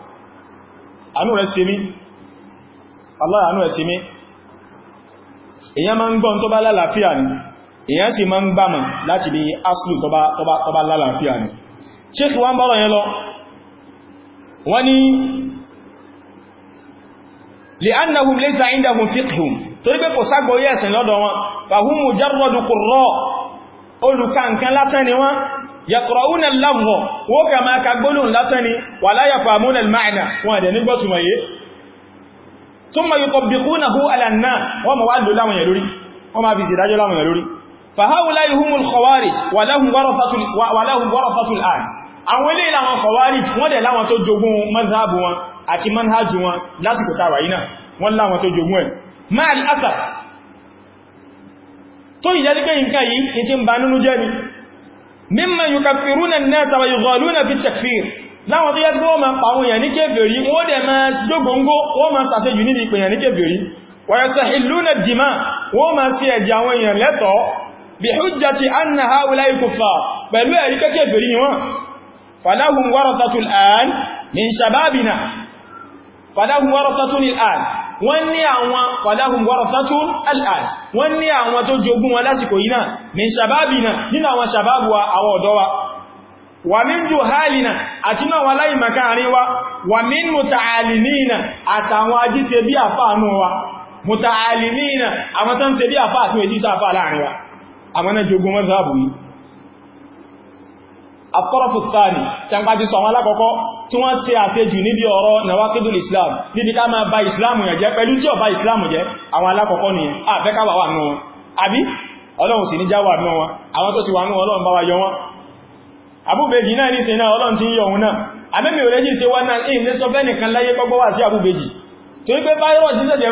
àánú rẹ̀ sí mi Allah àánú rẹ̀ sí mi èyàn máa ń gbọ́n tó bá lálàáfíà ni èyàn sì máa ń gbàmà láti bí aslu tó bá lálàáfíà ni Sheikh wọ́n bọ́rọ̀ yẹn lọ wọ́n ni li'annahum laysa 'indahum fiqhun torí pé kò ságbóyẹ̀ ẹ̀sìn lọ́dọ̀ wọn fahum mujarradu qurra olùka nǹkan lásán ni wọ́n yaqra'una al-lafza wọ́n kà máa ka gbólóhùn lásán ni wala yafhamuna al-ma'na wọ́n àdẹ̀ nígbọ́tùmọ̀ yé thumma yutabbiqunahu ala an-nas wọ́n ma wá lò láwọn yẹ̀ lórí wọ́n ma fi ìdájọ́ láwọn yẹ̀ lórí fa ha'ula'i humul khawarij wa lahum warathatul an àwọn ilé ìlànà tó ìjẹ́ sí pé nǹkan yìí in ti ń ba nínú jẹ́ ni mímọ̀ yukaffiruna an-nasa wa yughaluna fi at-takfir láwọn tó yẹ́ pé wọ́n ma pàwọn èèyàn ní kèfèrí wọ́n dẹ̀ ma dógóngó wọ́n ma sàṣẹ́jù nídi ìpèèyàn ní kèfèrí wa yastahilluna ad-dima wọ́n ma fàdáhùn wọ́rọ̀tátún al'ad wọ́n ní àwọn fàdáhùn wọ́rọ̀tátún al'ad wọ́n ní àwọn tó jogún wọn lásìkò yìí náà min ṣàbábì náà nínú àwọn ṣàbábù wa àwọn ọ̀dọ́wa wà min jù hálìna àti náà wà láì maka àríwá wà min muta'alimina àtàwọn ajíse bí àfà àánú wa àkọ́rọ̀fù sáàrì tí a ń pàdé sọ àwọn alákọ̀ọ́kọ́ tí wọ́n ṣe àṣejù níbi ọ̀rọ̀ nàwákídùl islam níbi ká máa bá islamu yẹ̀ jẹ́ pẹ̀lú tí ó bá islamu jẹ́ àwọn alákọ̀ọ́kọ́ ni àfẹ́kàwà wà náà àbí ọlọ́run sì ní jáwà náà wọn àwọn tó ti wà náà ọlọ́run bá wa yọ wọn abúbejì náà ní ti náà ọlọ́run ti ń yọ òun náà àmẹ́mì òrẹ́jì ṣe wọ́n náà ní ilé sọ fẹ́ nìkan láyé pọ́gbọ́ wà sí abúbejì tó wípé virus ní sẹ̀jẹ̀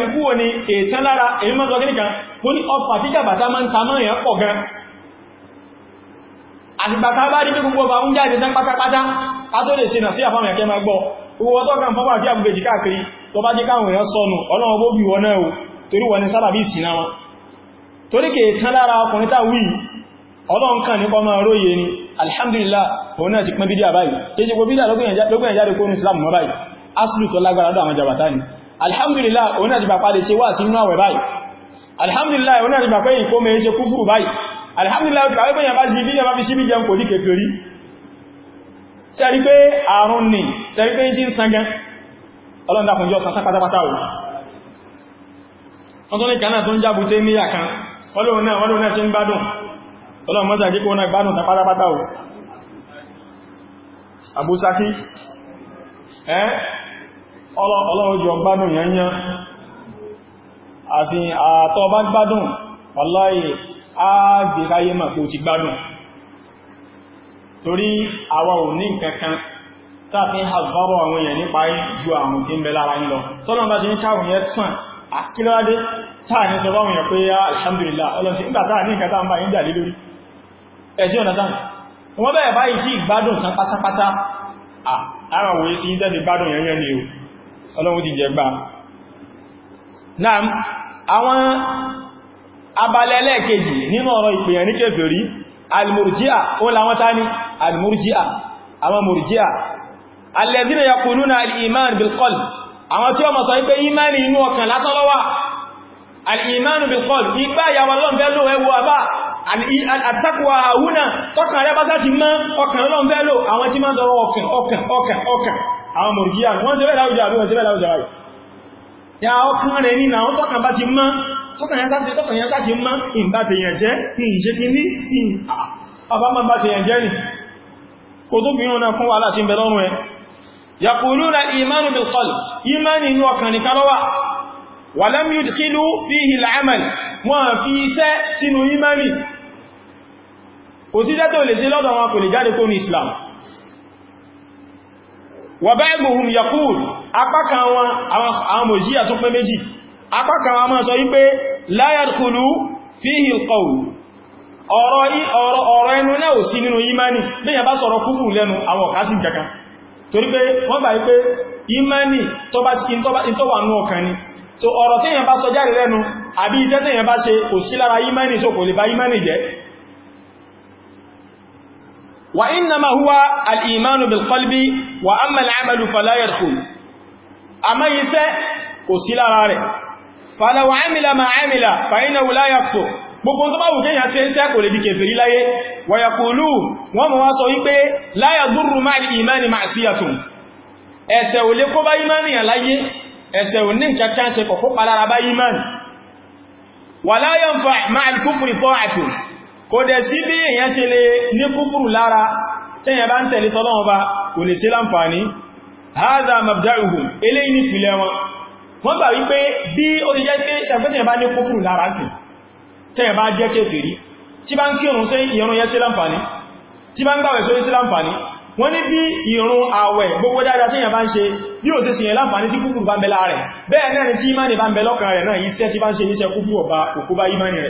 ń àtìgbàtà bá rí gbogbo ọba ń jáde tán pátápátá ká tó lè ṣe nà sí àfáwọn ẹ̀kẹ́ máa gbọ́ owó tó kàn fọ́fà sí àbúgbèjì káàkiri tó bá jẹ́ káwọn èèyàn sọnù ọlọ́run bó bí wọn náà ni sábàbí ìsìná wọn alhamdulillah òun náà ti pín bídí àbáyìí tí ṣe gbogbo bídí àlógún ìjáde kó ní islam mọ́ báyìí asìlù tó àwọn jàbátá ni alhamdulillah òun náà ti bàpá lè ṣe wà sínú àwẹ̀ alhamdulillah òun náà ti bàpá ìkó mẹ́ báyìí alhamdulillah ó ti kàwé pẹ̀yàn bá sí bí yàbá fi sí bí jẹun kò ní kèfèrí sẹ́rí pé àrùn ni sẹ́rí pé jí ń sangẹ́ ọlọ́ndàkùnjọ́ sàtà pátápátá ò wọ́n tó ní kanáà tó ń jábù tẹ́ ní àkán ọlọ́run náà ọlọ́run náà tí ń gbádùn ọlọ́run mọ́sá jíkò náà gbádùn tà pátápátá ò àbúsákí ẹ́ ọlọ́run jọ gbádùn yẹn yẹn àti àtọ́ bá gbádùn wallahi á jẹ káyé mọ̀ pé ó ti gbádùn torí àwa ò ní nǹkankan tàbí hasbọ́rọ̀ àwọn èèyàn nípa ju àwọn tí ń bẹ lára ń lọ tọ́lọ́ bá ti ní káwọn yẹn tàn àkílọ́dé táà ní sọ báwọn èèyàn pé yá alhamdulillah ọlọ́sí nígbà táà ní nǹkan táà ń bá yín jà lé àwọn abalẹ́lẹ́ kejì nínú ọ̀rọ̀ ìpèyàn ní kèfèrí almurji'a òun làwọn ta ní almurji'a àwọn murji'a alladhina yaquluna al-iman bil-qalb àwọn tí ó mọ̀ sọ wípé imani inú ọkàn lásán ló wà al-iman bil-qalb ipá ìyàwó lọ́nbẹ́ ló ẹwọ àbá àtàkùwà àwúnà tọ́kàn rẹ bá sáti mọ́ ọkàn lọ́nbẹ́ lò àwọn tí máa sọ̀rọ̀ ọkàn ya ọkàn rẹ̀ ní na ó tọ́kàn bá ti mọ́ tọ́kàn yẹn sáti mọ́ ìbá tèèyàn jẹ́ ní ìṣe kí ní àbámọ́ bá tèèyàn jẹ́ nì kò tó fi yún náà fún wàhálà tí ń bẹ lọ́rùn ẹ yaquluna imanu bil qalb imani inú ọkàn nìkan ló wà wa lam yudkhilu fihi al-amal wọ́n fi iṣẹ́ sínú imani kò sí jẹ́ tó lè ṣe lọ́dọ̀ wọn kò lè jáde kó ní islam wàbẹ́gbùhùn yakúl apákan àwọn mọ̀jíyà tó pé méjì apákan àwọn máa sọ wípé láyàdkùlù fíhì kọ̀wù ọ̀rọ̀ ẹnu náà ò sí nínú imani lẹ́yìn bá sọ̀rọ̀ kúkù lẹ́nu àwọn ọ̀kásí imani tó bá ti tó so ọ̀rọ̀ tẹ́yìn bá sọ járe lẹ́nu àbí iṣẹ́ tẹ́yìn imani so kò imani jẹ́ وإنما هو الإيمان بالقلب وأما العمل فلا يدخل أما يسى كسلا راري فلو عمل ما عمل فإنه لا يكفر gbogbo tó bá wù kéyàn ṣe ń sẹ́ kò lè di kèfèrí láyé wọ̀yàkùlù wọ́n mọ̀ wá sọ wípé la yadurru máa ìmáni máa síyàtùn ẹ̀ṣẹ̀ ò lè kó bá ìmánìyàn láyé ẹ̀ṣẹ̀ ò ní kẹkẹ́ ṣe kọ̀kọ́ palára bá ìmánì wà la yanfa máa kúfùrí tọ́ àtùn kò dẹ̀ sí bí èyàn ṣe lè ní kúfùrù lára tẹ́yàn bá ń tẹ̀lé tọ́lọ́wọ́ bá kò lè ṣe láǹfààní haza mabda'uhum eléyìí ní ìpìlẹ̀ wọn wọ́n gbà wípé bí ó ti jẹ́ pé ṣàfẹ́tẹ̀yàn bá ní kúfùrù lára sí tẹ́yàn bá jẹ́ kéfèrí tí bá ń kírun sí ìrun yẹ́ sí láǹfààní tí bá ń gbàwẹ̀ sórí sí láǹfààní wọ́n ní bí ìrun àwẹ̀ gbogbo dáadáa tẹ́yàn bá ń ṣe bí ò sí sí láǹfààní tí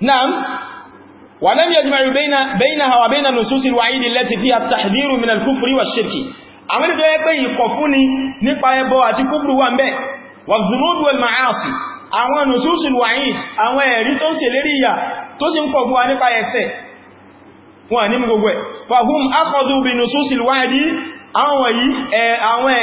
نعم ولم يجمع بين بينها وبين نصوص الوعيد التي فيها التحذير من الكفر والشرك àwọn ìjọ ẹgbẹ́ ìkọ̀fúnni nípa ẹbọ àti kúfùrù wà ń bẹ wàzùnúdù al-ma'asi àwọn nùsùsù wa'id àwọn ẹ̀rí tó ń ṣe lérí ìyà tó sì ń kọ̀ ẹ̀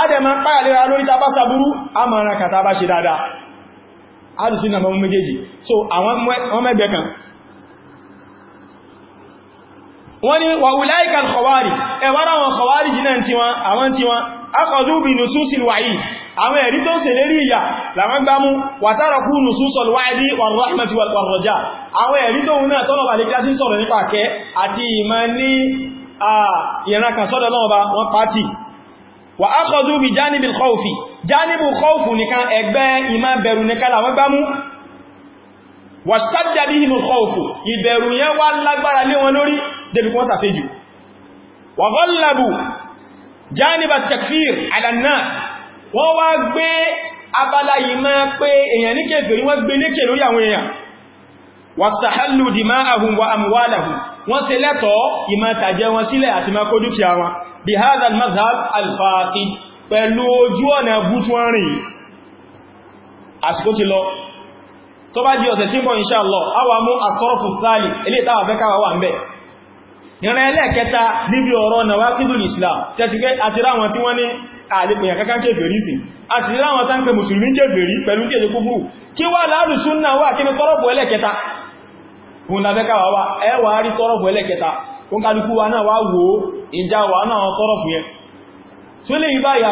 a dẹ̀ ma páyà lera lórí ta bá sàbúrú a ma ran kàtà bá ṣe dáadáa alùsí na mọ́mú méjèèjì so àwọn mẹ́gbẹ̀ kan wọ́n ni wà wùláìkà kọwàrí ẹwàrá wọn kọwàrí jìnà tí wọn àwọn tí wọn akọ̀dú bí nùsúsì wàyí àwọn ẹ̀rí tó ṣe lérí ìyà làwọn gbámú a sí sọ̀rọ̀ wà ákọ̀dú bí jánibì kọ́ọ̀fì jánibì kọ́ọ̀fù nìkan ẹgbẹ́ ìmá bẹ̀rù nìkan làwọn gbámú wà sádà bí ìmú kọ́ọ̀fù ìbẹ̀rù yẹn wá lágbára lé wọn lórí débi wọ́n sàfẹ́jù wà gọ́lábù jánibà takfir alannas wọ́n wá gbé abala ìmá pé èèyàn ní kèfèrí wọ́n gbé lékè lórí àwọn èèyàn wà بهذا المذهب الفاسد pẹ̀lú ojú ọ̀nà bútúwárìn àsìkò ti lọ tó bá di ọ̀sẹ̀ tí mọ̀ insha Allah àwa mú àtọ́rọ̀fù sáàlì ilé ìtawà fẹ́kàwà wà ń bẹ̀ ìrìn ẹlẹ́ẹ̀kẹta níbi ọ̀rọ̀ nawaqidul Islam tẹ́tìkẹ́ àti ráwọn tí wọ́n ní àlepèyàn kankan kèfèrí sí àti ráwọn tán pé mùsùlùmí kèfèrí kó naa wa náà wá wò ìjà wà náà tọ́rọ̀ fún yẹn tí lè yí báyà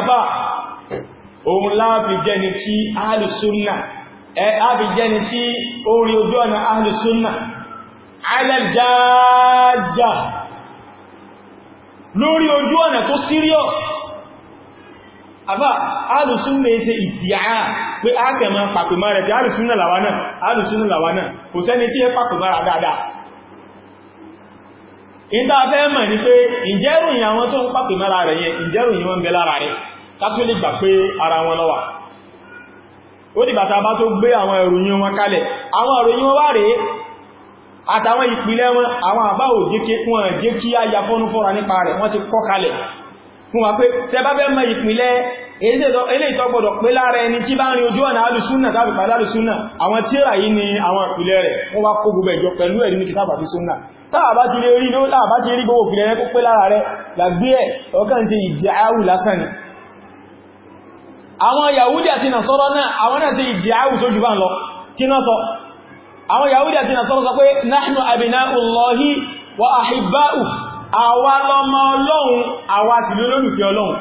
òun láàbì jẹni tí ahàlùsúnnà ẹ ábì jẹni tí ó rí ojú ọ̀nà ahàlùsúnnà alẹ́jáàjá lórí ojú ọ̀nà tó serious àbá alùsúnnà ẹsẹ ìdíyà pé ápẹ̀mọ́ pàpẹ̀mọ́ rẹ̀ tí alùsúnnà làwà kò sẹ́ni tí ẹ pàpẹ̀mọ́ rà dáadáa ìta fẹ́ mọ̀ ní pé ìjẹ́rùn àwọn tó ń pàtò mẹ́ra rẹ̀ yẹn ìjẹ́rùn yìí wọ́n bẹ lára rẹ̀ tátó lè gbà pé ara wọn lọ́wà ó dìbàtà bá tó gbé àwọn ìròyìn wọn kalẹ̀ àwọn ìròyìn wọn wá rèé àtàwọn ìpìlẹ̀ wọn àwọn àbá jẹ́ kí a ya fọ́nú fọ́ra nípa rẹ̀ wọ́n ti kọ́ kalẹ̀ fún wa pé tẹ bá fẹ́ mọ̀ ìpìlẹ̀ ilé ìtọ́gbọ̀dọ̀ pé lára ẹni tí bá rin ojú táàbá ti lè rí ló láàbá ti rí gbogbo ìpìlẹ̀ kó pé lára rẹ̀ làgbé ẹ̀ ọkàn ṣe ìdíáwù lásán ni àwọn Yahudi àti Nasara náà àwọn náà ṣe ìdíáwù tó jù bá ń lọ kí náà sọ àwọn Yahudi àti Nasara sọ pé nahnu abina'ullahi wa ahibba'u àwa lọmọ Ọlọ́run àwa sì lólórùfẹ́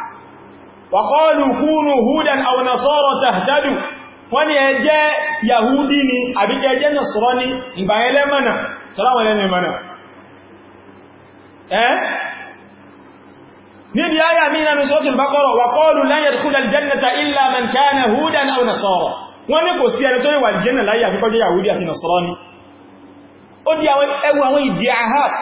wàkọ́ọ̀lù kúrù húdàn àwọn nasọ́rọ̀ tàhtàdù wọ́n ni ẹjẹ́ yahudi ni àbíkẹ́ ẹjẹ́ nasọ́rọ̀ ni ìbáyẹlẹ́ mọ́nà sọ́láwọ̀lẹ́ni mọ́nà ẹ́ níbi ayà mìíràn ní sọ́tún bákọ́rọ̀ wàkọ́ọ̀lù lan yadkhula al-jannata illa man kana hudan aw nasara wọ́n ní kò sí ẹni tó ní wà jẹ́nà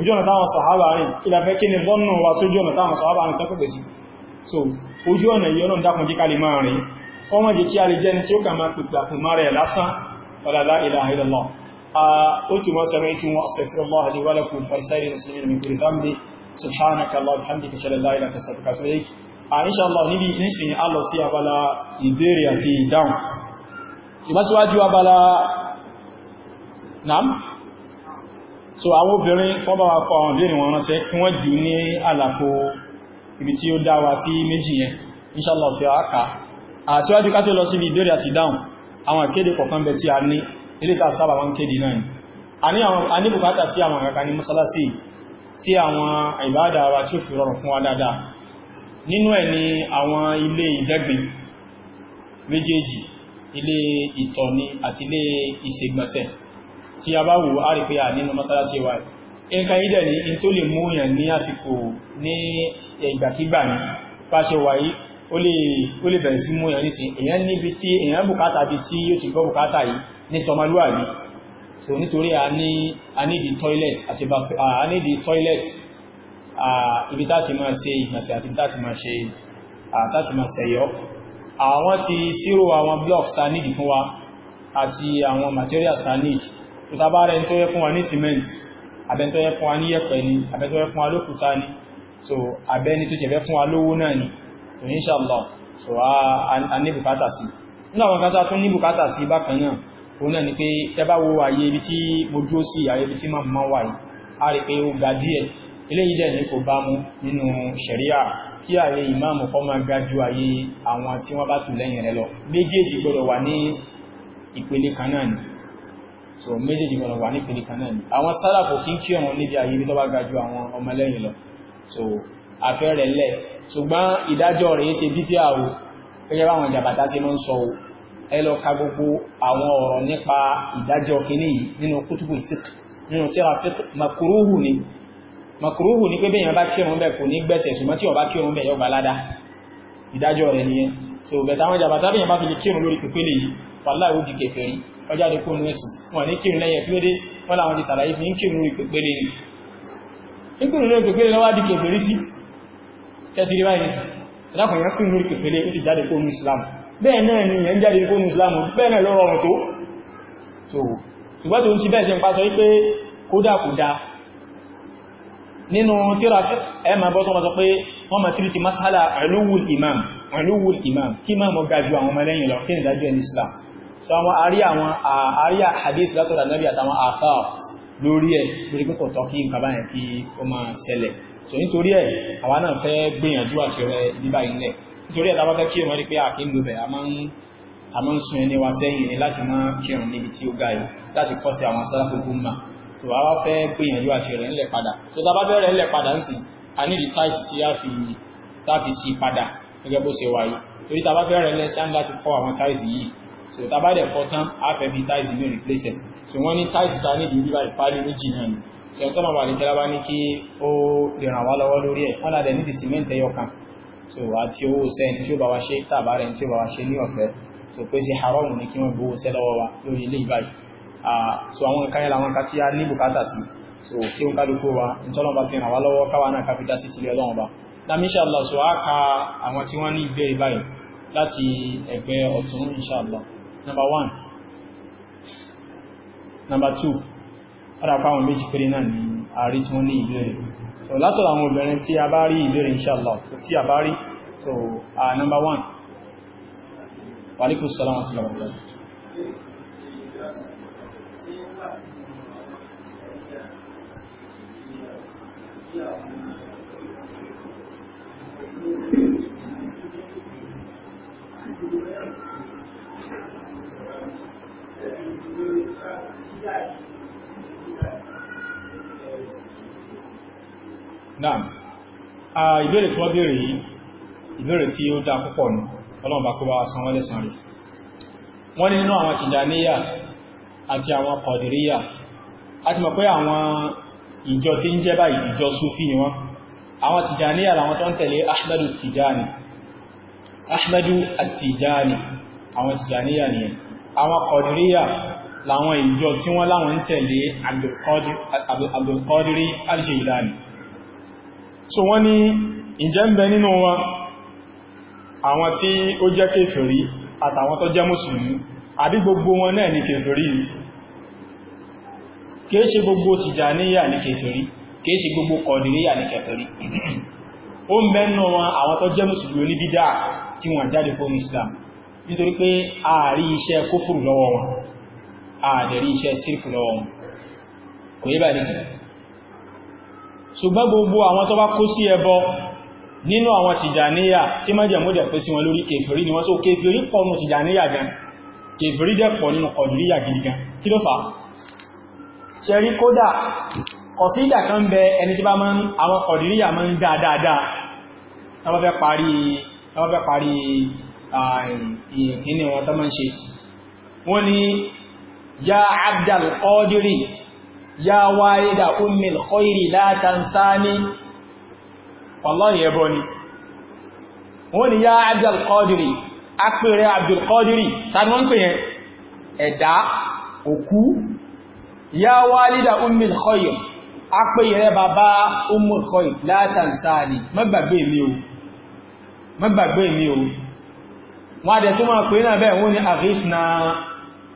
ojú ọ̀nà táwọn sàhábà rìn kí la fẹ́ kí ni lọ́nà wa tó ojú ọ̀nà táwọn sàhábà rìn tọ́pẹ̀pẹ̀ sí so ojú ọ̀nà yìí ọlọ́run dákun jíká lè máa rìn ọmọ jẹ́ kí a lè jẹ́ni tí ó kà máa pèpè àpò máa rẹ̀ lásán ọ̀làlá ilaha illallah ó ti wọ́n sẹ́rẹ́ tí wọ́n astaghfirullah li wa lakum farisairi muslimin min kulli dhanbi subhanaka allahumma wa bihamdika ashhadu so àwọn obìnrin wọ́n bá wa kọ àwọn ìbéèrè wọn ránṣẹ́ kí wọ́n jù ní àlàpò ibi tí ó dá wa sí méjì yẹn inshallah sí àáka àṣíwájú ká tó lọ sí ìbéèrè àti dáhùn àwọn ìkéde kọ̀kan a ní ilé ta sábà wọn kéde náà a ní bùkátà sí àwọn kankan ní mọ́sálásí tí tí a bá wò á rí pé à nínú mọ́sálásí wa nǹkan ìdẹ̀ ní in tó lè mú yàn ní àsìkò ní ìgbàkígbà ní pàṣẹ wáyé ó lè bẹ̀rẹ̀ sí mú yàn ní sí èyàn toilet àti a ní toilet ibi táti máa ṣe ìgbọ̀nsẹ̀ àti táti máa ṣe àtàti máa ṣẹ̀yọ́ àwọn ti sírò àwọn blocks ta nídi fún wa àti àwọn materials ta nídi tàbá rẹ̀ tó yẹ fún wa ní cement abẹ́ntọ́ yẹ fún wa ní yẹ̀pẹ̀ ni abẹ́ntọ́ yẹ fún wa lókúta ni so abẹ́ni tó ṣẹ̀fẹ́ fún wa lówó náà ni so inshallah so a ní bùkátà sí nínú àwọn kátà tún ní bùkátà sí bákan náà òun náà ni pé tẹ́bá wo àyè ibi tí mo dúró sí àyè ibi tí máa mọ́ wà yìí a rí pé ó ga díẹ̀ eléyìí dẹ̀ ní kò bá mu nínú ṣẹ̀ríà kí àyè ìmáàmù kọ́ máa ga ju so méjèèjì gbọ́dọ̀ wà nípele kan náà ni àwọn sálàfò kí n kí ọmọ níbi àyè tó bá ga ju àwọn ọmọlẹ́yìn lọ so afẹ́ rẹ̀ lẹ̀ ṣùgbọ́n ìdájọ́ rẹ̀ ṣe bí tí àwò gẹ́gẹ́ báwọn jàbàtà ṣe mọ́ ń sọ o ẹ lọ ka gbogbo àwọn ọ̀rọ̀ nípa ìdájọ́ kìíní ni makuruhu ni pé bẹ́yàn bá kírun bẹ́ẹ̀ kò ní gbẹ̀sẹ̀ ṣùgbọ́n tí ó bá so bẹ̀tà àwọn jàbàtà bẹ́yàn bá fi lè kírun lórí pípélé yìí wàláì ọjọ́ àdókò ní ẹ̀sùn wọn ní kírun lẹ́yẹ kí ló dé wọ́n láwọn ti sàlàyé fi ń kírun rí pẹ̀pẹ̀lẹ̀ ni ìkírun rí pẹ̀pẹ̀lẹ̀ lọ́wọ́ di kèfèrí sí tẹ́sí rí báyìí ó sì jáde kó ní Islam bẹ́ẹ̀ náà ni ẹ̀ Islam bẹ́ẹ̀ náà lọ́rọ̀ ọ̀rọ̀ tó so ṣùgbọ́n tó ń ti bẹ́ẹ̀ sí ń pa sọ wípé kódà kódà nínú tíra ẹ̀mà imam alúwùl imam kí máa mọ́ gajú àwọn ọmọ lẹ́yìn lọ Islam so àwọn àrí àwọn àrí hadith látọ̀dà náàbí àtàwọn àfà lórí ẹ̀ lórí pípọ̀ tọ́kí nǹkan báyẹn kí ó máa ṣẹlẹ̀ so nítorí ẹ̀ àwa náà fẹ́ gbìyànjú àṣẹrẹ bíbá ilẹ̀ nítorí ẹ̀ tábátẹ́ kí wọ́n rí pé àkí ń lo bẹ̀ a máa ń sun ẹni wa sẹ́yìn ni láti máa kírun níbi tí ó gáyò so àwa fẹ́ gbìyànjú àṣẹrẹ ńlẹ̀ padà so tá bá fẹ́ rẹ̀ ńlẹ̀ ń sìn fi táàfi sí padà gẹ́gẹ́ bó ṣe wáyé torí tá bá fẹ́ rẹ̀ ńlẹ̀ fọ́ àwọn táìsì yìí so tàbá dẹ̀ fọ́ tán afẹ́bí táìsì ní replace it so wọ́n ní táìsì ta ní ìdíbà ìpáálí méjì náà ni so ẹ̀ tọ́nà wà ní kẹ́lábá ní kí ó lè ràn wá lọ́wọ́ lórí ẹ̀ wọ́n ládẹ̀ nídìí cement ẹyọ kan so àti owó sẹ́n tí ó bá wa ṣe tàbá rẹ̀ tí ó bá wa ṣe ní ọ̀fẹ́ so pé haram ní kí wọ́n gbowó sẹ́ lọ́wọ́ wa lórí ilé ìbáyìí so àwọn nǹkan yẹn làwọn nǹkan tí a ní bùkátà sí so kí ó kálukú wa ìtọ́nà bá fi ràn wá lọ́wọ́ káwa náà káfíńdá sí tilẹ̀ ọlọ́run ba inshallah so a ka àwọn tí wọ́n ní ìbéèrè báyìí láti ẹgbẹ́ ọ̀tún inshallah number one number two ọ́dàpá àwọn méjì péré náà ni ààrí tí wọ́n ní ìbéèrè so látọ̀lá àwọn obìnrin tí a bá rí ìbéèrè inshallah so tí a bá rí so uh, number one wàlíkù sọ́lá wọn sílọ̀ wọ́n Thank you. náà ìbéèrè tí wọ́n béèrè yìí ìbéèrè tí ó dá púpọ̀ ní ọlọ́ọ̀bá kó bá san wọ́n lẹ́san rẹ̀ wọ́n ní nínú àwọn tìjàníyà àti àwọn kọ̀dìríyà a ti mọ̀ pé àwọn ìjọ tí ń jẹ́ báyìí ìjọ ahmadu tìjàní ahmadu àtìjàní àwọn tìjàníyà nìyẹn àwọn láwọn ìjọ tí wọ́n láwọn ń tẹ̀lé Abdulkadiri al-Jilani so wọ́n ní ìjẹ́ ń bẹ nínú wọn àwọn tí ó jẹ́ kèfèrí àtàwọn tó jẹ́ mùsùlùmí àbí gbogbo wọn náà ní kèfèrí kìí ṣe gbogbo Tìjàníyà ní kèfèrí kìí ṣe gbogbo Kọ̀dìríyà ní kèfèrí ó ń wọn àwọn tó jẹ́ mùsùlùmí oníbídà tí wọ́n jáde fún Islam nítorí pé ààrí iṣẹ́ kófùrù lọ́wọ́ wọn àdẹ̀rí iṣẹ́ sírfù lọ́wọ́ wọn kò yí báyìí sílẹ̀ ṣùgbọ́n gbogbo àwọn tó bá kó sí ẹbọ nínú àwọn tìjàníyà tí májẹ̀mú dẹ̀ pé sí wọn lórí kèfèrí ni wọ́n sọ kèfèrí pọ̀ nínú tìjàníyà gan kèfèrí dẹ̀ pọ̀ nínú kọ̀dùríyà gidi gan kí ló fà á ṣẹ̀rí kódà kọ̀sídà kan bẹ ẹni tí bá máa wọ́n ni ya abdal qadiri ya walida ummil khairi la tansani wallahi ẹbọ ni wọ́n ni ya abdal qadiri apẹ̀rẹ̀ abdul qadiri tàbí wọ́n pè yẹn ẹ̀dá òkú ya walida ummil khairi apẹ̀rẹ̀ bàbá ummil khairi la tansani má gbàgbé mi o má gbàgbé mi o wọ́n adẹ̀ tó máa pè náà bẹ́ẹ̀ wọ́n ni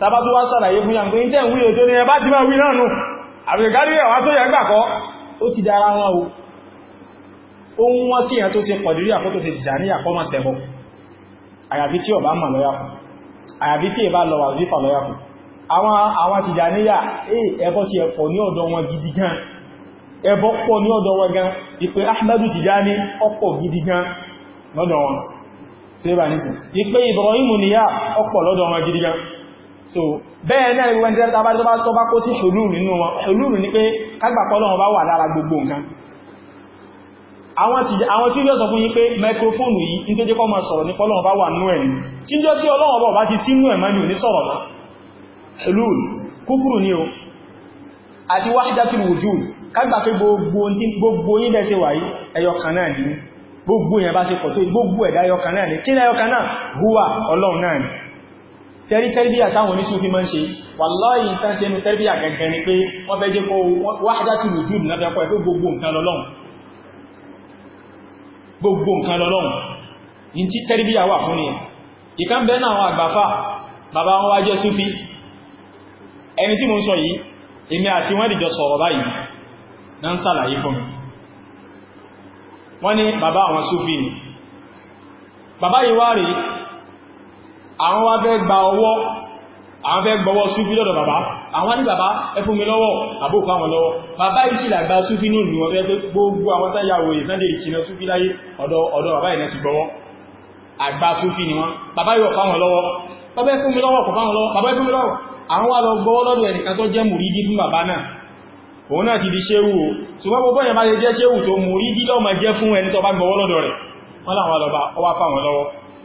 tàbá tó wá sàlàyé fún yàn pé ní tẹ́ ń wí ètò ní ẹbá ti máa wí náà nù àbìrìkárí ẹ̀wà tó yẹ gbàkọ́ ó ti dára wọn o ó ń wọ́n kí èyàn tó ṣe pọ̀dìrí àkó tó ṣe jìjàní àkọ́ máa ṣẹbọ àyàbí tí ọba mà lọ́yàkù àyàbí tí ìbá lọ wàzífà lọ́yàkù àwọn eh, Ahmadu Tijani ọ̀pọ̀ gidi gan lọ́dọ̀ wọn ṣe bá nísìn ìpè Ibrahim Niyas ọ̀pọ̀ lọ́dọ̀ wọn gidi gan so bẹ́ẹ̀ náà ìwọ̀n jẹ́ tàbí tó bá tó bá kó sí hulul nínú wọn hulul ní pé kágbàpọ̀ Ọlọ́run bá wà lára gbogbo nǹkan àwọn tí ó sọ fún yín pé microphone yìí ní tó jẹ́ kó máa sọ̀rọ̀ ní Ọlọ́run bá wà nú ẹ̀ tí jọ tí Ọlọ́run bá ti sínú ẹ̀ mẹ́lú ní sọ̀rọ̀ mọ́ hulul kúfùrù ní o àti wahdatul wujud kágbà pé gbogbo yín bẹ́ẹ̀ ṣe wà yí ẹyọ kan náà ní gbogbo èèyàn bá ṣe pọ̀ tó gbogbo ẹ̀dá ẹyọ kan náà ní kí ni ẹyọ kan náà huwa Ọlọ́run náà ní sẹ́rí tẹ́rbíyà táwọn oníṣúfí máa ń ṣe wàláyé ìtàn ṣe ní tẹ́rbíyà gẹ́gẹ́ ni pé wọ́n fẹ́ jẹ́ kó wáhádátì lùjúùdù náà fẹ́ kọ́ ẹ̀fẹ́ gbogbo nǹkan lọ́lọ́run gbogbo nǹkan lọ́lọ́run ní tí tẹ́rbíyà wà fún ni ìkan bẹ́ẹ̀ náà àwọn àgbàfà bàbá wọn wájẹ́ súfí ẹni tí mo ń sọ yìí àwọn wá fẹ́ gba ọwọ́ àwọn fẹ́ gbọwọ́ súfí lọ́dọ̀ bàbá àwọn ní bàbá ẹ mi lọ́wọ́ àbókà wọn lọ́wọ́ bàbá ìṣì làgbà súfí ní ìlú wọn fẹ́ pé gbogbo àwọn táyàwó ìfẹ́ndẹ̀ ìkìnà súfí láyé ọ̀dọ̀ bàbá ìnà ti gbọwọ́ àgbà súfí ni wọ́n bàbá yóò mi lọ́wọ́ kò fáwọn lọ́wọ́ bàbá ẹ mi lọ́wọ́ àwọn wá lọ gbọwọ́ lọ́dọ̀ ẹnìkan tó jẹ́ mùrídí fún ti di ṣéwù o ṣùgbọ́n gbogbo ẹ̀yàn bá lè jẹ́ ṣéwù tó mùrídí lọ́mọ jẹ́ fún ẹni tó bá gbọwọ́ lọ́dọ̀ rẹ̀ wọ́n láwọn lọ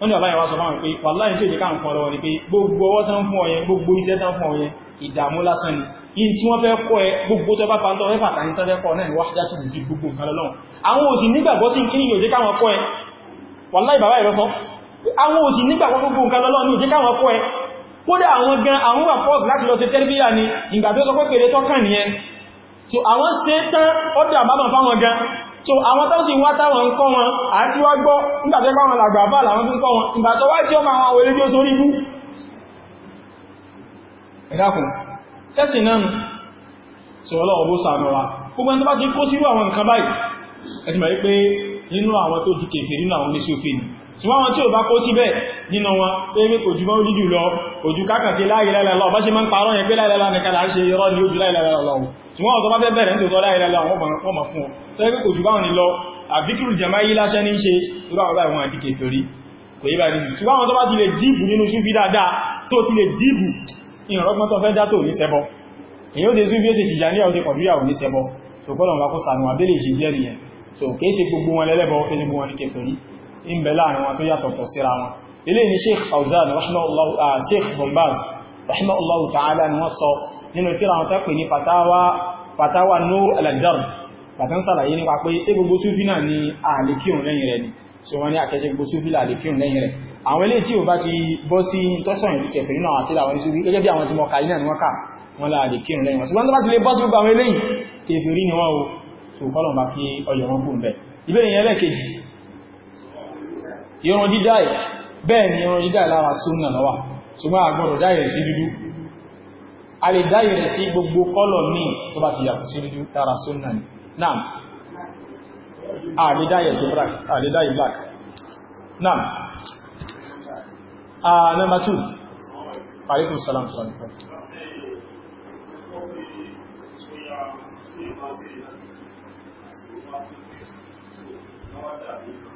wọ́n ni bàbá yẹn wá sọ fáwọn pé wàláhì tí èdè káàkùn ọlọ́wọ́ ni pé gbogbo ọwọ́ tán fún ọyẹn gbogbo iṣẹ́ tán fún ọyẹn ìdààmú lásán ni in tí wọ́n fẹ́ kọ́ ẹ gbogbo tó bá pàtó ẹ pàtàkì tán fẹ́ kọ́ náà ni wọ́n já tún ju gbogbo nǹkan lọ́wọ́ àwọn òsì nígbàgbọ́ sí kí yóò jẹ́ káwọn kọ́ ẹ wàláhì bàbá ìrọsọ àwọn òsì nígbàgbọ́ gbogbo nǹkan lọ́wọ́ ni òjẹ́ káwọn kọ́ ẹ kódà àwọn gan àwọn wà pọ́ọ̀sì láti lọ sí tẹ́lifíyà ni ìgbà tó sọ pé pèrè tọ́kàn nìyẹn so àwọn ṣe tán ọdẹ àbámọ̀ fáwọn gan so àwọn tó sì wá táwọn ń kọ́ wọn àti wá gbọ́ nígbàtẹ́ pàwọn làgbàbà làwọn tó ń kọ́ wọn ìgbà tó wá tí ó máa wọn wòlé bí ó sórí bú ẹ̀dàkùn sẹ́sì náà nù sí ọlọ́ọ̀bó sàmọ́wà gbogbo ẹni tó bá ti kó sírú àwọn nǹkan báyìí ẹ̀dìmọ̀ wípé nínú àwọn tó di kèfèrí nínú àwọn oníṣòfin ni ṣùgbọ́n wọn tí ò bá kó síbẹ̀ nínú wọn tó yẹ́ kò jùmọ́ ojú lọ ojú kákan ti la ilaha illallah bá ṣe máa ń parọ́ yẹn pé la ilaha illallah nìkan ṣe irọ́ ni ojú la ilaha illallah ṣùgbọ́n ọ̀tọ́ bá fẹ́ bẹ̀rẹ̀ ní tòótọ́ la ilaha illallah wọ́n mọ̀ fún ọ tó yẹ́ kò jùmọ́ ní lọ àbíkìrù jẹ̀má yí láṣẹ́ ní ṣe irú àwọn àwọn àdíkè torí kò yí bá ní ṣùgbọ́n àwọn tó bá ti lè dìbù nínú súfí dáadáa tó ti lè dìbù ìrànlọ́gbọ́n tó fẹ́ dátò ní sẹ́bọ̀ èyí ó ṣe súfí ó ṣe Tìjàníyà ó ṣe Kọ̀dìríyà ò ní sẹ́bọ̀ so kọ́lọ̀ wà kó sànù àbẹ́lẹ̀ ìṣẹ́jẹ́rìyàn so kéèṣe gbogbo wọn lẹ́lẹ́bọ̀ kéèṣe gbogbo wọn ní kẹfẹ̀rí ń bẹ láàrin wọn tó yàtọ̀tọ̀ síra wọn ilé ni sheikh Fawzan ah, sheikh bombaz rahimahullahu ta'ala ni wọ́n sọ nínú tíra wọn tẹ́pẹ̀ ní fatawa fatawa nur al-darb bàtán sàlàyé nípa pé ṣé gbogbo súfí náà ni àlékírùn lẹ́yìn rẹ̀ ni so wọ́n ní àkẹ́ṣẹ́ gbogbo súfí àlékírùn lẹ́yìn rẹ̀ àwọn ilé tí ò bá ti bọ́ sí tọ́sàn ìlú kẹfẹ̀ nínú àwọn àtílà àwọn wọn ti lè bọ́ sí irun dídáì bẹ́ẹ̀ ni irun dídáì lára súnnà lọ́wà ṣùgbọ́n a gbọ́dọ̀ dáì rẹ̀ sí dúdú a lè dáì rẹ̀ sí gbogbo kọ́lọ̀ míì tó bá ti yàtọ̀ sí dúdú lára sí number two alaikum salam Thank you.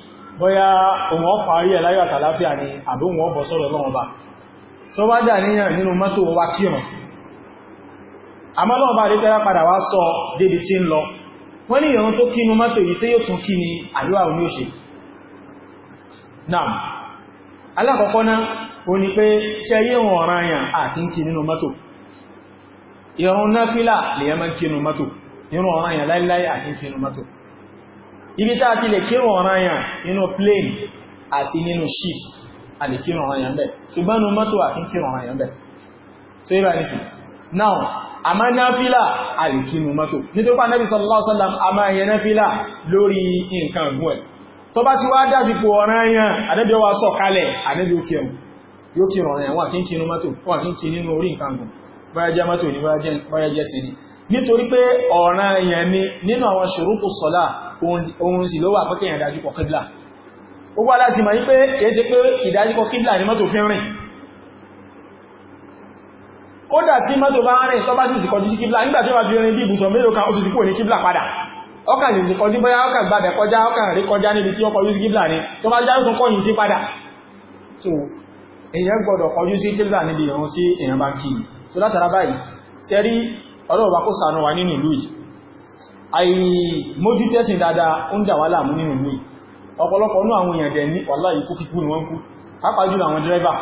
bóyá òun ọ̀pá rí ẹ̀ láyọ̀ àtàláfíà ni àbí òun ọ̀bọ̀ sọ́rọ̀ lọ́wọ́n bá tó bá dà níyàn nínú mọ́tò wá kírùn àmọ́ lọ́wọ́ bá rí pẹ́lá padà wá sọ débi tí ń lọ wọ́n ní ìrun tó kínú mọ́tò yìí sí yóò tún kí ni àríwá òní òṣè náà alákọ̀ọ́kọ́ náà o ni pé ibi tá a ti lè kírùn ọ̀ranyàn nínú plane àti nínú ship a lè kírùn ọ̀ranyàn bẹ̀ ṣùgbọ́n nínú mọ́tò àti kírùn ọ̀ranyàn bẹ̀ so ibà ní sí now a máa náfílà a lè kí nínú mọ́tò nítorí pa Nabi sallallahu alaihi wasallam a máa yẹ náfílà lórí nǹkan ọ̀gbọ́n ẹ̀ tó bá ti wá dásìkò ọ̀ranyàn àdẹ́bẹ̀ wa sọ kalẹ̀ àdẹ́bẹ̀ ó kírùn yóò kírùn ọ̀ranyàn wà kí n kí nínú mọ́tò wà kí n kí nínú orí nǹkan ọ̀gbọ̀n báyá jẹ́ mọ́tò ní báyá jẹ́ sí ni nítorí pé ọ̀ranyàn ni nínú àwọn ṣòrókù sọ́lá ohun sì ló wà pé kéèyàn dájú kọ kíblà ó wá láti ma ní pé kìí ṣe pé ìdájúkọ kíblà ní mọ́tò fi ń rìn kódà tí mọ́tò bá ń rìn tọ́ bá sì sì kọjú sí kíblà nígbàtí wà bí rìn bí ibùsọ̀ mélòó tí ó bá já rùkún kọyìn sí padà so èèyàn gbọdọ̀ kọjú sí kíblà níbi ìrun tí èèyàn bá kí so látara báyìí àìrí mójú tẹ́sìn dáadáa ń dà wá láàmú nínú ní ọ̀pọ̀lọpọ̀ ní àwọn èèyàn dẹ̀ ní wàlá ikú kíkú ni wọ́n kú pàápàá jùlọ àwọn dẹ́rẹ́bà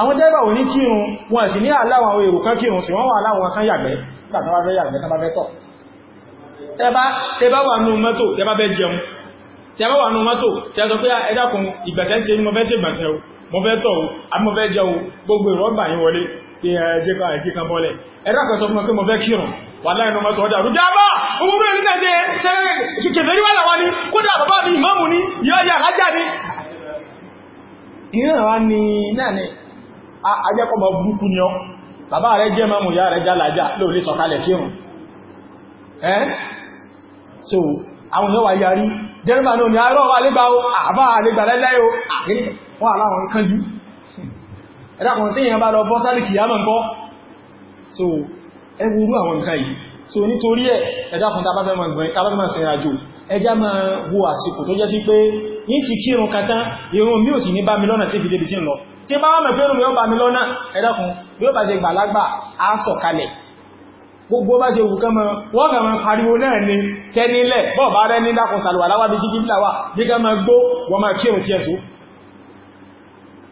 àwọn dẹ́rẹ́bà ò ní kírun wọn sì ní àláwọn àwọn èrò kan kírun sì wọ́n wà láwọn kan yàgbẹ́ tẹ́bá wà nú mọ́tò tẹ́bá kí ẹjẹ́ kan bọ́lẹ̀ ẹ̀dá kan sọ fún ọkọ́ mọ̀ fẹ́ kírùn wà láìnà mọ́tọ̀ ọdá rú dábà ohun rẹ̀ nílẹ̀ jẹ́ sẹ́rẹ̀ kèfèé rí bàbá ni náà ni ajẹ́kọ́ mọ̀ burúkú ni ọ bàbá rẹ̀ jẹ́ máàmù yá rẹ̀ jálàjá lóòlé sọ̀kalẹ̀ kírùn ẹ́ so àwọn yọ́wà yarí jẹ́rìmà náà ni arọ́ àlégbà àbá àlégbà lẹ́lẹ́ ẹ̀dàkùn tí èyàn bá lọ bọ́ sálì kìyàmọ̀ ńkọ́ so ẹgbùrú àwọn nǹkan yìí so nítorí ẹ̀ ẹ̀dàkùn tàbátẹ́mọ̀ sí àjò ẹjá máa wo àsìkò tó jẹ́ sí pé yìí ti kírun katán irun mi ò sì ní bá mi lọ́nà tí ìdíbi tí ń lọ tí bá wọ́n mẹ́fẹ́ irun mi ó bá mi lọ́nà ẹ̀dàkùn bí ó bá ṣe gbàlágbà á sọ̀kalẹ̀ gbogbo bá ṣe wùkán mọ́ wọ́n kà pariwo náà ni tẹ́nílẹ̀ bọ́ọ̀ bá rẹ́ ní dákùn sàlùwà láwábi jíjí láwà bí ká gbó wọ́n máa kírun tí ẹ̀sùn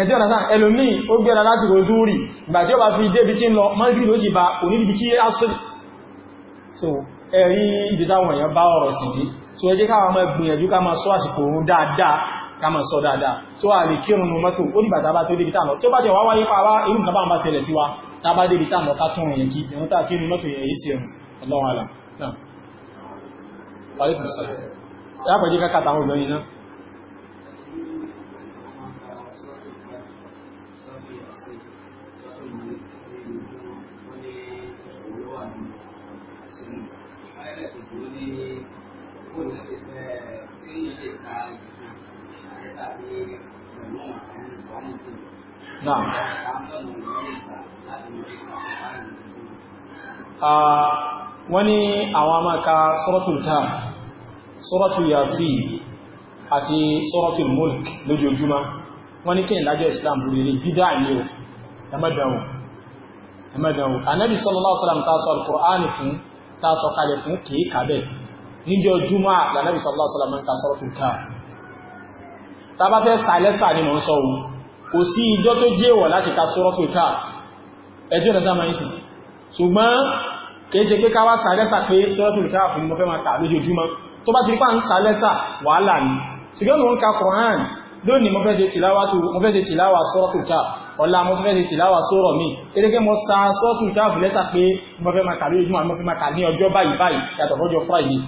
ẹ̀tí ọ̀nà sáà ẹlòmí ó gbẹ́ra láti kò tó rí ìgbà tí ó bá fi débi tí ń lọ mọ́gírí ló sì bá onídìí kí asìrì so ẹ̀rí ìdítáwọn èèyàn bá ọ̀rọ̀ sí bí so ẹ jẹ́ ká máa ká máa sọ àsìkò dáadáa a lè kírun mọ́ mọ́tò ó dìbà tàbá tó débi tààmù tó bá jẹ́ wá wáyé pa wá irú nǹkan bá ń bá ṣẹlẹ̀ sí wa tàbá débi tààmù ká tún èèyàn kí ìrún tàà kírun mọ́tò yẹn yìí Náà. Ah, wọ́n ní àwọn amáka Suratul Taha, Suratul Yasin àti Suratul Mulk lójoojúmá. Wọ́n ní kí ìlàjọ́ Islam lórí ní bídá ní o, ẹmẹ́dànwò. Ànábì sallallahu alaihi wasallam ta sọ Al-Qur'ani fún kìí kàbẹ̀ níjọ́ júmọ́ lànàbì sallallahu alaihi wasallam ń ka suratul Kahf tàbá fẹ́ sàlẹ́sà ní mọ̀ ń sọ ohun kò sí ìjọ tó jẹ́ wọ̀ láti ka suratul Kahf ẹjọ́ ìrẹsà máa ń sìn ṣùgbọ́n kéèṣe pé káwà sàlẹ́sà pé suratul Kahf fún mọ́fẹ́ máa kà lójoojúmọ́ tó bá ti rí pa ń sàlẹ́sà wàhálà ni ṣùgbọ́n mo ń ka Qur'an lónìí mo fẹ́ ṣe tìláwà suratul Kahf ọ̀la mo fẹ́ ṣe tìláwà sọ́rọ̀ mi erégé mo sa suratul Kahf pé mọ́fẹ́ máa kà kà ní ọjọ́ báyìí báyìí yàtọ̀ fọ́jọ́ Friday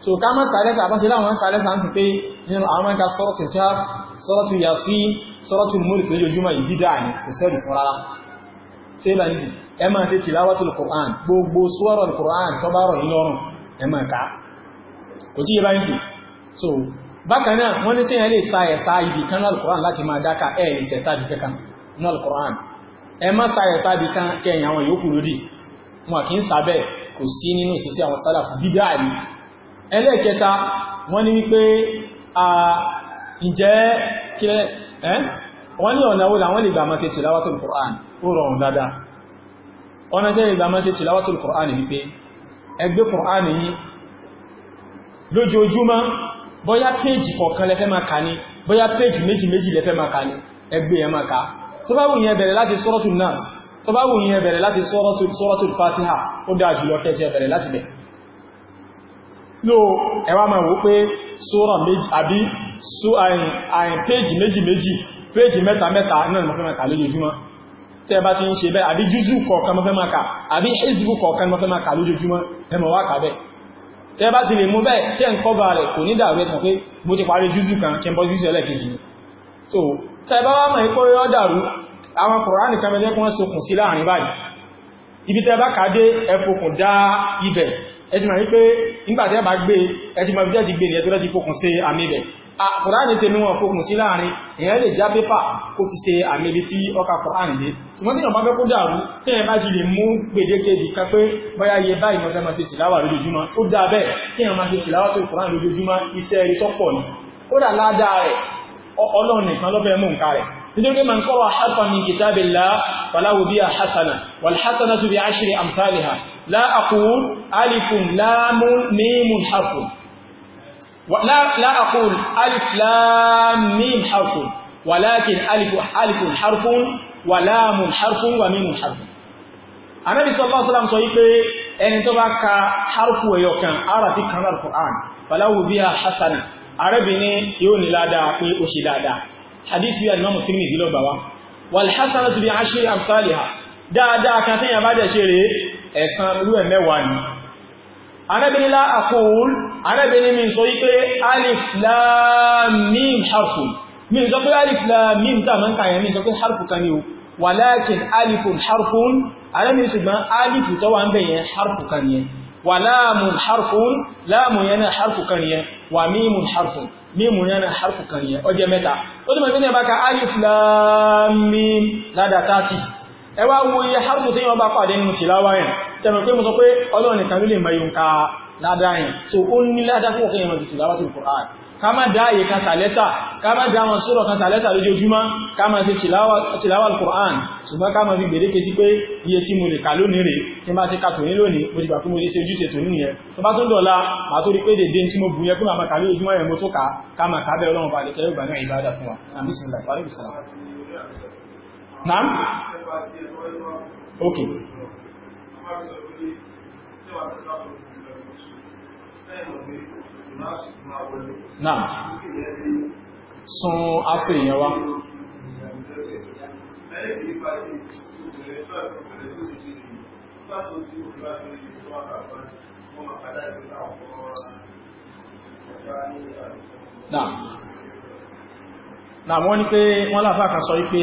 so ká mọ́ sàrẹ́sà bá sí láwọn sàrẹ́sà ń sì pé nínú àwọn ẹka sọ́rọ̀tù Kahf sọ́rọ̀tù Yasin sọ́rọ̀tù Mulk lójoojúmọ́ yìí bídá ni, kò sẹ́rù fún rárá ṣe bá nìsí ẹ máa ṣe tìláwàtù Qur'an gbogbo sọ́rọ̀ Qur'an tó bá rọ̀ yín lọ́rùn ẹ máa ká kò tí yẹ bá nìsí so bákan náà wọ́n Qur'an láti máa dáka ẹ̀ lè sẹ̀sá ibi kankan lọ́l Qur'an ẹ má sa ẹ̀sá ibi kan kẹyìn àwọn yòókù lódì wọn kì í sábẹ́ kò sí nínú ni ẹlẹ́ẹ̀kẹta wọ́n ní wípé ǹjẹ́ kílẹ̀ wọ́n ní ọ̀nà wọ́n làwọn lè gbà máa ṣe tìláwátùl Qur'an ó rọrùn dáadáa ọ̀nà tẹ́lẹ̀ gbà máa ṣe tìláwátùl Qur'an wípé ẹgbẹ́ Qur'an yìí lójoojúmọ́ bóyá péjì kọ̀ọ̀kan lẹ́fẹ́ máa ka ní bóyá péjì méjì méjì lẹ́fẹ́ máa ka ní ẹgbẹ́ yẹn e máa ka tó bá wùnyẹn bẹ̀rẹ̀ láti suratul Nas tó bá wùnyẹn bẹ̀rẹ̀ láti suratul Fatiha ó dáa jùlọ kẹjẹ bẹ̀rẹ̀ láti bẹ̀rẹ̀ no ẹwà máa wò pé sóra méjì àbí péjì méjì méjì péjì mẹ́ta mẹ́ta náà mọ́fẹ́ mẹ́ta lójoojúmọ́ tẹ́ bá ti ń ṣe bẹ́ẹ̀ àbí júzù kọ̀ọ̀kan mọ́fẹ́ máa kà àbí hizbu kọ̀ọ̀kan mọ́fẹ́ máa kà lójoojúmọ́ ẹmọ̀ wá kà bẹ́ẹ̀ tẹ́ bá ti lè mú bẹ́ẹ̀ tẹ́ ń kọ́bà rẹ̀ kò ní dàrú ẹ̀sàn pé mo ti parí júzù kan ni so tẹ́ bá wá mọ̀ ikọ́ yọ́ dàrú àwọn kọ̀rọ̀ánì ẹ̀sìn máa wípé nígbàtẹ́ bá gbé ẹ̀sìn máa fíjẹ́ ti gbé ìyẹ́ tó lẹ́ ti fòkùn sí àmì ibẹ̀ Kùránì tẹ níwọ̀n fòkùn sí láàrin èyàn lè já pépà kó fi ṣe àmì tí ọka Kùránì lè mú gbèdéke bì kan pé bóyá iye báyìí mọ́sẹ́ máa ṣe tìláwà lójoojúmọ́ ó dá bẹ́ẹ̀ tí ìyàn ṣe tìláwà tó لا أقول ألف لام ميم حرف لا, لا أقول ألف لام ميم حرف ولكن ألف ألف حرف ولام حرف وميم حرف النبي صلى الله عليه وسلم صحيح أن تبقى حرف ويوكن أرى في كان القرآن فلو بها حسن عربيني يوني لادا في أشي لادا حديث في المام الفيلم في لوبا والحسنة بعشر أمثالها دادا كانت يبادة شيري ẹ̀san irú ẹ̀ mẹ́wàá ni arábìnilá àkóhùn arábìnrin mi sọ wípé alif lam mim harfun mi sọ pé alif lam mim tàà mọ́ta yẹn mi sọ pé harfun kan ni o walakin alifun harfun arábìnrin ṣùgbọ́n alifu tó wà ń bẹ̀yẹn harfun kan yẹn ولام حرف لام ينا حرف كنية وميم حرف ميم ينا ẹ wá wo iye harbu tí wọ́n bá pàdé nínú tìláwà yẹn tẹ́mẹ̀ pé mo sọ pé ọlọ́run nìkan ló lè mọ yonka ládá yẹn so ó ní ládá fún òkè ìrìnàjò tìláwà tó kọ̀ áàrì ká má dá àyè kan sàlẹ́sà ká má dá wọn sọ́rọ̀ kan sàlẹ́sà lójoojúmọ́ ká má ṣe tìláwà al-Qur'an ṣùgbọ́n ká má fi gbèdéke sí pé iye tí mo lè kà lónìí rè tí má ti kà tòní lónìí mo ti gbà pé mo lè ṣe ojúṣe tòní nìyẹn tó bá tó dọ̀la màá tó rí pé dèdè tí mo bù yẹ pé màá kà lójoojúmọ́ yẹn mo tó kà ká má kà ọlọ́run balẹ̀ kẹ́rù gbà náà ìbádà Naam? Ok. Naam. Sun aṣe ìyẹn wá. Naam. Naam wọ́n ní pé wọ́n láfáà kan sọ wípé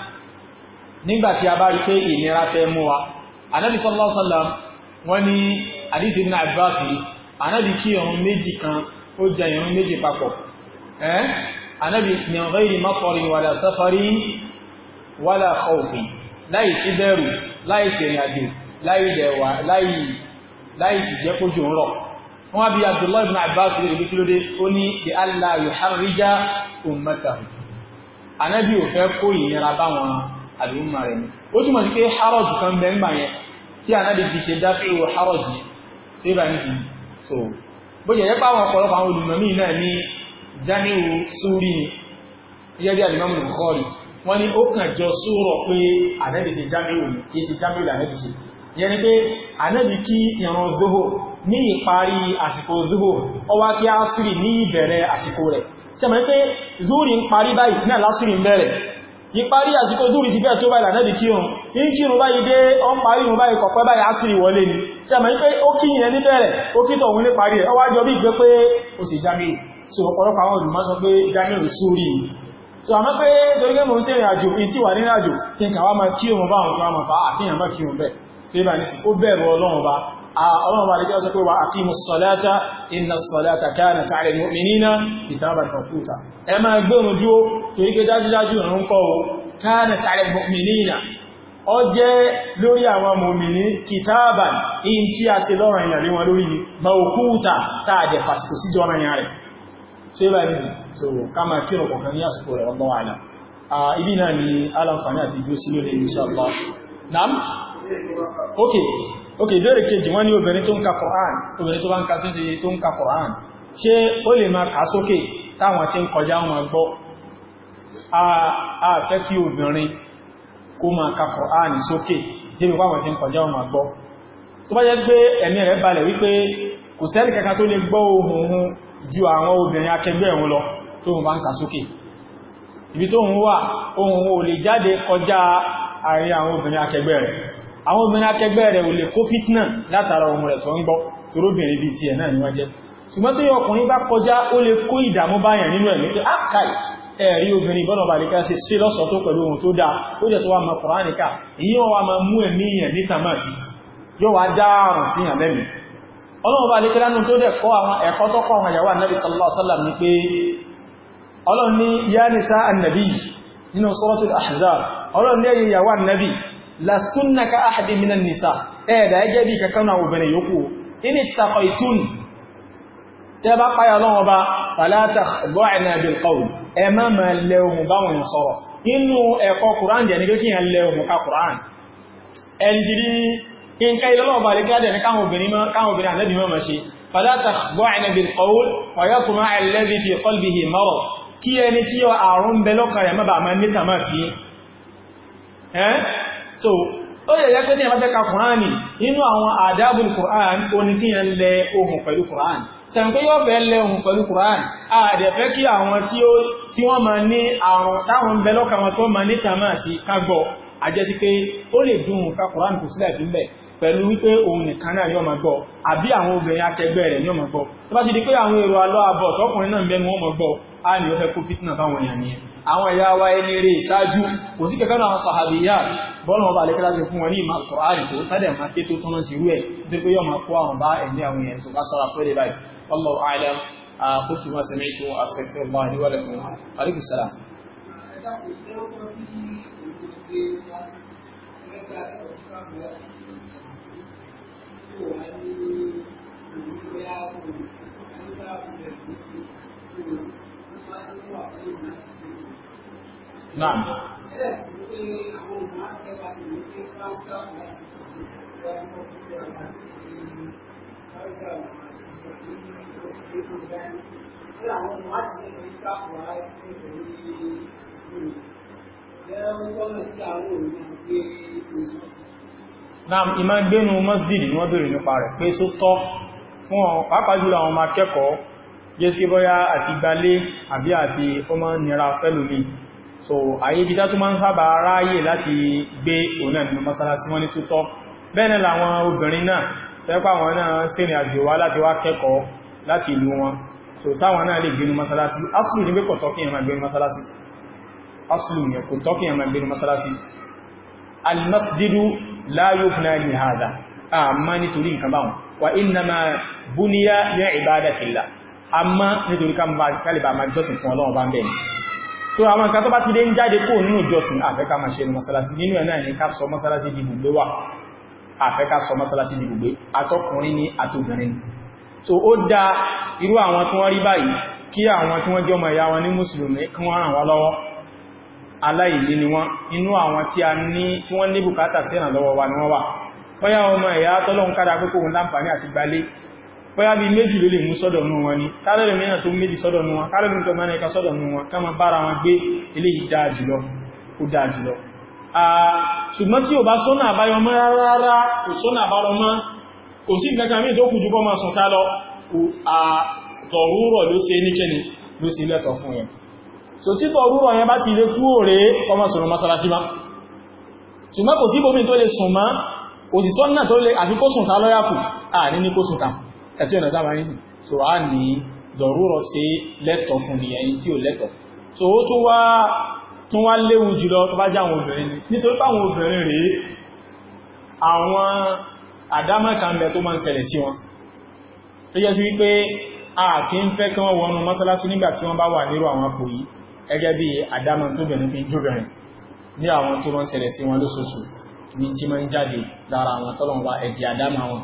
nígbàtí a bá rí pé ìnira fẹ́ mú wa anábi sallallahu alaihi wasallam wọ́n ní hadith ibn abbas anábi kí ìrun méjì kan ó jẹ ìrun méjì papọ̀ ẹ́n anábi min ghairi matarin wala safarin wala khawfin láì sí bẹ̀rù láì sí ìrìnàjò láì dẹ̀wà láì sí jẹ́ kójú ń rọ̀ wọ́n bí abdullahi ibn abbas rí rí kílódé ó ní di allah yuharrija ummatahu anábi ò fẹ́ kó ìnira báwọn àlùmà rẹ̀ ni ó túnmọ̀ sí pé harrod kan bẹ̀ ń gbà yẹn tí ànábì fi ṣe dáfíwò harrod yẹn tí bá ní fi so bó jẹ́ yẹ́pá àwọn ọ̀pọ̀lọpọ̀ àwọn olùmọ̀mí náà ní jamiu suri ni gẹ́gẹ́ bí alimami bukhari wọ́n ní ó kàn jọ sóòrọ̀ pé ànábì ṣe jamiu ni kì í ṣe jamiu ni pé ànábì kí ìran zoho ní ìparí àsìkò zoho ọwá kí asiri ní ìbẹ̀rẹ̀ àsìkò rẹ̀ pé zuri ń parí báyìí náà lásìrì ń bẹ̀rẹ̀ ìparí àsìkò dúrì ti bẹ́ẹ̀ tó báyìí lànẹ́bì kírùn ní kírùn báyìí dé ọ́n parí ìrùn báyìí kọ̀pẹ́ báyìí àṣírí wọlé ni tí a mọ̀ pé ó kí ìyẹn ní bẹ̀rẹ̀ ó kí tọ̀hún ní parí ẹ̀ ọwá jọ bí jami so ọ̀pọ̀lọpọ̀ àwọn olùmọ̀ sọ pé jami ò súrí so àmọ́ pé torí gẹ́mù ń sẹ́rìn àjò in tí wà nínú àjò kí n kàwá máa kírùn Ah, ọlọ́run bá lẹ́gbẹ́ ọ̀sọ́kọ́ wa aqimus salata inna salata kanat 'ala al-mu'minina kitaban mawquta ẹ máa gbóòrùn dúó tó rí pé dájúdájú ìrún kọ́ o kanat 'ala al-mu'minina ọ jẹ́ lórí àwọn mọ̀mìnì kitaban in tí a ṣe lọ́rọ̀ ìyàrí wọn lórí ni mawquta táàdẹ̀ fàsìkò sí jọ ọ̀rọ̀ rẹ̀ tó yíba ní so ká máa kírò kọ̀kan ní àsìkò rẹ̀ ọgbọ́n àlà ah, ibi náà ni alamfani àti ìjó sí lórí insha Allah nam okay ok ìbéèrè kejì wọ́n ní obìnrin tó ń ka Qur'an obìnrin tó bá ń ka tún tó ń ka Qur'an ṣé ó lè máa kà sókè táwọn tí ń kọjá wọn máa gbọ́ a fẹ́ kí obìnrin kó máa ka Qur'an sókè débi pàwọn tí ń kọjá wọn máa gbọ́ tó bá jẹ́ pé ẹ̀mí rẹ̀ balẹ̀ wípé kò sẹ́lì kankan tó lè gbọ́ ohùn ju àwọn obìnrin akẹgbẹ́ ẹ̀hún lọ tó hun bá ń kà sókè ibi tó hun wà ohùn ò lè jáde kọjá àárín àwọn obìnrin akẹgbẹ́ rẹ̀ àwọn obìnrin akẹgbẹ́ rẹ̀ ò lè kó fitna látara ohun rẹ̀ tó ń gbọ́ torobìnrin bí ti ẹ̀ náà ni wọ́n jẹ́ ṣùgbọ́n tó yọ ọkùnrin bá kọjá ó lè kó ìdààmú báyàn nínú ẹ̀mí pé ákàì ah, ẹ̀rí obìnrin bọ́nà bá nìkan ṣe sí lọ́sọ̀ tó pẹ̀lú ohun tó dáa ó jẹ́ tó wà mọ̀ kọ̀ránìkà èyí wọ́n wà máa mú ẹ̀mí yẹn lastunna ka ahadi minan nisa eh da yake bi ka kana obìnrin yòókù ini taqaitun tẹ́ bá páyà lọ́wọ́ bá falata gbọ́ẹ̀nà bil qawl ẹ má ma lẹ́wọ̀n bá wọn sọ̀rọ̀ inú ẹ̀kọ́ kùrán jẹ́ ní kí yàn lẹ́wọ̀n ká kùrán ẹnjìrí nǹkan ilọ́lọ́wọ́ bá lè gádẹ̀ ní káwọn obìnrin àlẹ́bì mọ́ ṣe falata gbọ́ẹ̀nà bil qawl fayatuma alladhi fi qalbihi marad kí ẹni tí àrùn bẹ lọ́kàn rẹ̀ má ba ma níta má fi so ó yẹ yẹ́ pé ní ẹ̀mọ́fẹ́ ka kùránì inú àwọn àdábùn kùránì oní kí yẹn lẹ ohun pẹ̀lú kùránì sẹ́n pé yóò fẹ́ lẹ ohun pẹ̀lú kùránì àdẹ̀fẹ́ kí àwọn tí wọ́n ma ní àrùn táwọn bẹlọ́kà wọn tó ma ní tàmà sí kágbọ́ àjẹ́sí pé ó lè dùn ká kùránì kò sílẹ̀ fi mẹ́ pẹ̀lú wípé òun nìkan náà yóò máa gbọ́ àbí àwọn obìnrin akẹgbẹ́ rẹ̀ àwọn ẹ̀yà wa ẹni rẹ̀ ìṣáájú kò sí kẹfẹ́ àwọn sàhàbíyà bọ́ọ̀lù ọba àlẹ́kẹ́lá ṣe fún wọn ní ìmá kọ̀ọ̀árì tó tẹ́lẹ̀ máa ké tó tọ́nà sí rú ẹ̀ tó pé yọ máa kó àwọn bá ẹ̀mí àwọn èèyàn sọ́kà sọ́ra tó báyìí Thank you. Náà. Náà ìmá gbénu masjid ni wọ́n bèèrè nípa rẹ̀ pé só tọ́ fún ọ̀rọ̀ pàápàá jùlọ àwọn ọmọ akẹ́kọ̀ọ́ jésù kí bọ́yá àti gbalé àbí àti ọmọ nira fẹ́lú mi so ayé bí tátú máa ń sábà ráyè láti gbé òun náà nínú mọ́sálásí wọ́n ní sútọ́ bẹ́ẹ̀ láwọn obìnrin náà tẹ́pà wọn náà sínrin àjò wá láti wá kẹ́kọ̀ọ́ láti ìlú wọn so sáwọn náà lè gbénu mọ́sálásí asùlù ní pé kò tọ́kì ẹ̀mà gbénu mọ́sálásí asùlù ní kò tọ́kì ẹ̀mà gbénu mọ́sálásí almasjidu la yubna li hada amma nítorí nǹkan báwọn wa innama buniya li ibadatillah amma nítorí kan bá kálíbà máa so àwọn nǹkan tó bá ti dé ń jáde kó nínú ìjọsìn àfẹ́ká máa ṣe ní mọ́sálásí nínú ẹ̀ náà ní ká sọ mọ́sálásí di ibùgbé wà àfẹ́ká sọ mọ́sálásí di ibùgbé àtọkùnrin ní àtobìnrin so ó dá irú àwọn tí wọ́n rí báyìí kí àwọn tí wọ́n jọmọ ìyá wọn ní mùsùlùmí kí wọ́n ràn wá lọ́wọ́ aláìlé ni wọ́n inú àwọn tí a ní tí wọ́n ní bùkátà sí ìrànlọ́wọ́ wa ni wọ́n wà bóyá ọmọ ìyá tọ́lọ́hun kára pé kóhun láǹfààní àti gbalé bóyá bí méjì ló lè mú sọ́dọ̀ nú wọn ni kálẹ̀lẹ̀ mẹ́nà tó méjì sọ́dọ̀ nú wọn kálẹ̀lẹ̀ tó mẹ́nà ẹka sọ́dọ̀ nú wọn kama bára wọn gbé eléyìí dáa jùlọ ó dáa jùlọ ṣùgbọ́n tí ò bá sọ́nà àbáyọ mọ́ rárá kò sọ́nà àbáyọ mọ́ kò sí nǹkan kan mí tó kù jù bọ́ máa sùn ká lọ tọ̀rúrọ̀ ló ṣe masalasi má ṣùgbọ́n kò sí bómi tó lè sùn má òsìsọ́nà tó lè àfikósùn ká lọ́yàkù à ní ní kó sùn ká ẹ̀tí ọ̀nà sábà ní so a ní dọ̀rúrọ̀ sí lẹ́tọ̀ fún ní ẹni tí ó lẹ́tọ̀ so ó tún wá tún wá léwu jùlọ tó bá jáwọn obìnrin nítorí páwọn obìnrin rèé àwọn àdámẹ́kànlẹ̀ ń ṣẹlẹ̀ tó a kì ń fẹ́ kí wọ́n wọnú mọ́sálásí nígbà tí wọ́n bá wà nírò àwọn apò yìí gẹ́gẹ́ bí àdámọ̀ tóbìnrin fi jóbìnrin ní àwọn tó máa ń ṣẹlẹ̀ sí wọn lóṣooṣù ní wọn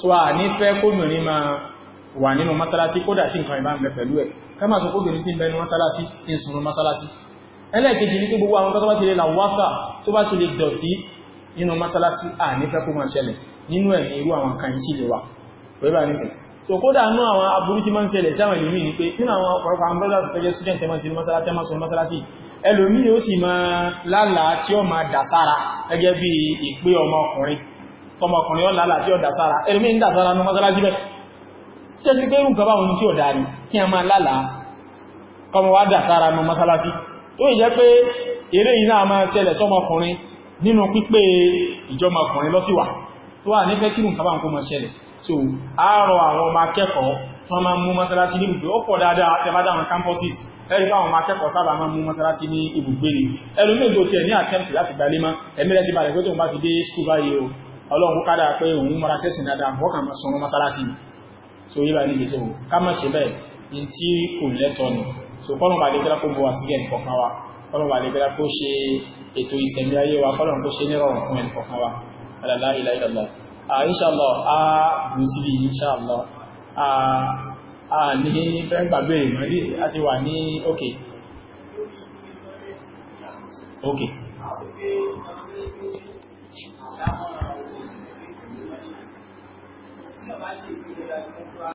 tó a ní fẹ́ kóbìnrin máa wà nínú mọ́sálásí kódà sí nǹkan ìbámu pẹ̀lú ẹ̀ kama tó kóbìnrin tí ń bẹnu mọ́sálásí tí ń sunú mọ́sálásí ẹlẹ́ẹ̀kejì ní pé gbogbo àwọn tó bá ti lè làwáfà tó bá ti lè dọ̀tí nínú mọ́sálásí à ní fẹ́ kó máa so kódà nú àwọn aburú tí máa ń ṣẹlẹ̀ sáwọn ìlú ní pé nínú àwọn ọ̀pọ̀lọpọ̀ àwọn brothers pẹ̀lẹ́ student ẹmọ́ sí mọ́sálásí ẹmọ́ sí mọ́sálásí ẹlòmí ó ọmọkùnrin ọ̀la láti ọ̀dà sára ẹ̀rẹ́mí ń dà sára ní mọ́sálásí bẹ́ ṣe ti pé rùn kọba ohun tí ó dárí kí a máa lálàá kọmọ wá dà sára ní mọ́sálásí tó ìjẹ́ pé eré iná máa ṣẹlẹ̀ sọmọkùnrin nínú pípé ìjọmọkùnrin lọ́síwà tó wà ní pé ní campuses ẹ̀rí báwọn ọmọ akẹ́kọ̀ọ́ sábà máa mú mọ́sálásí ni ẹlòmíì tó tiẹ̀ ní àtẹ́mtì láti gbalé mọ́ ẹ̀mí rẹ̀ ti pé tó ń bá ti dé skúl báyìí o ọlọ́run kádà pé òun mara sẹ́sìn dáadáa wọ́n kàn máa sọ̀rọ̀ mọ́sálásí so yíba ní ìṣẹ́ òun ká má ṣe bẹ́ẹ̀ ní tí kò lẹ́tọ̀ ni so kọ́nà bàlẹ́ gẹ́gẹ́ kó bọ́ àṣìjẹ́ nìkọ̀kan wa kọ́nà bàlẹ́ gẹ́gẹ́ kó ṣe ètò ìsẹ̀mí ayé wa kọ́nà kó ṣe nírọ̀rùn fún ẹnìkọ̀kan wa alàlá ilà ilàlá inṣàlọ́ a bù síbi inṣàlọ́ a ní bẹ́ẹ̀ gbàgbé ìmọ̀lẹ́ àti wà ní òkè òkè 要把自己这个公司啊。